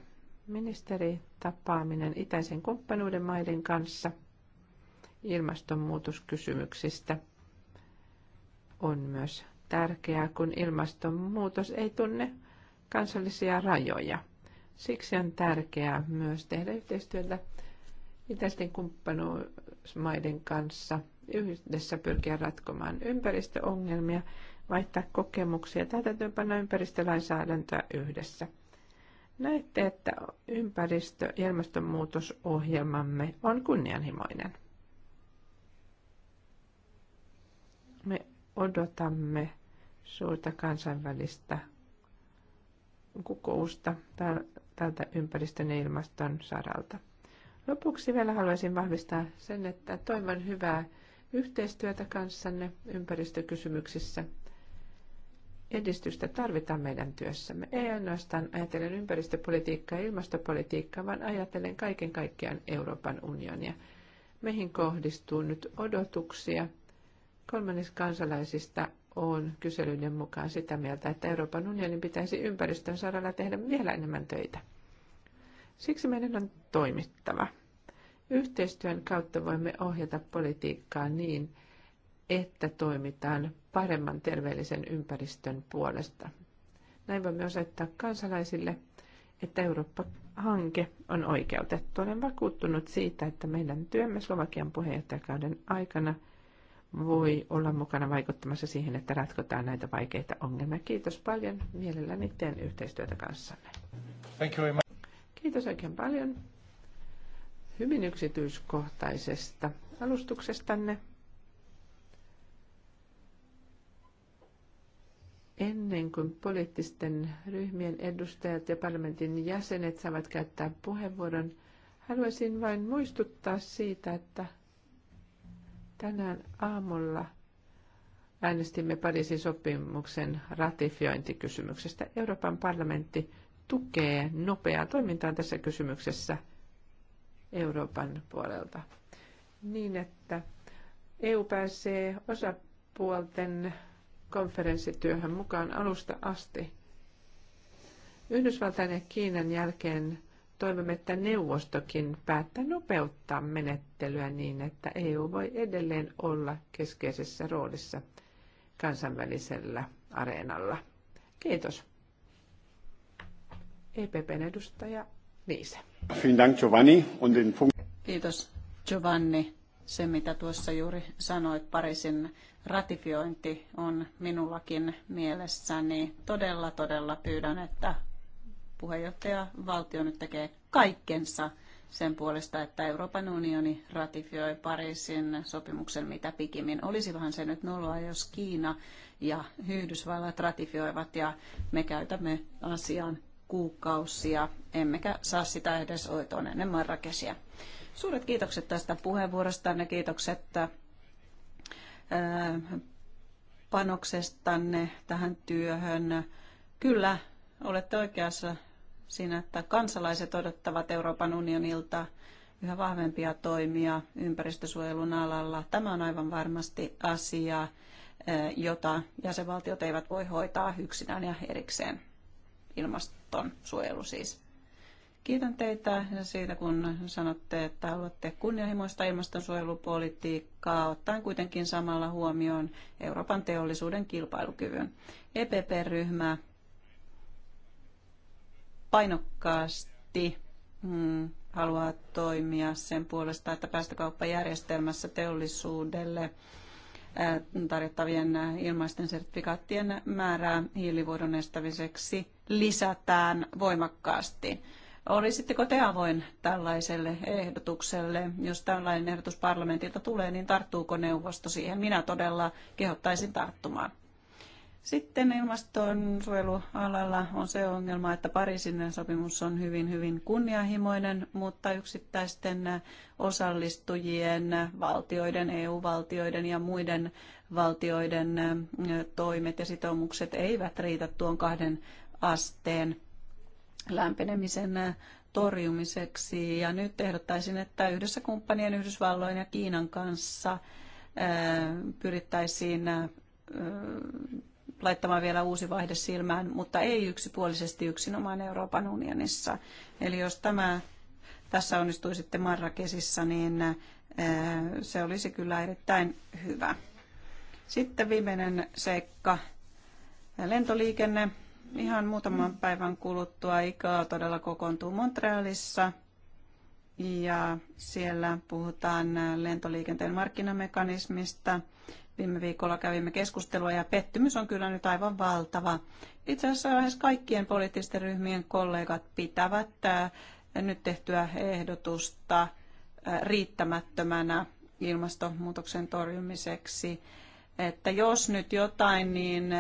Ministeri tapaaminen itäisen kumppanuuden maiden kanssa ilmastonmuutoskysymyksistä – on myös tärkeää, kun ilmastonmuutos ei tunne kansallisia rajoja. Siksi on tärkeää myös tehdä yhteistyötä itäisten kumppanuusmaiden kanssa yhdessä pyrkiä ratkomaan ympäristöongelmia, vaihtaa kokemuksia täytäntöönpanna ympäristölainsäädäntöä yhdessä. Näette, että ympäristö- ja ilmastonmuutosohjelmamme on kunnianhimoinen. Me odotamme suurta kansainvälistä kokousta tältä ympäristön ja ilmaston saralta. Lopuksi vielä haluaisin vahvistaa sen, että toivon hyvää yhteistyötä kanssanne ympäristökysymyksissä. Edistystä tarvitaan meidän työssämme. Ei ainoastaan ajatellen ympäristöpolitiikkaa ja ilmastopolitiikkaa, vaan ajatellen kaiken kaikkiaan Euroopan unionia. Meihin kohdistuu nyt odotuksia – Kolmannes kansalaisista on kyselyiden mukaan sitä mieltä, että Euroopan unionin pitäisi ympäristön saralla tehdä vielä enemmän töitä. Siksi meidän on toimittava. Yhteistyön kautta voimme ohjata politiikkaa niin, että toimitaan paremman terveellisen ympäristön puolesta. Näin voimme osoittaa kansalaisille, että Eurooppa-hanke on oikeutettu. Olen vakuuttunut siitä, että meidän työmme Slovakian puheenjohtajakauden aikana – voi olla mukana vaikuttamassa siihen, että ratkotaan näitä vaikeita ongelmia. Kiitos paljon. Mielelläni teen yhteistyötä kanssanne. Thank you very much. Kiitos oikein paljon hyvin yksityiskohtaisesta alustuksestanne. Ennen kuin poliittisten ryhmien edustajat ja parlamentin jäsenet saavat käyttää puheenvuoron, haluaisin vain muistuttaa siitä, että Tänään aamulla äänestimme Pariisin sopimuksen ratifiointikysymyksestä. Euroopan parlamentti tukee nopeaa toimintaa tässä kysymyksessä Euroopan puolelta niin, että EU pääsee osapuolten konferenssityöhön mukaan alusta asti. Yhdysvaltain ja Kiinan jälkeen toivomme, että neuvostokin päättää nopeuttaa menettelyä niin, että EU voi edelleen olla keskeisessä roolissa kansainvälisellä areenalla. Kiitos. EPPn edustaja Liise. Kiitos Giovanni. Se, mitä tuossa juuri sanoit, Pariisin ratifiointi on minullakin mielessäni. Todella, todella pyydän, että puheenjohtaja valtio nyt tekee kaikkensa sen puolesta, että Euroopan unioni ratifioi Pariisin sopimuksen mitä pikimmin. Olisivahan se nyt noloa, jos Kiina ja Yhdysvallat ratifioivat ja me käytämme asian kuukausia, emmekä saa sitä edes oitoon ennen Marrakesia. Suuret kiitokset tästä ja kiitokset äh, panoksestanne tähän työhön. Kyllä, olette oikeassa siinä, että kansalaiset odottavat Euroopan unionilta yhä vahvempia toimia ympäristösuojelun alalla. Tämä on aivan varmasti asia, eh, jota jäsenvaltiot eivät voi hoitaa yksinään ja erikseen. Ilmaston suojelu siis. Kiitän teitä siitä, kun sanotte, että haluatte kunnianhimoista ilmastonsuojelupolitiikkaa, ottaen kuitenkin samalla huomioon Euroopan teollisuuden kilpailukyvyn. EPP-ryhmä painokkaasti mm, haluaa toimia sen puolesta, että päästökauppajärjestelmässä teollisuudelle äh, tarjottavien äh, ilmaisten sertifikaattien määrää hiilivuodon estämiseksi lisätään voimakkaasti. Olisitteko te avoin tällaiselle ehdotukselle? Jos tällainen ehdotus parlamentilta tulee, niin tarttuuko neuvosto siihen? Minä todella kehottaisin tarttumaan. Sitten ilmastonsuojelualalla on se ongelma, että Pariisin sopimus on hyvin, hyvin kunnianhimoinen, mutta yksittäisten osallistujien, valtioiden, EU-valtioiden ja muiden valtioiden toimet ja sitoumukset eivät riitä tuon kahden asteen lämpenemisen torjumiseksi. Ja nyt ehdottaisin, että yhdessä kumppanien Yhdysvalloin ja Kiinan kanssa pyrittäisiin laittamaan vielä uusi vaihde silmään, mutta ei yksipuolisesti yksinomaan Euroopan unionissa. Eli jos tämä tässä sitten Marrakesissa, niin äh, se olisi kyllä erittäin hyvä. Sitten viimeinen seikka, lentoliikenne. Ihan muutaman päivän kuluttua ICAO todella kokoontuu Montrealissa ja siellä puhutaan lentoliikenteen markkinamekanismista Viime viikolla kävimme keskustelua ja pettymys on kyllä nyt aivan valtava. Itse asiassa lähes kaikkien poliittisten ryhmien kollegat pitävät nyt tehtyä ehdotusta riittämättömänä ilmastonmuutoksen torjumiseksi. Että jos nyt jotain, niin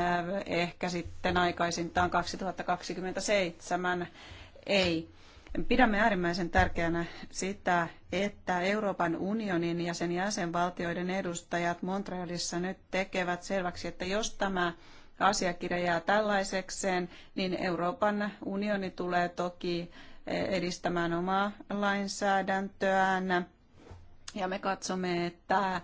ehkä sitten aikaisintaan 2027 ei. Pidämme äärimmäisen tärkeänä sitä, että Euroopan unionin ja sen jäsenvaltioiden edustajat Montrealissa nyt tekevät selväksi, että jos tämä asiakirja jää tällaisekseen, niin Euroopan unioni tulee toki edistämään omaa lainsäädäntöään ja me katsomme, että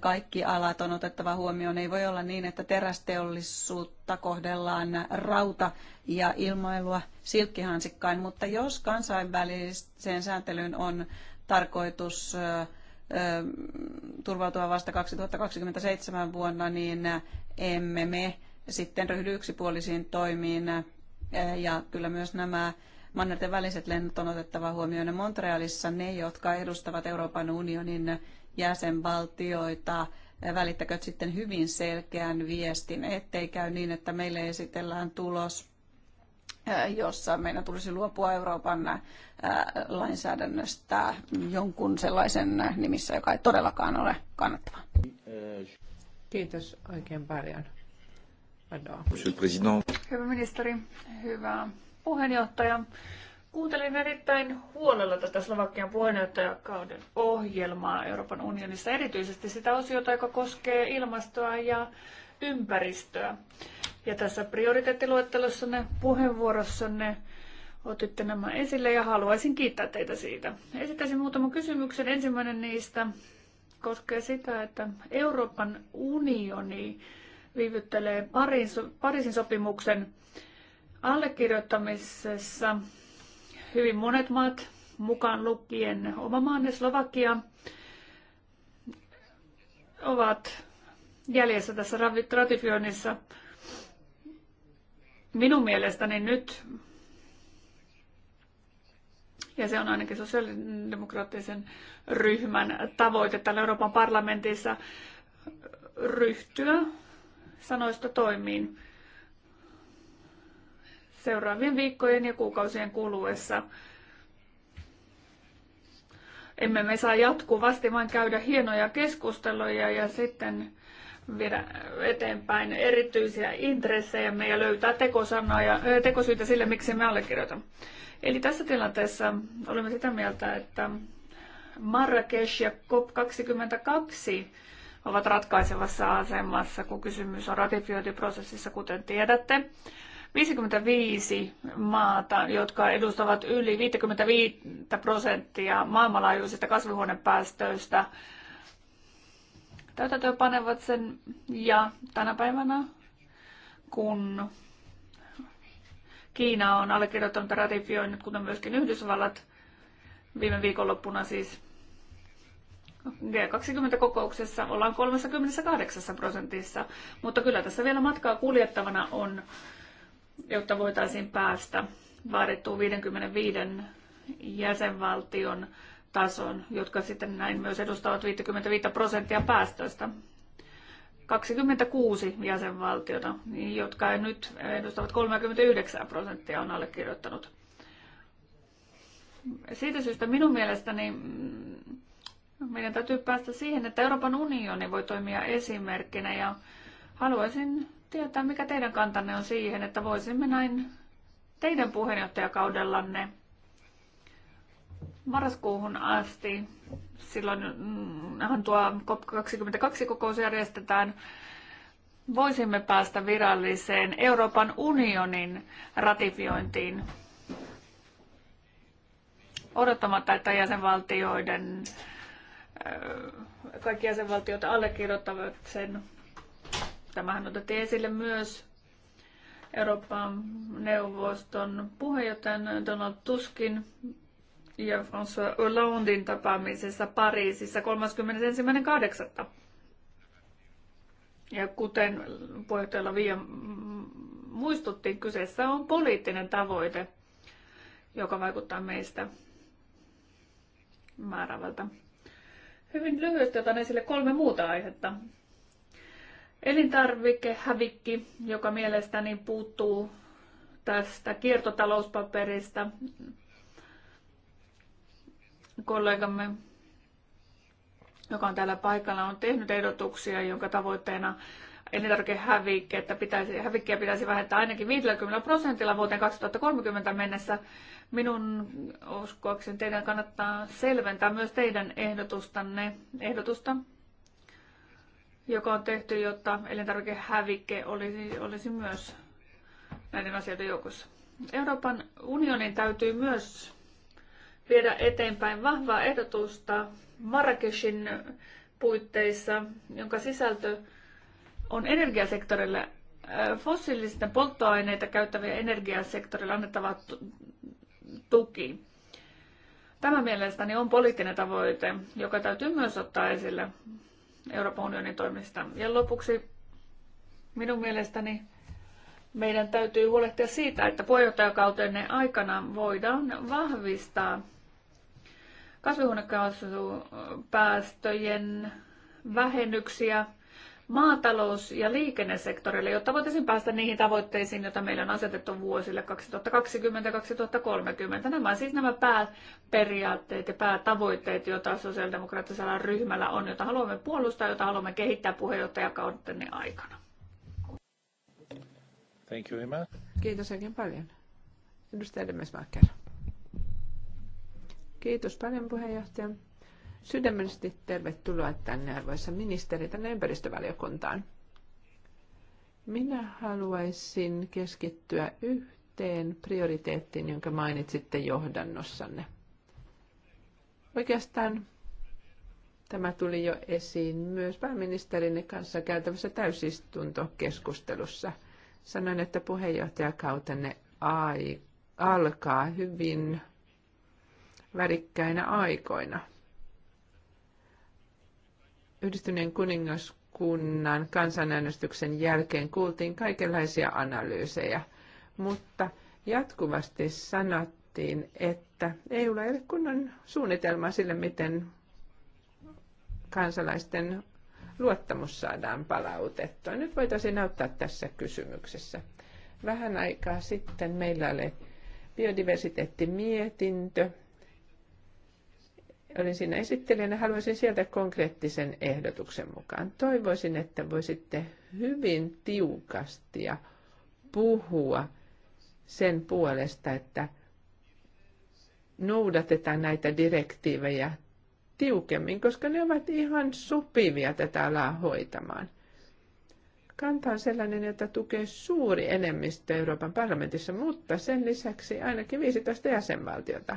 kaikki alat on otettava huomioon. Ei voi olla niin, että terästeollisuutta kohdellaan rauta ja ilmailua silkkihansikkain, mutta jos kansainväliseen sääntelyyn on tarkoitus turvautua vasta 2027 vuonna, niin emme me sitten ryhdy yksipuolisiin toimiin. Ja kyllä myös nämä mannerten väliset lennot on otettava huomioon. Ja Montrealissa ne, jotka edustavat Euroopan unionin jäsenvaltioita, välittäköt sitten hyvin selkeän viestin, ettei käy niin, että meille esitellään tulos, eh, jossa meidän tulisi luopua Euroopan eh, lainsäädännöstä jonkun sellaisen eh, nimissä, joka ei todellakaan ole kannattava. Kiitos oikein paljon. Hyvä ministeri, hyvää puheenjohtaja. Kuuntelin erittäin huolella tätä Slovakian puheenjohtajakauden ohjelmaa Euroopan unionissa, erityisesti sitä osiota, joka koskee ilmastoa ja ympäristöä. Ja tässä prioriteettiluettelossanne, puheenvuorossanne otitte nämä esille ja haluaisin kiittää teitä siitä. Esittäisin muutaman kysymyksen. Ensimmäinen niistä koskee sitä, että Euroopan unioni viivyttelee Pariisin sopimuksen allekirjoittamisessa hyvin monet maat, mukaan lukien oma maanne Slovakia, ovat jäljessä tässä ratifioinnissa. Minun mielestäni nyt, ja se on ainakin sosiaalidemokraattisen ryhmän tavoite täällä Euroopan parlamentissa, ryhtyä sanoista toimiin seuraavien viikkojen ja kuukausien kuluessa. Emme me saa jatkuvasti vain käydä hienoja keskusteluja ja sitten viedä eteenpäin erityisiä intressejä ja löytää tekosanoja, tekosyitä sille, miksi me allekirjoitamme. Eli tässä tilanteessa olemme sitä mieltä, että Marrakesh ja COP22 ovat ratkaisevassa asemassa, kun kysymys on ratifiointiprosessissa, kuten tiedätte. 55 maata, jotka edustavat yli 55 prosenttia maailmanlaajuisista kasvihuonepäästöistä, täytäntöönpanevat sen ja tänä päivänä, kun Kiina on allekirjoittanut ja ratifioinut, kuten myöskin Yhdysvallat, viime viikonloppuna siis G20-kokouksessa ollaan 38 prosentissa, mutta kyllä tässä vielä matkaa kuljettavana on jotta voitaisiin päästä vaadittuun 55 jäsenvaltion tason, jotka sitten näin myös edustavat 55 prosenttia päästöistä. 26 jäsenvaltiota, jotka nyt edustavat 39 prosenttia, on allekirjoittanut. Siitä syystä minun mielestäni mm, meidän täytyy päästä siihen, että Euroopan unioni voi toimia esimerkkinä ja haluaisin tietää, mikä teidän kantanne on siihen, että voisimme näin teidän puheenjohtajakaudellanne marraskuuhun asti, silloin mm, tuo COP22-kokous järjestetään, voisimme päästä viralliseen Euroopan unionin ratifiointiin odottamatta, että jäsenvaltioiden, kaikki jäsenvaltiot allekirjoittavat sen Tämähän otettiin esille myös Euroopan neuvoston puheenjohtajan Donald Tuskin ja François Hollandein tapaamisessa Pariisissa 31.8. Ja kuten puheenjohtaja Lavia muistuttiin, kyseessä on poliittinen tavoite, joka vaikuttaa meistä määrävältä. Hyvin lyhyesti otan esille kolme muuta aihetta, Elintarvikehävikki, joka mielestäni puuttuu tästä kiertotalouspaperista, kollegamme, joka on täällä paikalla, on tehnyt ehdotuksia, jonka tavoitteena elintarvikehävikki, että pitäisi, hävikkiä pitäisi vähentää ainakin 50 prosentilla vuoteen 2030 mennessä. Minun uskoakseni teidän kannattaa selventää myös teidän ehdotustanne, ehdotusta joka on tehty, jotta elintarvikehävikke olisi, olisi myös näiden asioiden joukossa. Euroopan unionin täytyy myös viedä eteenpäin vahvaa ehdotusta Marrakeshin puitteissa, jonka sisältö on energiasektorille äh, fossiilisten polttoaineita käyttäviä energiasektorille annettava tuki. Tämä mielestäni on poliittinen tavoite, joka täytyy myös ottaa esille Euroopan unionin toimista. Ja lopuksi minun mielestäni meidän täytyy huolehtia siitä, että puheenjohtajakautenne aikana voidaan vahvistaa kasvihuonekaasupäästöjen vähennyksiä – maatalous- ja liikennesektorille, jotta voitaisiin päästä niihin tavoitteisiin, joita meillä on asetettu vuosille 2020-2030. Nämä siis nämä pääperiaatteet ja päätavoitteet, joita sosiaalidemokraattisella ryhmällä on, jota haluamme puolustaa, jota haluamme kehittää puheenjohtajakautenne aikana. Thank you, Emma. Kiitos oikein paljon. Edustaja Demesmaker. Kiitos paljon puheenjohtaja. Sydämellisesti tervetuloa tänne, arvoisa ministeri, tänne ympäristövaliokuntaan. Minä haluaisin keskittyä yhteen prioriteettiin, jonka mainitsitte johdannossanne. Oikeastaan tämä tuli jo esiin myös pääministerin kanssa käytävässä täysistuntokeskustelussa. Sanoin, että puheenjohtajakautenne ai, alkaa hyvin värikkäinä aikoina yhdistyneen kuningaskunnan kansanäänestyksen jälkeen kuultiin kaikenlaisia analyysejä, mutta jatkuvasti sanottiin, että ei ole kunnon suunnitelmaa sille, miten kansalaisten luottamus saadaan palautettua. Nyt voitaisiin auttaa tässä kysymyksessä. Vähän aikaa sitten meillä oli biodiversiteettimietintö, olin siinä esittelijänä, haluaisin sieltä konkreettisen ehdotuksen mukaan. Toivoisin, että voisitte hyvin tiukasti ja puhua sen puolesta, että noudatetaan näitä direktiivejä tiukemmin, koska ne ovat ihan sopivia tätä alaa hoitamaan. Kanta on sellainen, jota tukee suuri enemmistö Euroopan parlamentissa, mutta sen lisäksi ainakin 15 jäsenvaltiota.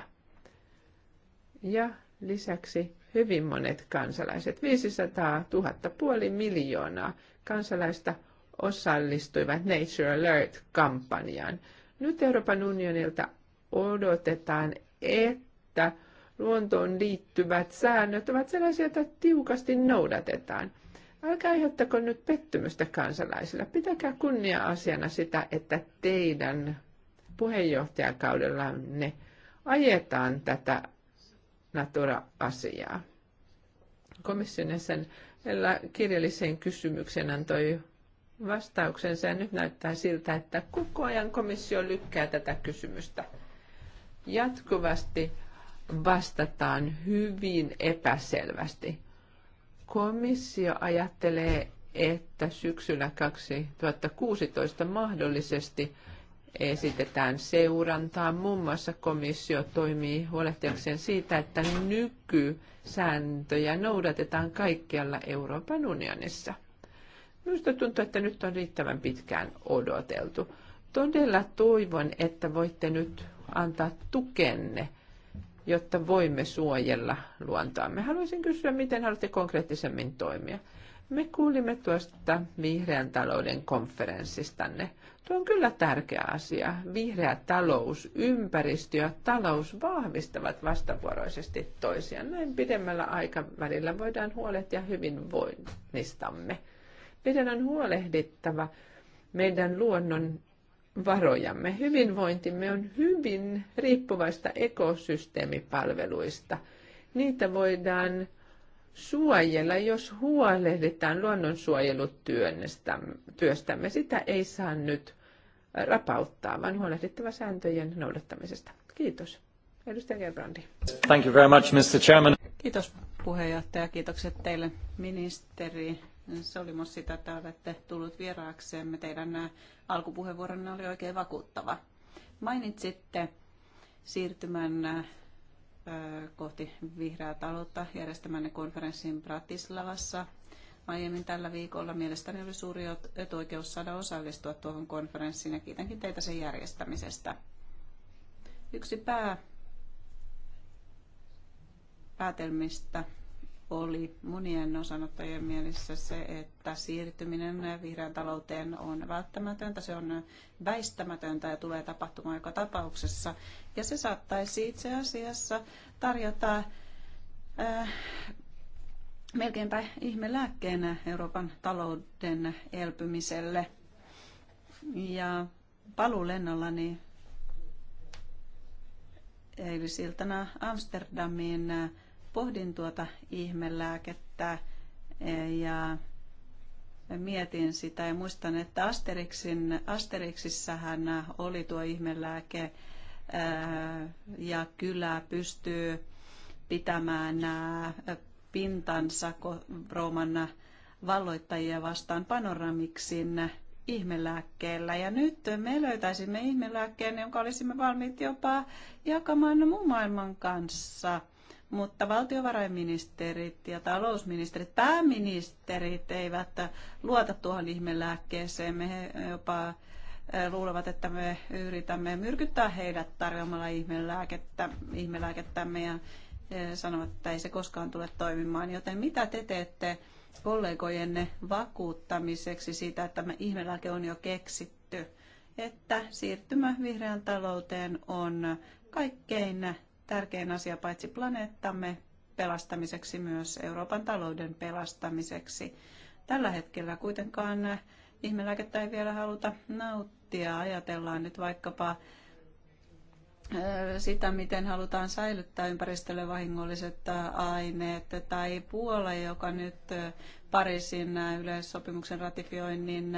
Ja Lisäksi hyvin monet kansalaiset, 500 000, puoli miljoonaa kansalaista osallistuivat Nature Alert-kampanjaan. Nyt Euroopan unionilta odotetaan, että luontoon liittyvät säännöt ovat sellaisia, että tiukasti noudatetaan. Älkää aiheuttako nyt pettymystä kansalaisilla. Pitäkää kunnia-asiana sitä, että teidän puheenjohtajakaudellanne ajetaan tätä Natura-asiaa. Komission sen kirjalliseen kysymykseen antoi vastauksensa ja nyt näyttää siltä, että koko ajan komissio lykkää tätä kysymystä. Jatkuvasti vastataan hyvin epäselvästi. Komissio ajattelee, että syksyllä 2016 mahdollisesti esitetään seurantaa. Muun muassa komissio toimii huolehtiakseen siitä, että nykysääntöjä noudatetaan kaikkialla Euroopan unionissa. Minusta tuntuu, että nyt on riittävän pitkään odoteltu. Todella toivon, että voitte nyt antaa tukenne, jotta voimme suojella luontoamme. Haluaisin kysyä, miten haluatte konkreettisemmin toimia. Me kuulimme tuosta vihreän talouden konferenssistanne. Tuo on kyllä tärkeä asia. Vihreä talous, ympäristö ja talous vahvistavat vastavuoroisesti toisiaan. Näin pidemmällä aikavälillä voidaan huolehtia hyvinvoinnistamme. Meidän on huolehdittava meidän luonnon varojamme. Hyvinvointimme on hyvin riippuvaista ekosysteemipalveluista. Niitä voidaan suojella, jos huolehditaan luonnonsuojelutyöstämme. Sitä ei saa nyt äh, rapauttaa, vaan huolehdittava sääntöjen noudattamisesta. Kiitos. Edustaja Gerbrandi. Thank you very much, Mr. Chairman. Kiitos puheenjohtaja. Kiitokset teille ministeri Solimos sitä, että olette tullut vieraaksemme. Teidän äh, alkupuheenvuoronne oli oikein vakuuttava. Mainitsitte siirtymän äh, kohti vihreää taloutta järjestämänne konferenssin Bratislavassa aiemmin tällä viikolla. Mielestäni oli suuri etuoikeus saada osallistua tuohon konferenssiin ja kiitänkin teitä sen järjestämisestä. Yksi pää päätelmistä oli monien osanottajien mielessä se, että siirtyminen vihreän talouteen on välttämätöntä, se on väistämätöntä ja tulee tapahtumaan joka tapauksessa. Ja se saattaisi itse asiassa tarjota äh, melkeinpä ihmelääkkeenä Euroopan talouden elpymiselle. Ja paluulennollani eilisiltana Amsterdamiin pohdin tuota ihmelääkettä e, ja mietin sitä ja muistan, että Asterixin, Asterixissähän oli tuo ihmelääke e, ja kyllä pystyy pitämään pintansa Rooman valloittajia vastaan panoramiksin ihmelääkkeellä. Ja nyt me löytäisimme ihmelääkkeen, jonka olisimme valmiit jopa jakamaan muun maailman kanssa – mutta valtiovarainministerit ja talousministerit, pääministerit eivät luota tuohon ihmelääkkeeseen. Me jopa luulevat, että me yritämme myrkyttää heidät tarjoamalla ihmelääkettä, ihmelääkettämme ja sanovat, että ei se koskaan tule toimimaan. Joten mitä te teette kollegojenne vakuuttamiseksi siitä, että me ihmelääke on jo keksitty? Että siirtymä vihreän talouteen on kaikkein tärkein asia paitsi planeettamme pelastamiseksi myös Euroopan talouden pelastamiseksi. Tällä hetkellä kuitenkaan ihmelääkettä ei vielä haluta nauttia. Ajatellaan nyt vaikkapa sitä, miten halutaan säilyttää ympäristölle vahingolliset aineet, tai Puola, joka nyt Pariisin yleissopimuksen ratifioinnin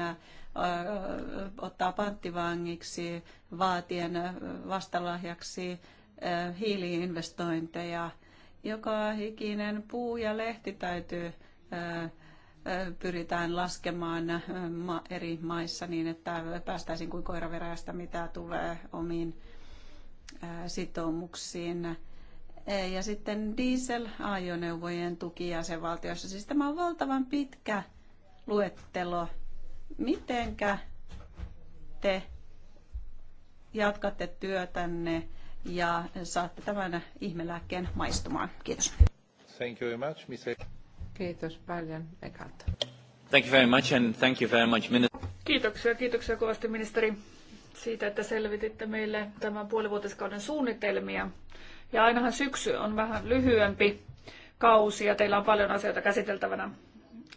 ottaa panttivangiksi vaatien vastalahjaksi hiiliinvestointeja. Joka ikinen puu ja lehti täytyy pyritään laskemaan eri maissa niin, että päästäisiin kuin koiraveräjästä, mitä tulee omiin sitoumuksiin. E, ja sitten diesel-ajoneuvojen tuki jäsenvaltioissa. Siis tämä on valtavan pitkä luettelo. Mitenkä te jatkatte työtänne ja saatte tämän ihmelääkkeen maistumaan. Kiitos. Thank you very much, Mr. Kiitos paljon, Ekalta. Thank you very much and thank you very much, minister. Kiitoksia, kiitoksia kovasti ministeri siitä, että selvititte meille tämän puolivuotiskauden suunnitelmia. Ja ainahan syksy on vähän lyhyempi kausi ja teillä on paljon asioita käsiteltävänä.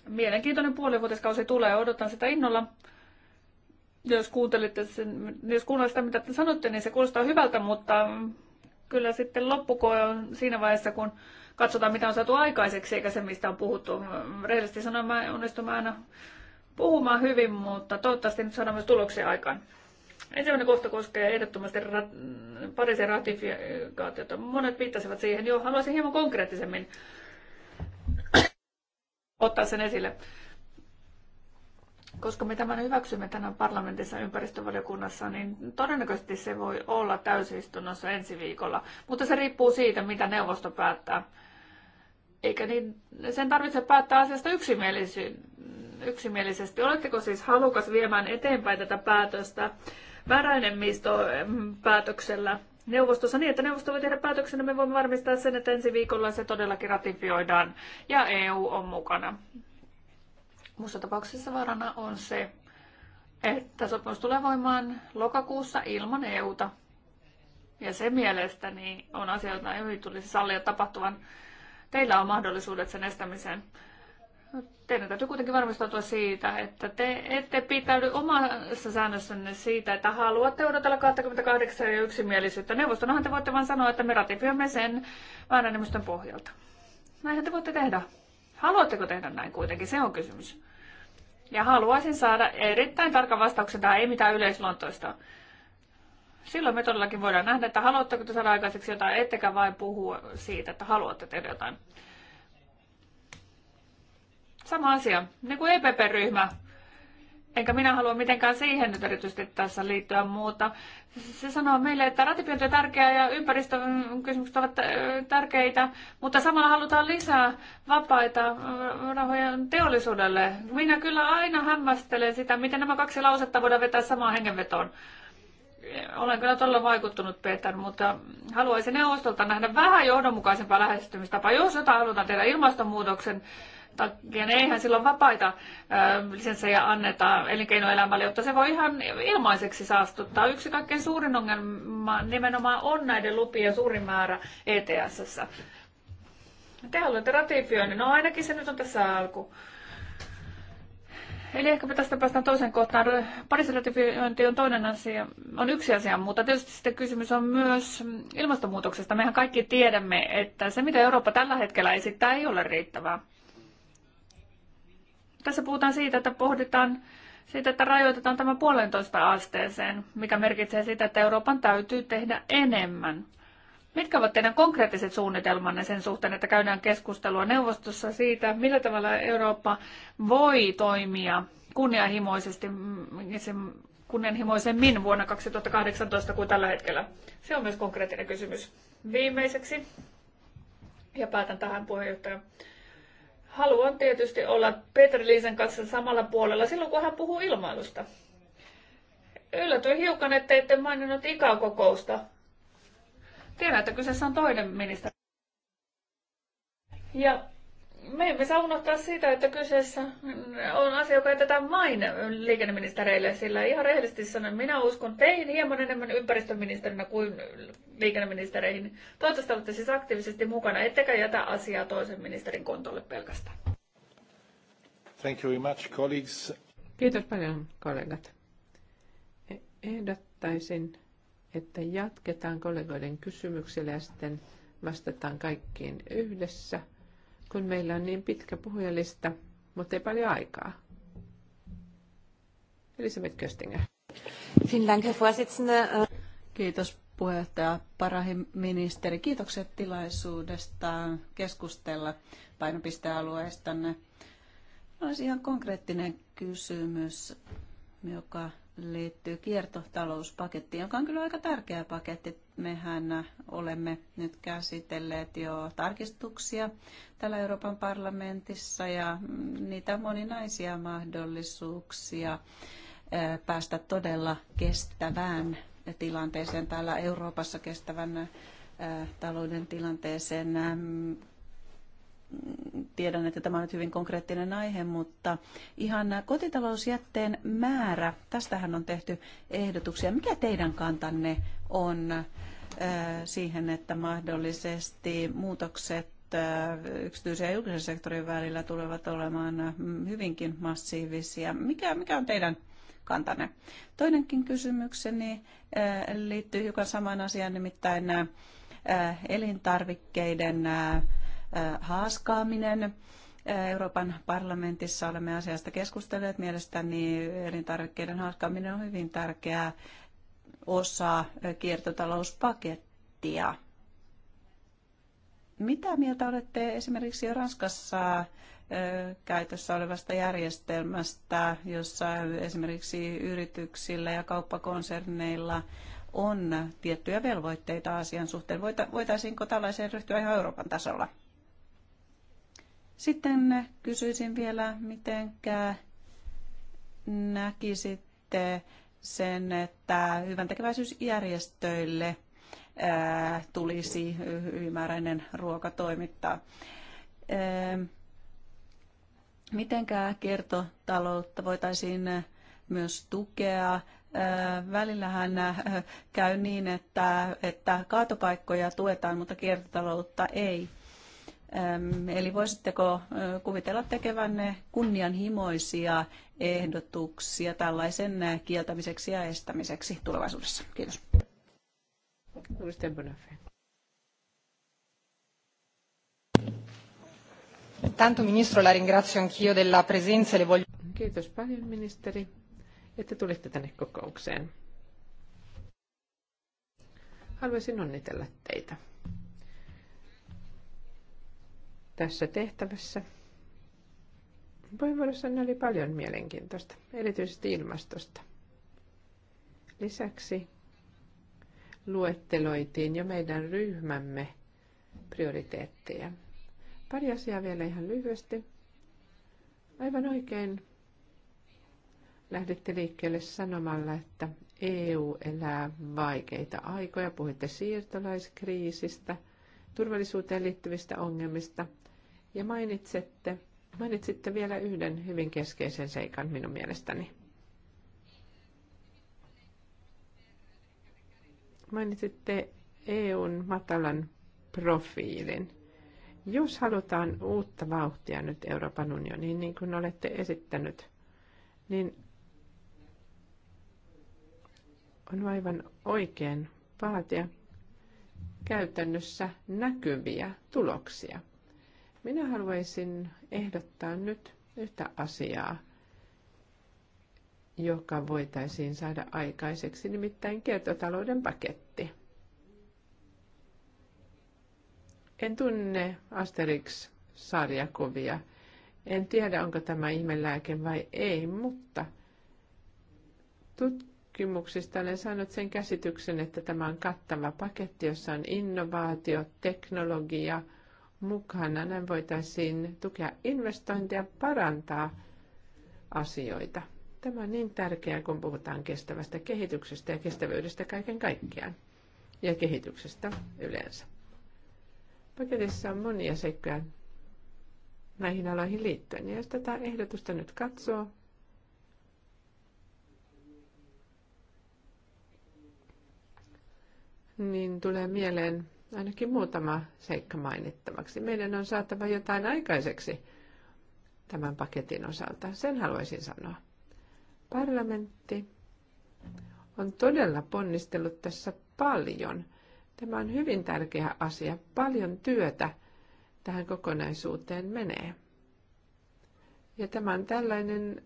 Mielenkiintoinen puolivuotiskausi tulee, odotan sitä innolla jos kuuntelitte sen, jos kuunnellaan sitä, mitä te sanotte, niin se kuulostaa hyvältä, mutta kyllä sitten loppukoe on siinä vaiheessa, kun katsotaan, mitä on saatu aikaiseksi, eikä se, mistä on puhuttu. Rehellisesti sanoen, mä onnistun aina puhumaan hyvin, mutta toivottavasti nyt saadaan myös tuloksia aikaan. Ensimmäinen kohta koskee ehdottomasti rat- Pariisin ratifikaatiota. Monet viittasivat siihen Joo, Haluaisin hieman konkreettisemmin ottaa sen esille koska me tämän hyväksymme tänään parlamentissa ympäristövaliokunnassa, niin todennäköisesti se voi olla täysistunnossa ensi viikolla. Mutta se riippuu siitä, mitä neuvosto päättää. Eikä niin, sen tarvitse päättää asiasta yksimielisesti. Oletteko siis halukas viemään eteenpäin tätä päätöstä mm, päätöksellä neuvostossa niin, että neuvosto voi tehdä päätöksen ja niin me voimme varmistaa sen, että ensi viikolla se todellakin ratifioidaan ja EU on mukana. Muussa tapauksessa varana on se, että sopimus tulee voimaan lokakuussa ilman EUta. Ja se mielestäni on asia, jota ei tulisi sallia tapahtuvan. Teillä on mahdollisuudet sen estämiseen. Teidän täytyy kuitenkin varmistautua siitä, että te ette pitäydy omassa säännössänne siitä, että haluatte odotella 28 ja yksimielisyyttä. Neuvostonahan te voitte vain sanoa, että me ratifioimme sen määräenemmistön pohjalta. Näinhän te voitte tehdä. Haluatteko tehdä näin kuitenkin? Se on kysymys. Ja haluaisin saada erittäin tarkan vastauksen tähän, ei mitään yleisluontoista. Silloin me todellakin voidaan nähdä, että haluatteko te saada aikaiseksi jotain, ettekä vain puhu siitä, että haluatte tehdä jotain. Sama asia, niin kuin EPP-ryhmä Enkä minä halua mitenkään siihen nyt erityisesti tässä liittyä muuta. Se sanoo meille, että ratifiointi on tärkeää ja ympäristökysymykset ovat tärkeitä, mutta samalla halutaan lisää vapaita äh, rahoja teollisuudelle. Minä kyllä aina hämmästelen sitä, miten nämä kaksi lausetta voidaan vetää samaan hengenvetoon. Olen kyllä todella vaikuttunut, Peter, mutta haluaisin neuvostolta nähdä vähän johdonmukaisempaa lähestymistapaa. Jos jotain halutaan tehdä ilmastonmuutoksen takia ne eihän silloin vapaita lisenssejä anneta elinkeinoelämälle, jotta se voi ihan ilmaiseksi saastuttaa. Yksi kaikkein suurin ongelma nimenomaan on näiden lupien suurin määrä ETSssä. Te haluatte ratifioinnin, no ainakin se nyt on tässä alku. Eli ehkä tästä päästään toiseen kohtaan. Pariisin ratifiointi on toinen asia, on yksi asia, mutta tietysti sitten kysymys on myös ilmastonmuutoksesta. Mehän kaikki tiedämme, että se mitä Eurooppa tällä hetkellä esittää ei ole riittävää. Tässä puhutaan siitä, että pohditaan siitä, että rajoitetaan tämä puolentoista asteeseen, mikä merkitsee sitä, että Euroopan täytyy tehdä enemmän. Mitkä ovat teidän konkreettiset suunnitelmanne sen suhteen, että käydään keskustelua neuvostossa siitä, millä tavalla Eurooppa voi toimia kunnianhimoisesti, kunnianhimoisemmin vuonna 2018 kuin tällä hetkellä? Se on myös konkreettinen kysymys. Viimeiseksi, ja päätän tähän puheenjohtajan haluan tietysti olla Petri Liisen kanssa samalla puolella silloin, kun hän puhuu ilmailusta. Yllätyin hiukan, että ette maininnut ikäkokousta. Tiedän, että kyseessä on toinen ministeri. Ja me emme saa unohtaa sitä, että kyseessä on asia, joka jätetään vain liikenneministereille, sillä ihan rehellisesti sanoen minä uskon teihin hieman enemmän ympäristöministerinä kuin liikenneministereihin. Toivottavasti olette siis aktiivisesti mukana, ettekä jätä asiaa toisen ministerin kontolle pelkästään. Thank you very much, colleagues. Kiitos paljon, kollegat. E- ehdottaisin, että jatketaan kollegoiden kysymyksille ja sitten vastataan kaikkiin yhdessä – kun meillä on niin pitkä puhujalista, mutta ei paljon aikaa. Elisabeth Köstinger. Kiitos puheenjohtaja Parahin ministeri. Kiitokset tilaisuudesta keskustella painopistealueestanne. Olisi ihan konkreettinen kysymys, joka liittyy kiertotalouspaketti joka on kyllä aika tärkeä paketti. Mehän olemme nyt käsitelleet jo tarkistuksia täällä Euroopan parlamentissa ja niitä moninaisia mahdollisuuksia päästä todella kestävään tilanteeseen täällä Euroopassa kestävän talouden tilanteeseen tiedän, että tämä on nyt hyvin konkreettinen aihe, mutta ihan kotitalousjätteen määrä, tästähän on tehty ehdotuksia. Mikä teidän kantanne on äh, siihen, että mahdollisesti muutokset äh, yksityisen ja julkisen sektorin välillä tulevat olemaan mm, hyvinkin massiivisia. Mikä, mikä on teidän kantanne? Toinenkin kysymykseni äh, liittyy hiukan samaan asiaan, nimittäin elintarvikkeiden haaskaaminen. Euroopan parlamentissa olemme asiasta keskustelleet. Mielestäni elintarvikkeiden haaskaaminen on hyvin tärkeä osa kiertotalouspakettia. Mitä mieltä olette esimerkiksi jo Ranskassa käytössä olevasta järjestelmästä, jossa esimerkiksi yrityksillä ja kauppakonserneilla on tiettyjä velvoitteita asian suhteen? Voitaisiinko tällaiseen ryhtyä ihan Euroopan tasolla? Sitten kysyisin vielä, miten näkisitte sen, että hyvän tekeväisyysjärjestöille tulisi ylimääräinen ruoka toimittaa. Mitenkään kiertotaloutta voitaisiin myös tukea? Välillähän käy niin, että, että kaatopaikkoja tuetaan, mutta kiertotaloutta ei Eli voisitteko kuvitella tekevänne kunnianhimoisia ehdotuksia tällaisen kieltämiseksi ja estämiseksi tulevaisuudessa? Kiitos. Tanto ministro, la ringrazio anch'io della presenza e le voglio... Kiitos paljon ministeri, että tulitte tänne kokoukseen. Haluaisin onnitella teitä. tässä tehtävässä. Puheenvuorossanne oli paljon mielenkiintoista, erityisesti ilmastosta. Lisäksi luetteloitiin jo meidän ryhmämme prioriteetteja. Pari asiaa vielä ihan lyhyesti. Aivan oikein lähditte liikkeelle sanomalla, että EU elää vaikeita aikoja. Puhuitte siirtolaiskriisistä, turvallisuuteen liittyvistä ongelmista – ja mainitsette, mainitsitte vielä yhden hyvin keskeisen seikan minun mielestäni. Mainitsitte EUn matalan profiilin. Jos halutaan uutta vauhtia nyt Euroopan unioniin, niin kuin olette esittänyt, niin on aivan oikein vaatia käytännössä näkyviä tuloksia. Minä haluaisin ehdottaa nyt yhtä asiaa, joka voitaisiin saada aikaiseksi, nimittäin kiertotalouden paketti. En tunne Asterix-sarjakuvia. En tiedä, onko tämä ihmelääke vai ei, mutta tutkimuksista olen saanut sen käsityksen, että tämä on kattava paketti, jossa on innovaatio, teknologia – mukana. Näin voitaisiin tukea investointeja, parantaa asioita. Tämä on niin tärkeää, kun puhutaan kestävästä kehityksestä ja kestävyydestä kaiken kaikkiaan ja kehityksestä yleensä. Paketissa on monia seikkoja näihin aloihin liittyen. Ja jos tätä ehdotusta nyt katsoo, niin tulee mieleen ainakin muutama seikka mainittavaksi. Meidän on saatava jotain aikaiseksi tämän paketin osalta. Sen haluaisin sanoa. Parlamentti on todella ponnistellut tässä paljon. Tämä on hyvin tärkeä asia. Paljon työtä tähän kokonaisuuteen menee. Ja tämä on tällainen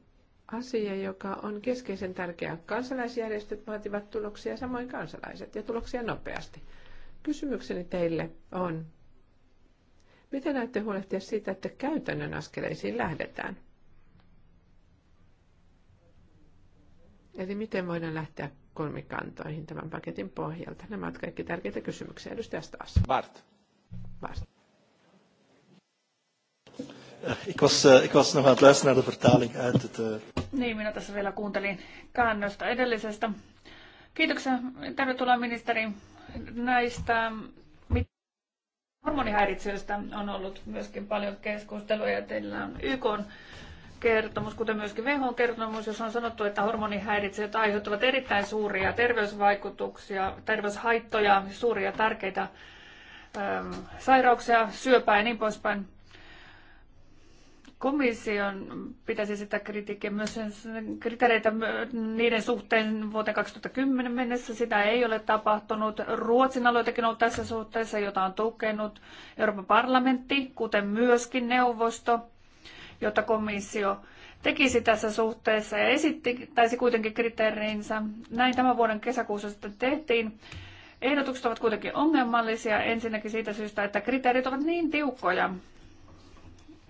asia, joka on keskeisen tärkeä. Kansalaisjärjestöt vaativat tuloksia, samoin kansalaiset, ja tuloksia nopeasti. Kysymykseni teille on, miten näette huolehtia siitä, että käytännön askeleisiin lähdetään? Eli miten voidaan lähteä kolmikantoihin tämän paketin pohjalta? Nämä ovat kaikki tärkeitä kysymyksiä. Edustaja taas. Bart. Bart. Ik was, eh, ik was nog aan het luisteren naar de vertaling uit het... Eh, niin, minä tässä vielä kuuntelin käännöstä edellisestä. Kiitoksia. Tervetuloa ministeri näistä hormonihäiritsijöistä on ollut myöskin paljon keskustelua ja teillä on YK kertomus, kuten myöskin WHOn kertomus, jos on sanottu, että hormonihäiritsijät aiheuttavat erittäin suuria terveysvaikutuksia, terveyshaittoja, suuria tärkeitä ö, sairauksia, syöpää ja niin poispäin. Komission pitäisi sitä kritiikkiä myös kriteereitä niiden suhteen vuoteen 2010 mennessä. Sitä ei ole tapahtunut. Ruotsin aloitekin on ollut tässä suhteessa, jota on tukenut Euroopan parlamentti, kuten myöskin neuvosto, jota komissio tekisi tässä suhteessa ja esitti, kuitenkin kriteerinsä. Näin tämän vuoden kesäkuussa sitten tehtiin. Ehdotukset ovat kuitenkin ongelmallisia ensinnäkin siitä syystä, että kriteerit ovat niin tiukkoja,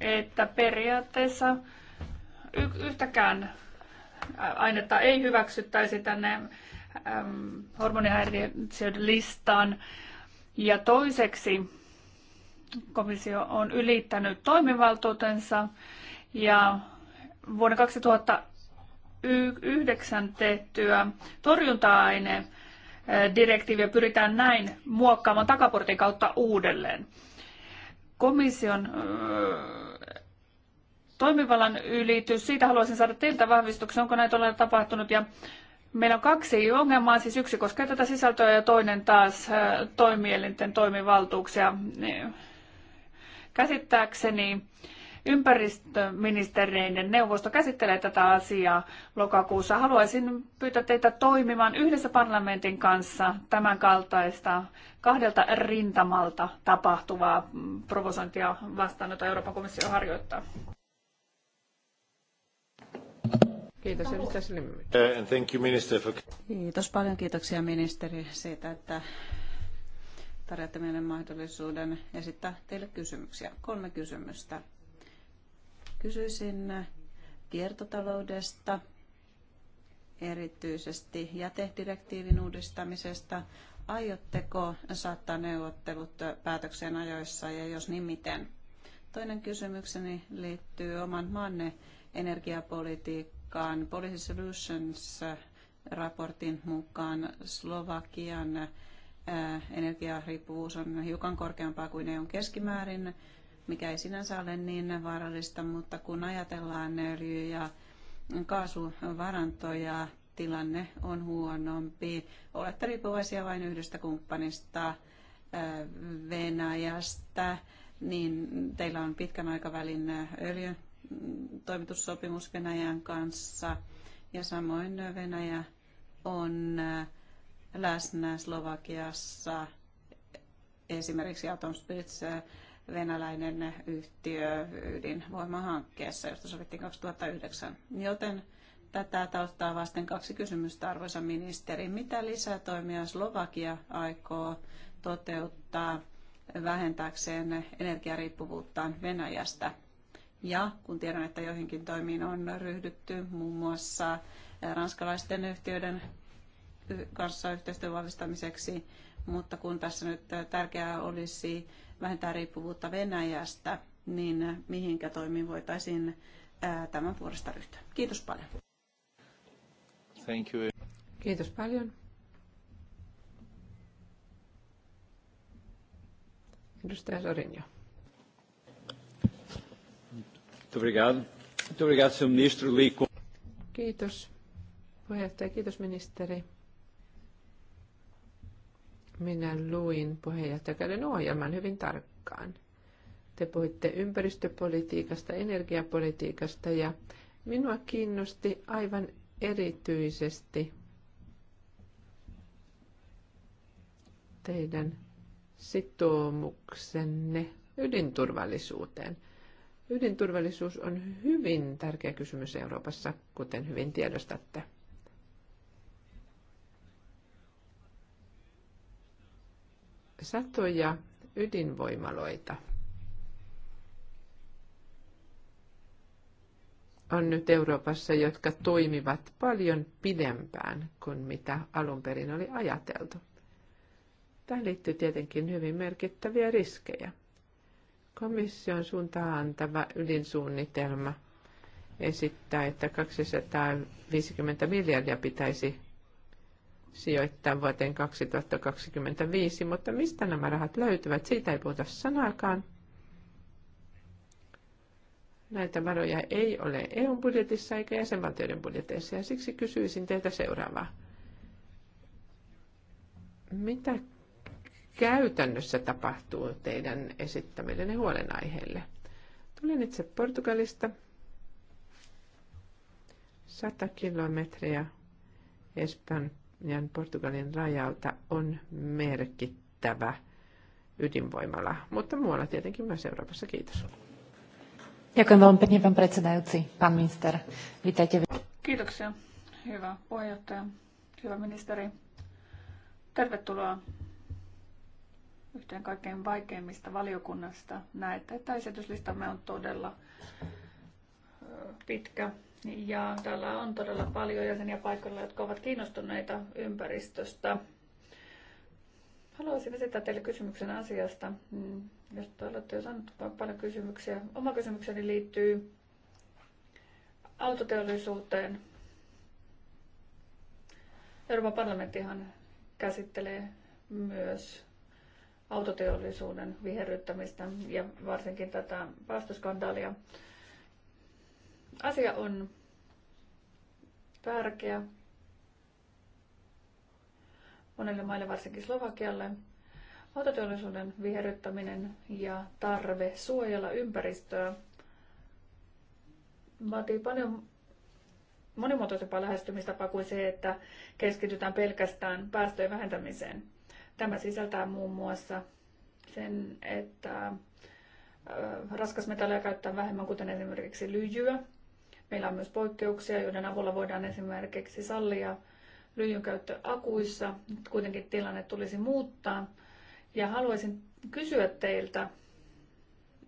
että periaatteessa y- yhtäkään ainetta ei hyväksyttäisi tänne äm, hormonihäiriöiden listaan. Ja toiseksi komissio on ylittänyt toimivaltuutensa ja vuonna 2009 tehtyä torjunta-aine direktiiviä pyritään näin muokkaamaan takaportin kautta uudelleen. Komission Toimivallan ylitys, siitä haluaisin saada teiltä vahvistuksen, onko näitä ollaan tapahtunut. Ja meillä on kaksi ongelmaa, siis yksi koskee tätä sisältöä ja toinen taas äh, toimielinten toimivaltuuksia. Käsittääkseni ympäristöministereiden neuvosto käsittelee tätä asiaa lokakuussa. Haluaisin pyytää teitä toimimaan yhdessä parlamentin kanssa tämän kaltaista kahdelta rintamalta tapahtuvaa provosointia vastaan, jota Euroopan komissio harjoittaa. Kiitos, edustaja uh, thank you, minister, for... Kiitos paljon, kiitoksia ministeri siitä, että tarjoatte meille mahdollisuuden esittää teille kysymyksiä. Kolme kysymystä. Kysyisin kiertotaloudesta, erityisesti jätedirektiivin uudistamisesta. Aiotteko saattaa neuvottelut päätökseen ajoissa ja jos niin miten? Toinen kysymykseni liittyy oman maanne energiapolitiikkaan. Policy Solutions raportin mukaan Slovakian äh, energiariippuvuus on hiukan korkeampaa kuin EUn keskimäärin, mikä ei sinänsä ole niin vaarallista, mutta kun ajatellaan öljy- ja kaasuvarantoja, tilanne on huonompi. Olette riippuvaisia vain yhdestä kumppanista, äh, Venäjästä, niin teillä on pitkän aikavälin äh, öljy toimitussopimus Venäjän kanssa ja samoin Venäjä on äh, läsnä Slovakiassa esimerkiksi Atomspits äh, venäläinen yhtiö ydinvoimahankkeessa, josta sovittiin 2009. Joten tätä taustaa vasten kaksi kysymystä, arvoisa ministeri. Mitä lisätoimia Slovakia aikoo toteuttaa vähentääkseen energiariippuvuuttaan Venäjästä? Ja kun tiedän, että joihinkin toimiin on ryhdytty, muun muassa ranskalaisten yhtiöiden kanssa yhteistyön vahvistamiseksi, mutta kun tässä nyt tärkeää olisi vähentää riippuvuutta Venäjästä, niin mihinkä toimiin voitaisiin tämän puolesta ryhtyä. Kiitos paljon. Thank you. Kiitos paljon. Edustaja Sorinjo. Kiitos puheenjohtaja, kiitos ministeri. Minä luin puheenjohtajakäden ohjelman hyvin tarkkaan. Te puhuitte ympäristöpolitiikasta, energiapolitiikasta ja minua kiinnosti aivan erityisesti teidän sitoumuksenne ydinturvallisuuteen – Ydinturvallisuus on hyvin tärkeä kysymys Euroopassa, kuten hyvin tiedostatte. Satoja ydinvoimaloita on nyt Euroopassa, jotka toimivat paljon pidempään kuin mitä alun perin oli ajateltu. Tähän liittyy tietenkin hyvin merkittäviä riskejä. Komission suuntaan antava ydinsuunnitelma esittää, että 250 miljardia pitäisi sijoittaa vuoteen 2025, mutta mistä nämä rahat löytyvät, siitä ei puhuta sanaakaan. Näitä varoja ei ole eu budjetissa eikä jäsenvaltioiden budjeteissa ja siksi kysyisin teiltä seuraavaa. Mitä käytännössä tapahtuu teidän esittämillenne huolenaiheille? Tulen itse Portugalista. 100 kilometriä Espanjan Portugalin rajalta on merkittävä ydinvoimala, mutta muualla tietenkin myös Euroopassa. Kiitos. Ďakujem veľmi pekne, pán predsedajúci, pán minister. Vítajte. Kiitoksia. Hyvä puheenjohtaja, hyvä ministeri. Tervetuloa yhteen kaikkein vaikeimmista valiokunnasta. Näette, että esityslistamme on todella pitkä. Ja täällä on todella paljon jäseniä paikalla, jotka ovat kiinnostuneita ympäristöstä. Haluaisin esittää teille kysymyksen asiasta, mm, jos te olette jo saaneet paljon kysymyksiä. Oma kysymykseni liittyy autoteollisuuteen. Euroopan parlamenttihan käsittelee myös autoteollisuuden viherryttämistä ja varsinkin tätä päästöskandaalia. Asia on tärkeä monille maille, varsinkin Slovakialle. Autoteollisuuden viherryttäminen ja tarve suojella ympäristöä vaatii paljon monimuotoisempaa lähestymistapaa kuin se, että keskitytään pelkästään päästöjen vähentämiseen. Tämä sisältää muun muassa sen, että raskasmetalleja käyttää vähemmän, kuten esimerkiksi lyijyä. Meillä on myös poikkeuksia, joiden avulla voidaan esimerkiksi sallia lyijyn käyttö akuissa. Nyt kuitenkin tilanne tulisi muuttaa. Ja haluaisin kysyä teiltä,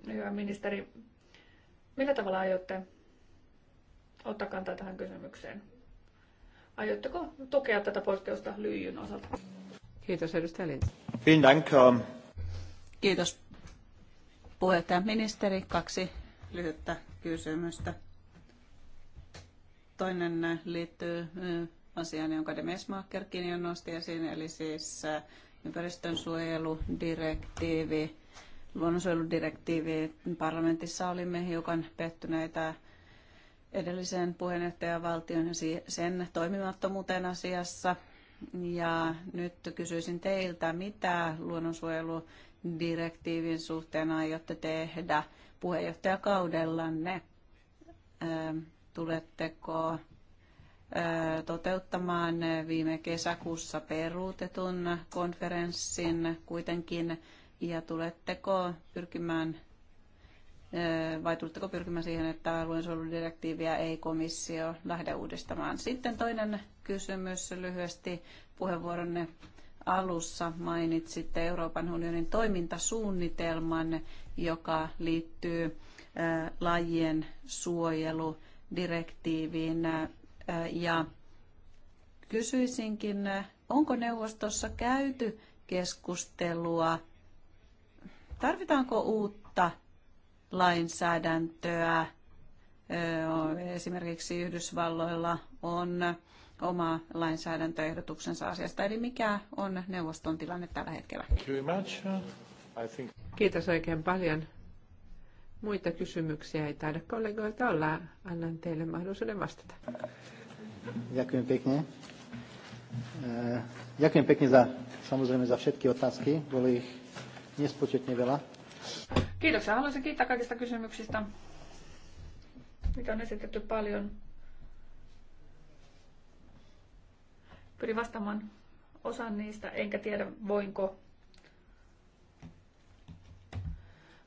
hyvä ministeri, millä tavalla aiotte ottaa kantaa tähän kysymykseen? Aiotteko tukea tätä poikkeusta lyijyn osalta? Kiitos edustaja Lindström. Ähm, Kiitos puheenjohtaja ministeri. Kaksi lyhyttä kysymystä. Toinen liittyy äh, asiaan, jonka Demesmakerkin jo nosti esiin, eli siis äh, ympäristönsuojeludirektiivi, luonnonsuojeludirektiivi. Parlamentissa olimme hiukan pettyneitä edellisen puheenjohtajavaltion ja sen toimimattomuuteen asiassa. Ja nyt kysyisin teiltä, mitä luonnonsuojeludirektiivin suhteen aiotte tehdä puheenjohtajakaudellanne? Tuletteko toteuttamaan viime kesäkuussa peruutetun konferenssin kuitenkin ja tuletteko pyrkimään vai tuletteko pyrkimään siihen, että luonnonsuojeludirektiiviä ei komissio lähde uudistamaan? Sitten toinen kysymys lyhyesti puheenvuoronne alussa mainitsitte Euroopan unionin toimintasuunnitelman, joka liittyy lajien suojeludirektiiviin. Ja kysyisinkin, onko neuvostossa käyty keskustelua, tarvitaanko uutta lainsäädäntöä. Esimerkiksi Yhdysvalloilla on oma lainsäädäntöehdotuksensa asiasta. Eli mikä on neuvoston tilanne tällä hetkellä? Kiitos oikein paljon. Muita kysymyksiä ei taida kollegoilta olla. Annan teille mahdollisuuden vastata. Ďakujem pekne. E, ďakujem pekne za, samozrejme za všetky otázky. Boli ich nespočetne veľa. Kiitoksia. Haluaisin kiittää kaikista kysymyksistä, mitä on esitetty paljon. Pyrin vastaamaan osan niistä, enkä tiedä voinko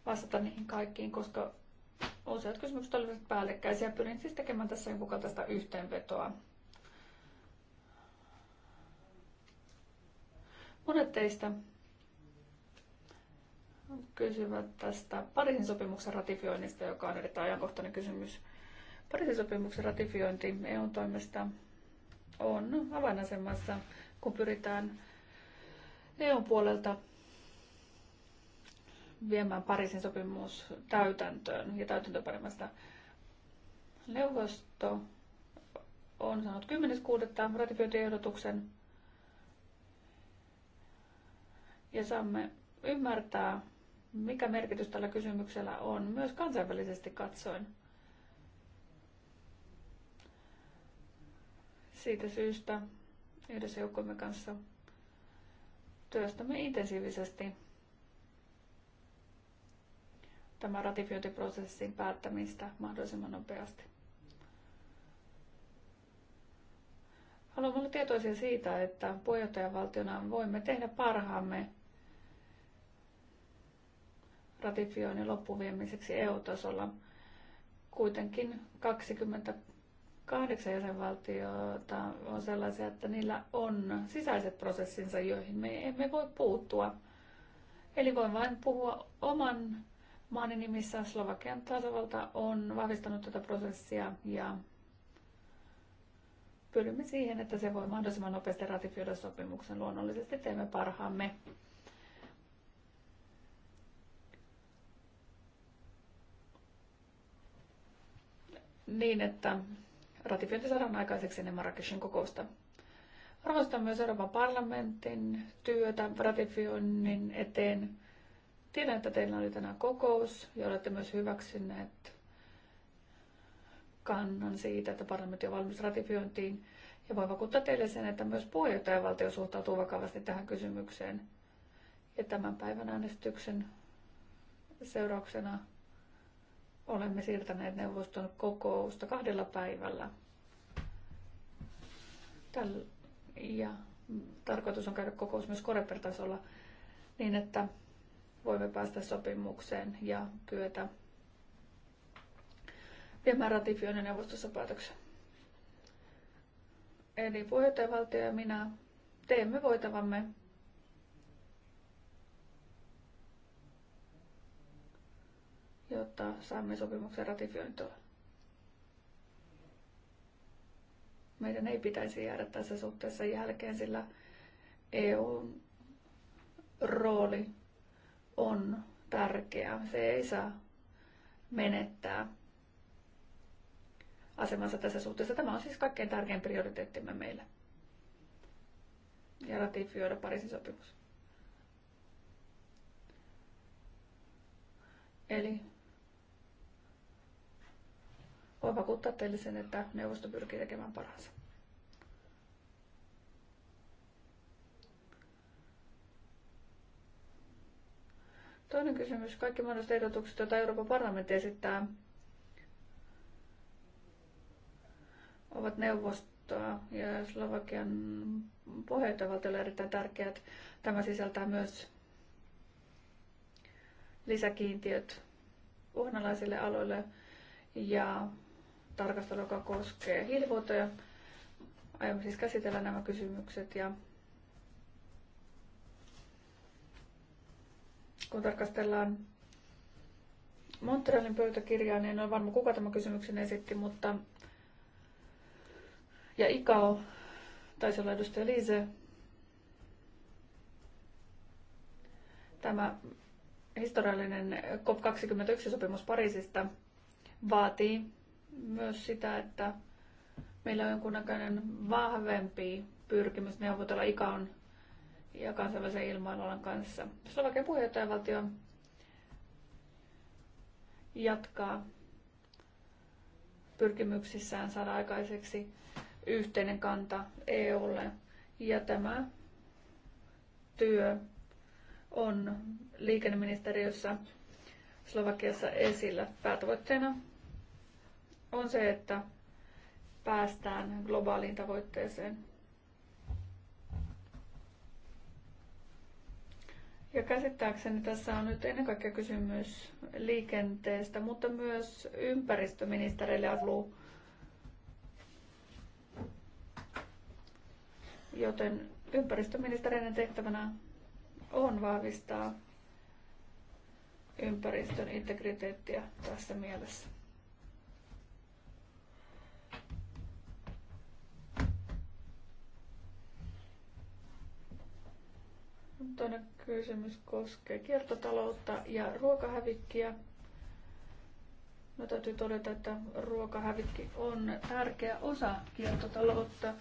vastata niihin kaikkiin, koska useat kysymykset olivat päällekkäisiä. Pyrin siis tekemään tässä jonkun kaltaista yhteenvetoa. Monet teistä kysyvät tästä Pariisin sopimuksen ratifioinnista, joka on erittäin ajankohtainen kysymys. Pariisin sopimuksen ratifiointi EUn toimesta on avainasemassa, kun pyritään EUn puolelta viemään Pariisin sopimus täytäntöön ja täytäntöpanemasta. Neuvosto on saanut 10.6. ratifiointiehdotuksen ja saamme ymmärtää mikä merkitys tällä kysymyksellä on myös kansainvälisesti katsoen. Siitä syystä yhdessä joukkomme kanssa työstämme intensiivisesti tämän ratifiointiprosessin päättämistä mahdollisimman nopeasti. Haluamme olla tietoisia siitä, että puheenjohtajavaltiona voimme tehdä parhaamme ratifioinnin loppuviemiseksi EU-tasolla. Kuitenkin 28 jäsenvaltiota on sellaisia, että niillä on sisäiset prosessinsa, joihin me emme voi puuttua. Eli voin vain puhua oman maani nimissä. Slovakian tasavalta on vahvistanut tätä prosessia ja pyrimme siihen, että se voi mahdollisimman nopeasti ratifioida sopimuksen. Luonnollisesti teemme parhaamme. niin, että ratifiointi saadaan aikaiseksi ennen Marrakeshin kokousta. Arvostan myös Euroopan parlamentin työtä ratifioinnin eteen. Tiedän, että teillä oli tänään kokous ja olette myös hyväksyneet kannan siitä, että parlamentti on valmis ratifiointiin. Ja voin vakuuttaa teille sen, että myös puheenjohtajavaltio suhtautuu vakavasti tähän kysymykseen. Ja tämän päivän äänestyksen seurauksena olemme siirtäneet neuvoston kokousta kahdella päivällä. Tällä, ja tarkoitus on käydä kokous myös Koreper-tasolla niin, että voimme päästä sopimukseen ja kyetä viemään ratifioinnin neuvostossa päätöksen. Eli puheenjohtajavaltio ja minä teemme voitavamme jotta saamme sopimuksen ratifiointoa. Meidän ei pitäisi jäädä tässä suhteessa jälkeen, sillä EUn rooli on tärkeä. Se ei saa menettää asemansa tässä suhteessa. Tämä on siis kaikkein tärkein prioriteettimme meille. Ja ratifioida Pariisin sopimus. Eli Voin vakuuttaa teille sen, että neuvosto pyrkii tekemään paransa. Toinen kysymys. Kaikki mahdolliset ehdotukset, joita Euroopan parlamentti esittää, ovat neuvostoa ja Slovakian puheenjohtajavaltiolle erittäin tärkeät. Tämä sisältää myös lisäkiintiöt uhanalaisille aloille ja tarkastelu, joka koskee hiilivuotoja. Aiomme siis käsitellä nämä kysymykset ja kun tarkastellaan Montrealin pöytäkirjaa, niin en ole varma kuka tämä kysymyksen esitti, mutta ja Ikao, taisi olla edustaja Liise, tämä historiallinen COP21-sopimus Pariisista vaatii myös sitä, että meillä on jonkunnäköinen vahvempi pyrkimys neuvotella ICAon ja kansainvälisen ilmailualan kanssa. Slovakian puheenjohtajavaltio jatkaa pyrkimyksissään saada aikaiseksi yhteinen kanta EUlle. Ja tämä työ on liikenneministeriössä Slovakiassa esillä päätavoitteena on se, että päästään globaaliin tavoitteeseen. Ja käsittääkseni tässä on nyt ennen kaikkea kysymys liikenteestä, mutta myös ympäristöministerille avlu. Joten ympäristöministeriön tehtävänä on vahvistaa ympäristön integriteettiä tässä mielessä. Toinen kysymys koskee kiertotaloutta ja ruokahävikkiä. No, täytyy todeta, että ruokahävikki on tärkeä osa kiertotaloutta.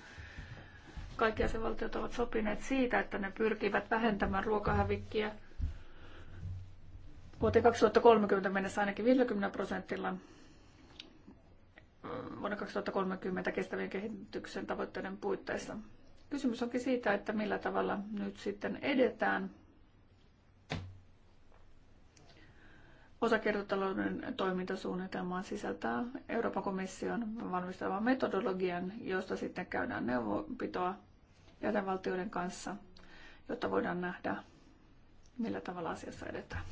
Kaikki jäsenvaltiot ovat sopineet siitä, että ne pyrkivät vähentämään ruokahävikkiä vuoteen 2030 mennessä ainakin 50 prosentilla vuonna 2030 kestävien kehityksen tavoitteiden puitteissa. Kysymys onkin siitä, että millä tavalla nyt sitten edetään Osakertotalouden toimintasuunnitelma sisältää Euroopan komission valmistavan metodologian, josta sitten käydään neuvonpitoa jäsenvaltioiden kanssa, jotta voidaan nähdä, millä tavalla asiassa edetään.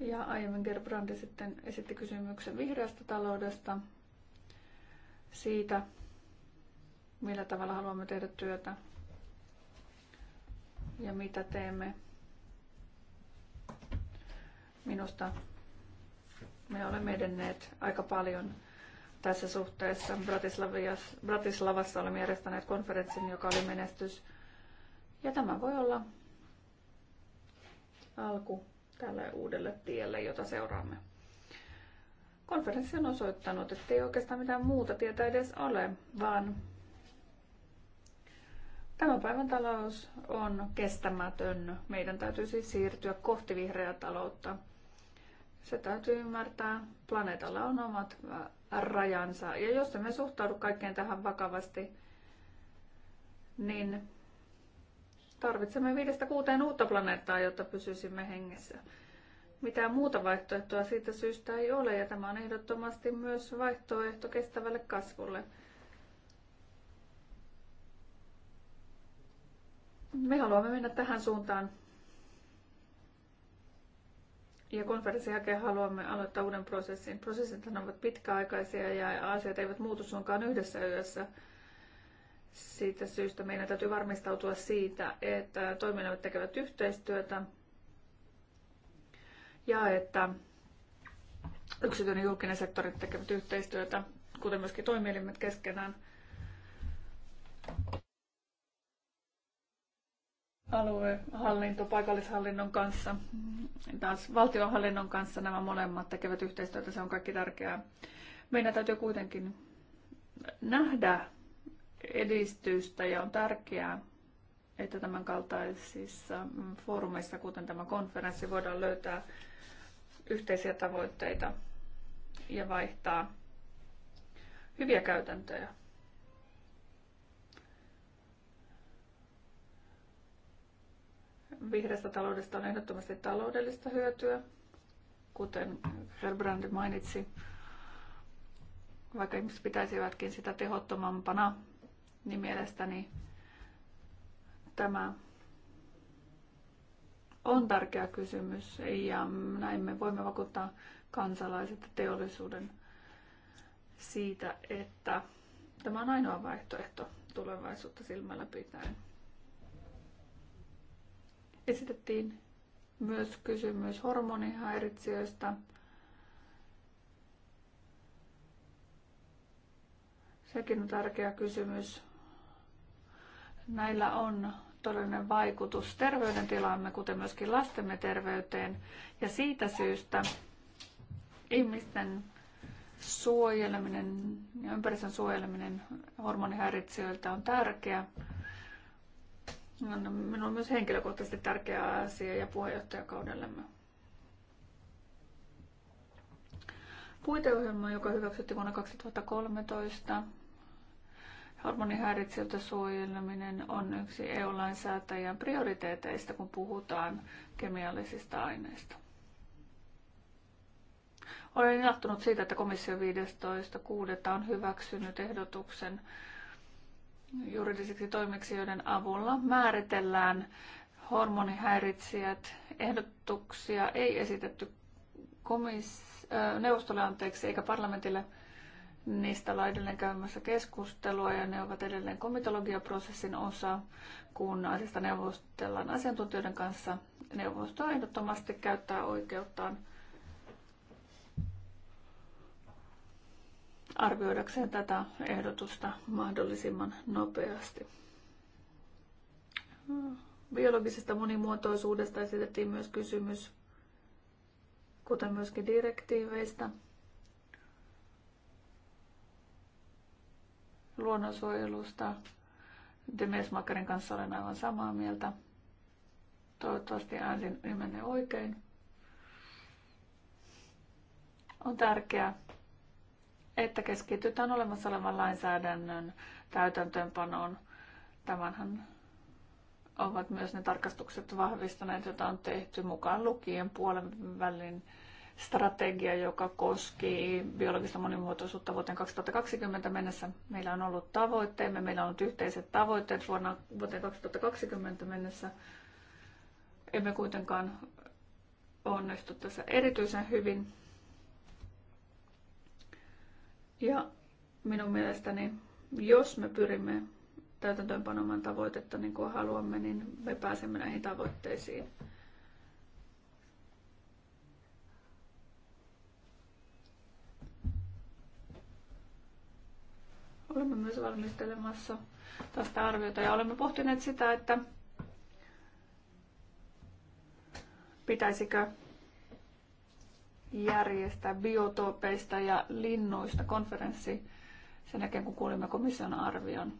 Ja aiemmin Gerbrandi sitten esitti kysymyksen vihreästä taloudesta – siitä, millä tavalla haluamme tehdä työtä ja mitä teemme. Minusta me olemme edenneet aika paljon tässä suhteessa. Bratislavassa olemme järjestäneet konferenssin, joka oli menestys. Ja tämä voi olla alku tälle uudelle tielle, jota seuraamme. Konferenssi on osoittanut, että ei oikeastaan mitään muuta tietä edes ole, vaan tämän päivän talous on kestämätön. Meidän täytyy siis siirtyä kohti vihreää taloutta. Se täytyy ymmärtää. Planeetalla on omat äh, rajansa. Ja jos emme suhtaudu kaikkeen tähän vakavasti, niin tarvitsemme viidestä kuuteen uutta planeettaa, jotta pysyisimme hengessä. Mitään muuta vaihtoehtoa siitä syystä ei ole ja tämä on ehdottomasti myös vaihtoehto kestävälle kasvulle. Me haluamme mennä tähän suuntaan ja konferenssin jälkeen haluamme aloittaa uuden prosessin. Prosessit ovat pitkäaikaisia ja asiat eivät muutu suinkaan yhdessä yössä. Siitä syystä meidän täytyy varmistautua siitä, että toiminnot tekevät yhteistyötä ja että yksityinen ja julkinen sektori tekevät yhteistyötä, kuten myöskin toimielimet keskenään aluehallinto, paikallishallinnon kanssa, taas valtionhallinnon kanssa nämä molemmat tekevät yhteistyötä, se on kaikki tärkeää. Meidän täytyy kuitenkin nähdä edistystä ja on tärkeää, että tämän kaltaisissa foorumeissa, kuten tämä konferenssi, voidaan löytää yhteisiä tavoitteita ja vaihtaa hyviä käytäntöjä. Vihreästä taloudesta on ehdottomasti taloudellista hyötyä, kuten Herbrand mainitsi. Vaikka ihmiset pitäisivätkin sitä tehottomampana, niin mielestäni tämä on tärkeä kysymys ja näin me voimme vakuuttaa kansalaiset ja teollisuuden siitä, että tämä on ainoa vaihtoehto tulevaisuutta silmällä pitäen. Esitettiin myös kysymys hormonihäiritsijöistä. Sekin on tärkeä kysymys. Näillä on todellinen vaikutus terveydentilaamme, kuten myöskin lastemme terveyteen. Ja siitä syystä ihmisten suojeleminen ja ympäristön suojeleminen hormonihäiritsijöiltä on tärkeä. Minulla on myös henkilökohtaisesti tärkeä asia ja puheenjohtajakaudellemme. Puiteohjelma, joka hyväksyttiin vuonna 2013, Hormonihäiritsijöiltä suojeleminen on yksi EU-lainsäätäjän prioriteeteista, kun puhutaan kemiallisista aineista. Olen ilahtunut siitä, että komissio 15.6. on hyväksynyt ehdotuksen juridisiksi toimiksi, joiden avulla määritellään hormonihäiritsijät. Ehdotuksia ei esitetty komis- neuvostolle anteeksi eikä parlamentille Niistä ollaan edelleen käymässä keskustelua ja ne ovat edelleen komitologiaprosessin osa, kun asiasta neuvostellaan asiantuntijoiden kanssa. Neuvosto ehdottomasti käyttää oikeuttaan arvioidakseen tätä ehdotusta mahdollisimman nopeasti. Biologisesta monimuotoisuudesta esitettiin myös kysymys, kuten myöskin direktiiveistä. luonnonsuojelusta. Demesmakarin kanssa olen aivan samaa mieltä. Toivottavasti äänsin nimenne oikein. On tärkeää, että keskitytään olemassa olevan lainsäädännön täytäntöönpanoon. Tämänhän ovat myös ne tarkastukset vahvistaneet, joita on tehty mukaan lukien puolen välin strategia, joka koski biologista monimuotoisuutta vuoteen 2020 mennessä. Meillä on ollut tavoitteemme, meillä on ollut yhteiset tavoitteet vuonna, vuoteen 2020 mennessä. Emme kuitenkaan onnistu tässä erityisen hyvin. Ja minun mielestäni, jos me pyrimme täytäntöönpanomaan tavoitetta niin kuin haluamme, niin me pääsemme näihin tavoitteisiin. Olemme myös valmistelemassa tästä arviota ja olemme pohtineet sitä, että pitäisikö järjestää biotoopeista ja linnuista konferenssi sen jälkeen, kun kuulimme komission arvion.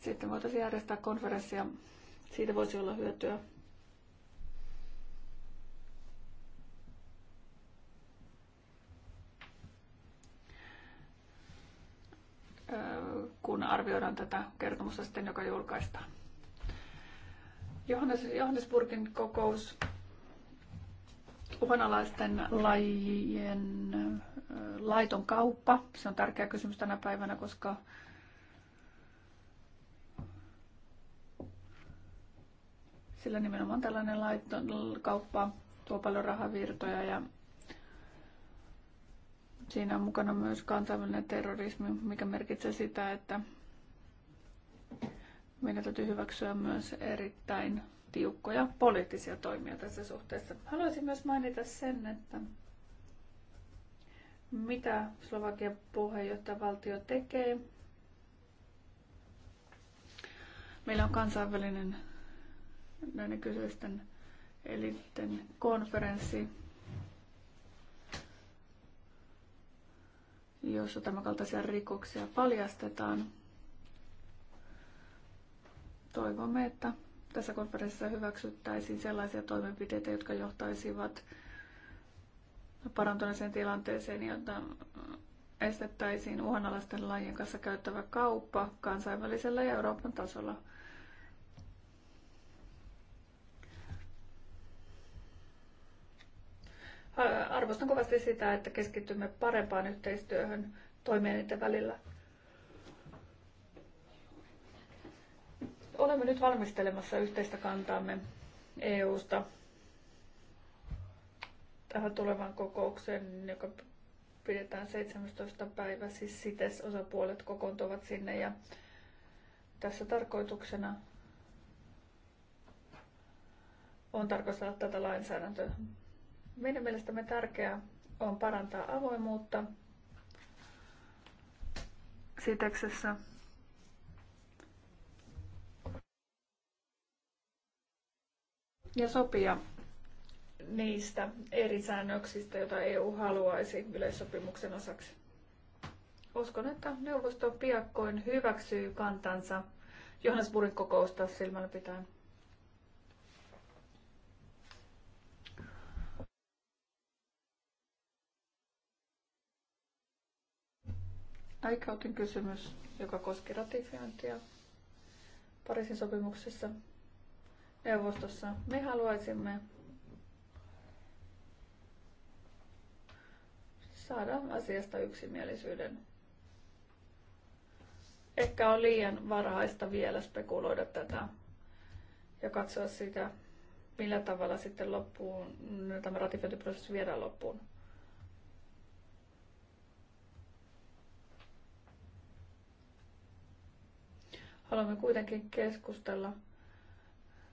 Sitten voitaisiin järjestää konferenssia. Siitä voisi olla hyötyä kun arvioidaan tätä kertomusta sitten, joka julkaistaan. Johannes, Johannesburgin kokous uhanalaisten lajien laiton kauppa. Se on tärkeä kysymys tänä päivänä, koska sillä nimenomaan tällainen laiton kauppa tuo paljon rahavirtoja ja Siinä on mukana myös kansainvälinen terrorismi, mikä merkitsee sitä, että meidän täytyy hyväksyä myös erittäin tiukkoja poliittisia toimia tässä suhteessa. Haluaisin myös mainita sen, että mitä Slovakian puheenjohtajavaltio tekee. Meillä on kansainvälinen näiden kyseisten elitten konferenssi jossa tämänkaltaisia rikoksia paljastetaan. Toivomme, että tässä konferenssissa hyväksyttäisiin sellaisia toimenpiteitä, jotka johtaisivat parantuneeseen tilanteeseen, jotta estettäisiin uhanalaisten lajien kanssa käyttävä kauppa kansainvälisellä ja Euroopan tasolla – arvostan kovasti sitä, että keskitymme parempaan yhteistyöhön toimijoiden välillä. Olemme nyt valmistelemassa yhteistä kantaamme EUsta tähän tulevaan kokoukseen, joka pidetään 17. päivä, siis sites osapuolet kokoontuvat sinne ja tässä tarkoituksena on tarkoittaa tätä lainsäädäntöä meidän mielestämme tärkeää on parantaa avoimuutta Siteksessä. Ja sopia niistä eri säännöksistä, joita EU haluaisi yleissopimuksen osaksi. Uskon, että neuvosto piakkoin hyväksyy kantansa Johannesburgin kokousta silmällä pitäen. Aikautin kysymys, joka koski ratifiointia Pariisin sopimuksessa neuvostossa. Me haluaisimme saada asiasta yksimielisyyden. Ehkä on liian varhaista vielä spekuloida tätä ja katsoa sitä, millä tavalla sitten loppuun, tämä ratifiointiprosessi viedään loppuun. Haluamme kuitenkin keskustella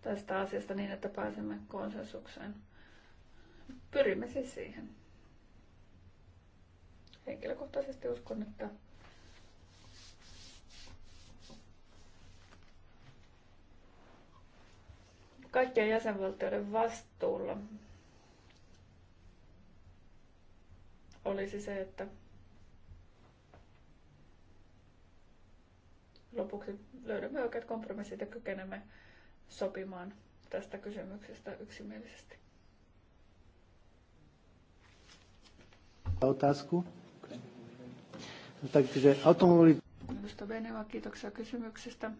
tästä asiasta niin, että pääsemme konsensukseen. Pyrimme siis siihen. Henkilökohtaisesti uskon, että kaikkien jäsenvaltioiden vastuulla olisi se, että lopuksi löydämme oikeat kompromissit ja kykenemme sopimaan tästä kysymyksestä yksimielisesti. Minusta Veneva, kiitoksia kysymyksestä.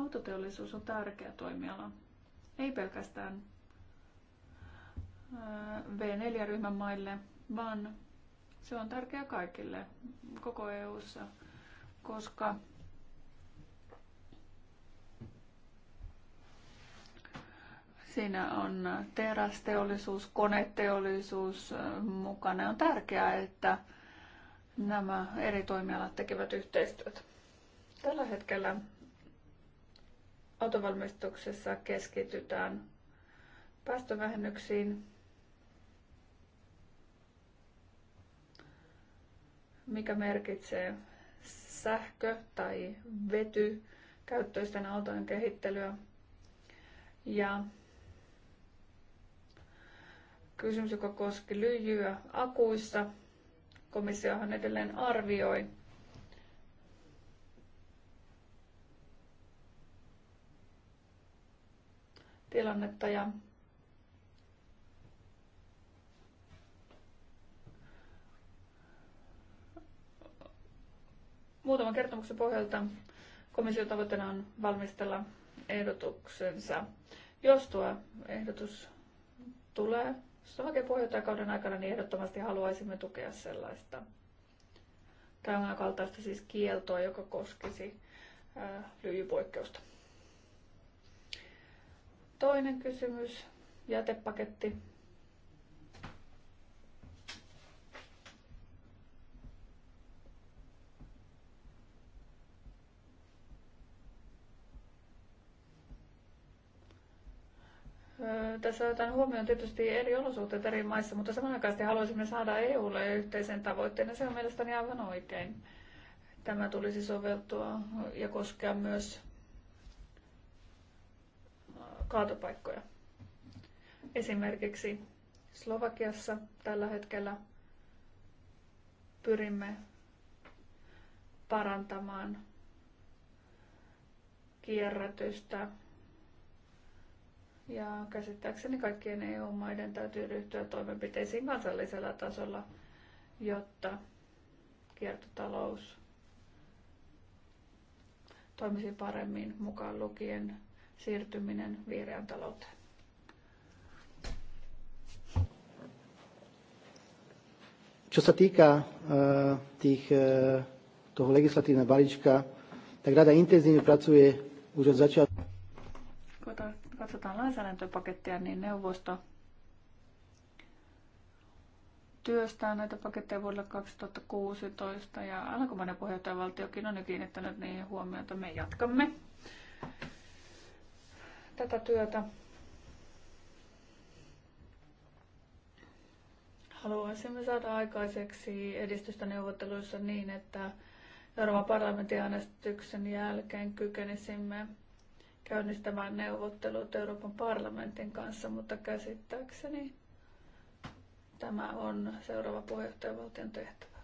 Autoteollisuus on tärkeä toimiala. Ei pelkästään V4-ryhmän maille, vaan se on tärkeää kaikille, koko EU:ssa, koska Siinä on terästeollisuus, koneteollisuus äh, mukana. On tärkeää, että nämä eri toimialat tekevät yhteistyötä. Tällä hetkellä autovalmistuksessa keskitytään päästövähennyksiin mikä merkitsee sähkö- tai vetykäyttöisten autojen kehittelyä. Ja kysymys, joka koski lyijyä akuissa, komissiohan edelleen arvioi tilannetta ja Muutaman kertomuksen pohjalta komission tavoitteena on valmistella ehdotuksensa. Jos tuo ehdotus tulee Slovakian puheenjohtajakauden aikana, niin ehdottomasti haluaisimme tukea sellaista tämän kaltaista siis kieltoa, joka koskisi lyijypoikkeusta. Toinen kysymys, jätepaketti. tässä otetaan huomioon tietysti eri olosuhteet eri maissa, mutta samanaikaisesti haluaisimme saada EUlle yhteisen tavoitteen ja se on mielestäni aivan oikein. Tämä tulisi soveltua ja koskea myös kaatopaikkoja. Esimerkiksi Slovakiassa tällä hetkellä pyrimme parantamaan kierrätystä ja käsittääkseni kaikkien EU-maiden täytyy ryhtyä toimenpiteisiin kansallisella tasolla, jotta kiertotalous toimisi paremmin mukaan lukien siirtyminen vihreän talouteen. Čo sa týka e, tých, e, toho legislatívneho balíčka, tak rada intenzívne pracuje už od začiatku katsotaan lainsäädäntöpakettia, niin neuvosto työstää näitä paketteja vuodelle 2016 ja alkuvuoden puheenjohtajavaltiokin on jo kiinnittänyt niihin huomiota. Me jatkamme tätä työtä. Haluaisimme saada aikaiseksi edistystä neuvotteluissa niin, että Euroopan parlamentin äänestyksen jälkeen kykenisimme käynnistämään neuvottelut Euroopan parlamentin kanssa, mutta käsittääkseni tämä on seuraava puheenjohtajavaltion tehtävä.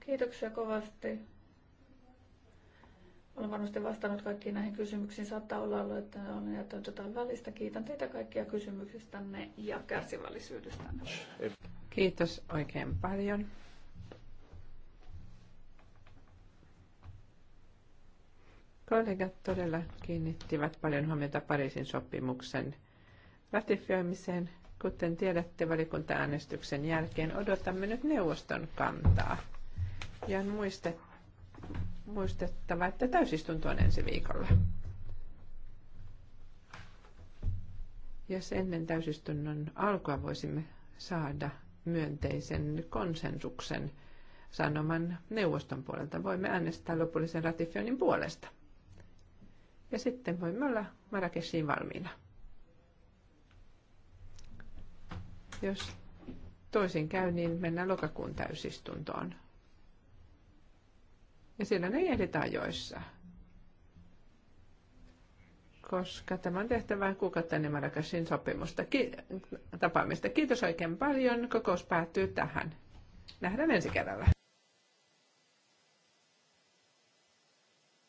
Kiitoksia kovasti. Olen varmasti vastannut kaikkiin näihin kysymyksiin. Saattaa olla ollut, että olen jättänyt jotain välistä. Kiitän teitä kaikkia kysymyksistänne ja kärsivällisyydestänne. Kiitos oikein paljon. Kollegat todella kiinnittivät paljon huomiota Pariisin sopimuksen ratifioimiseen. Kuten tiedätte, valikuntaäänestyksen jälkeen odotamme nyt neuvoston kantaa. Ja on muistettava, että täysistunto on ensi viikolla. Jos ennen täysistunnon alkua voisimme saada myönteisen konsensuksen sanoman neuvoston puolelta, voimme äänestää lopullisen ratifioinnin puolesta. Ja sitten voimme olla Marrakeshiin valmiina. Jos toisin käy, niin mennään lokakuun täysistuntoon. Ja siellä ne ehditään joissa. Koska tämä on tehtävä kuukautta ennen Marrakeshin sopimusta Ki- tapaamista. Kiitos oikein paljon. Kokous päättyy tähän. Nähdään ensi kerralla.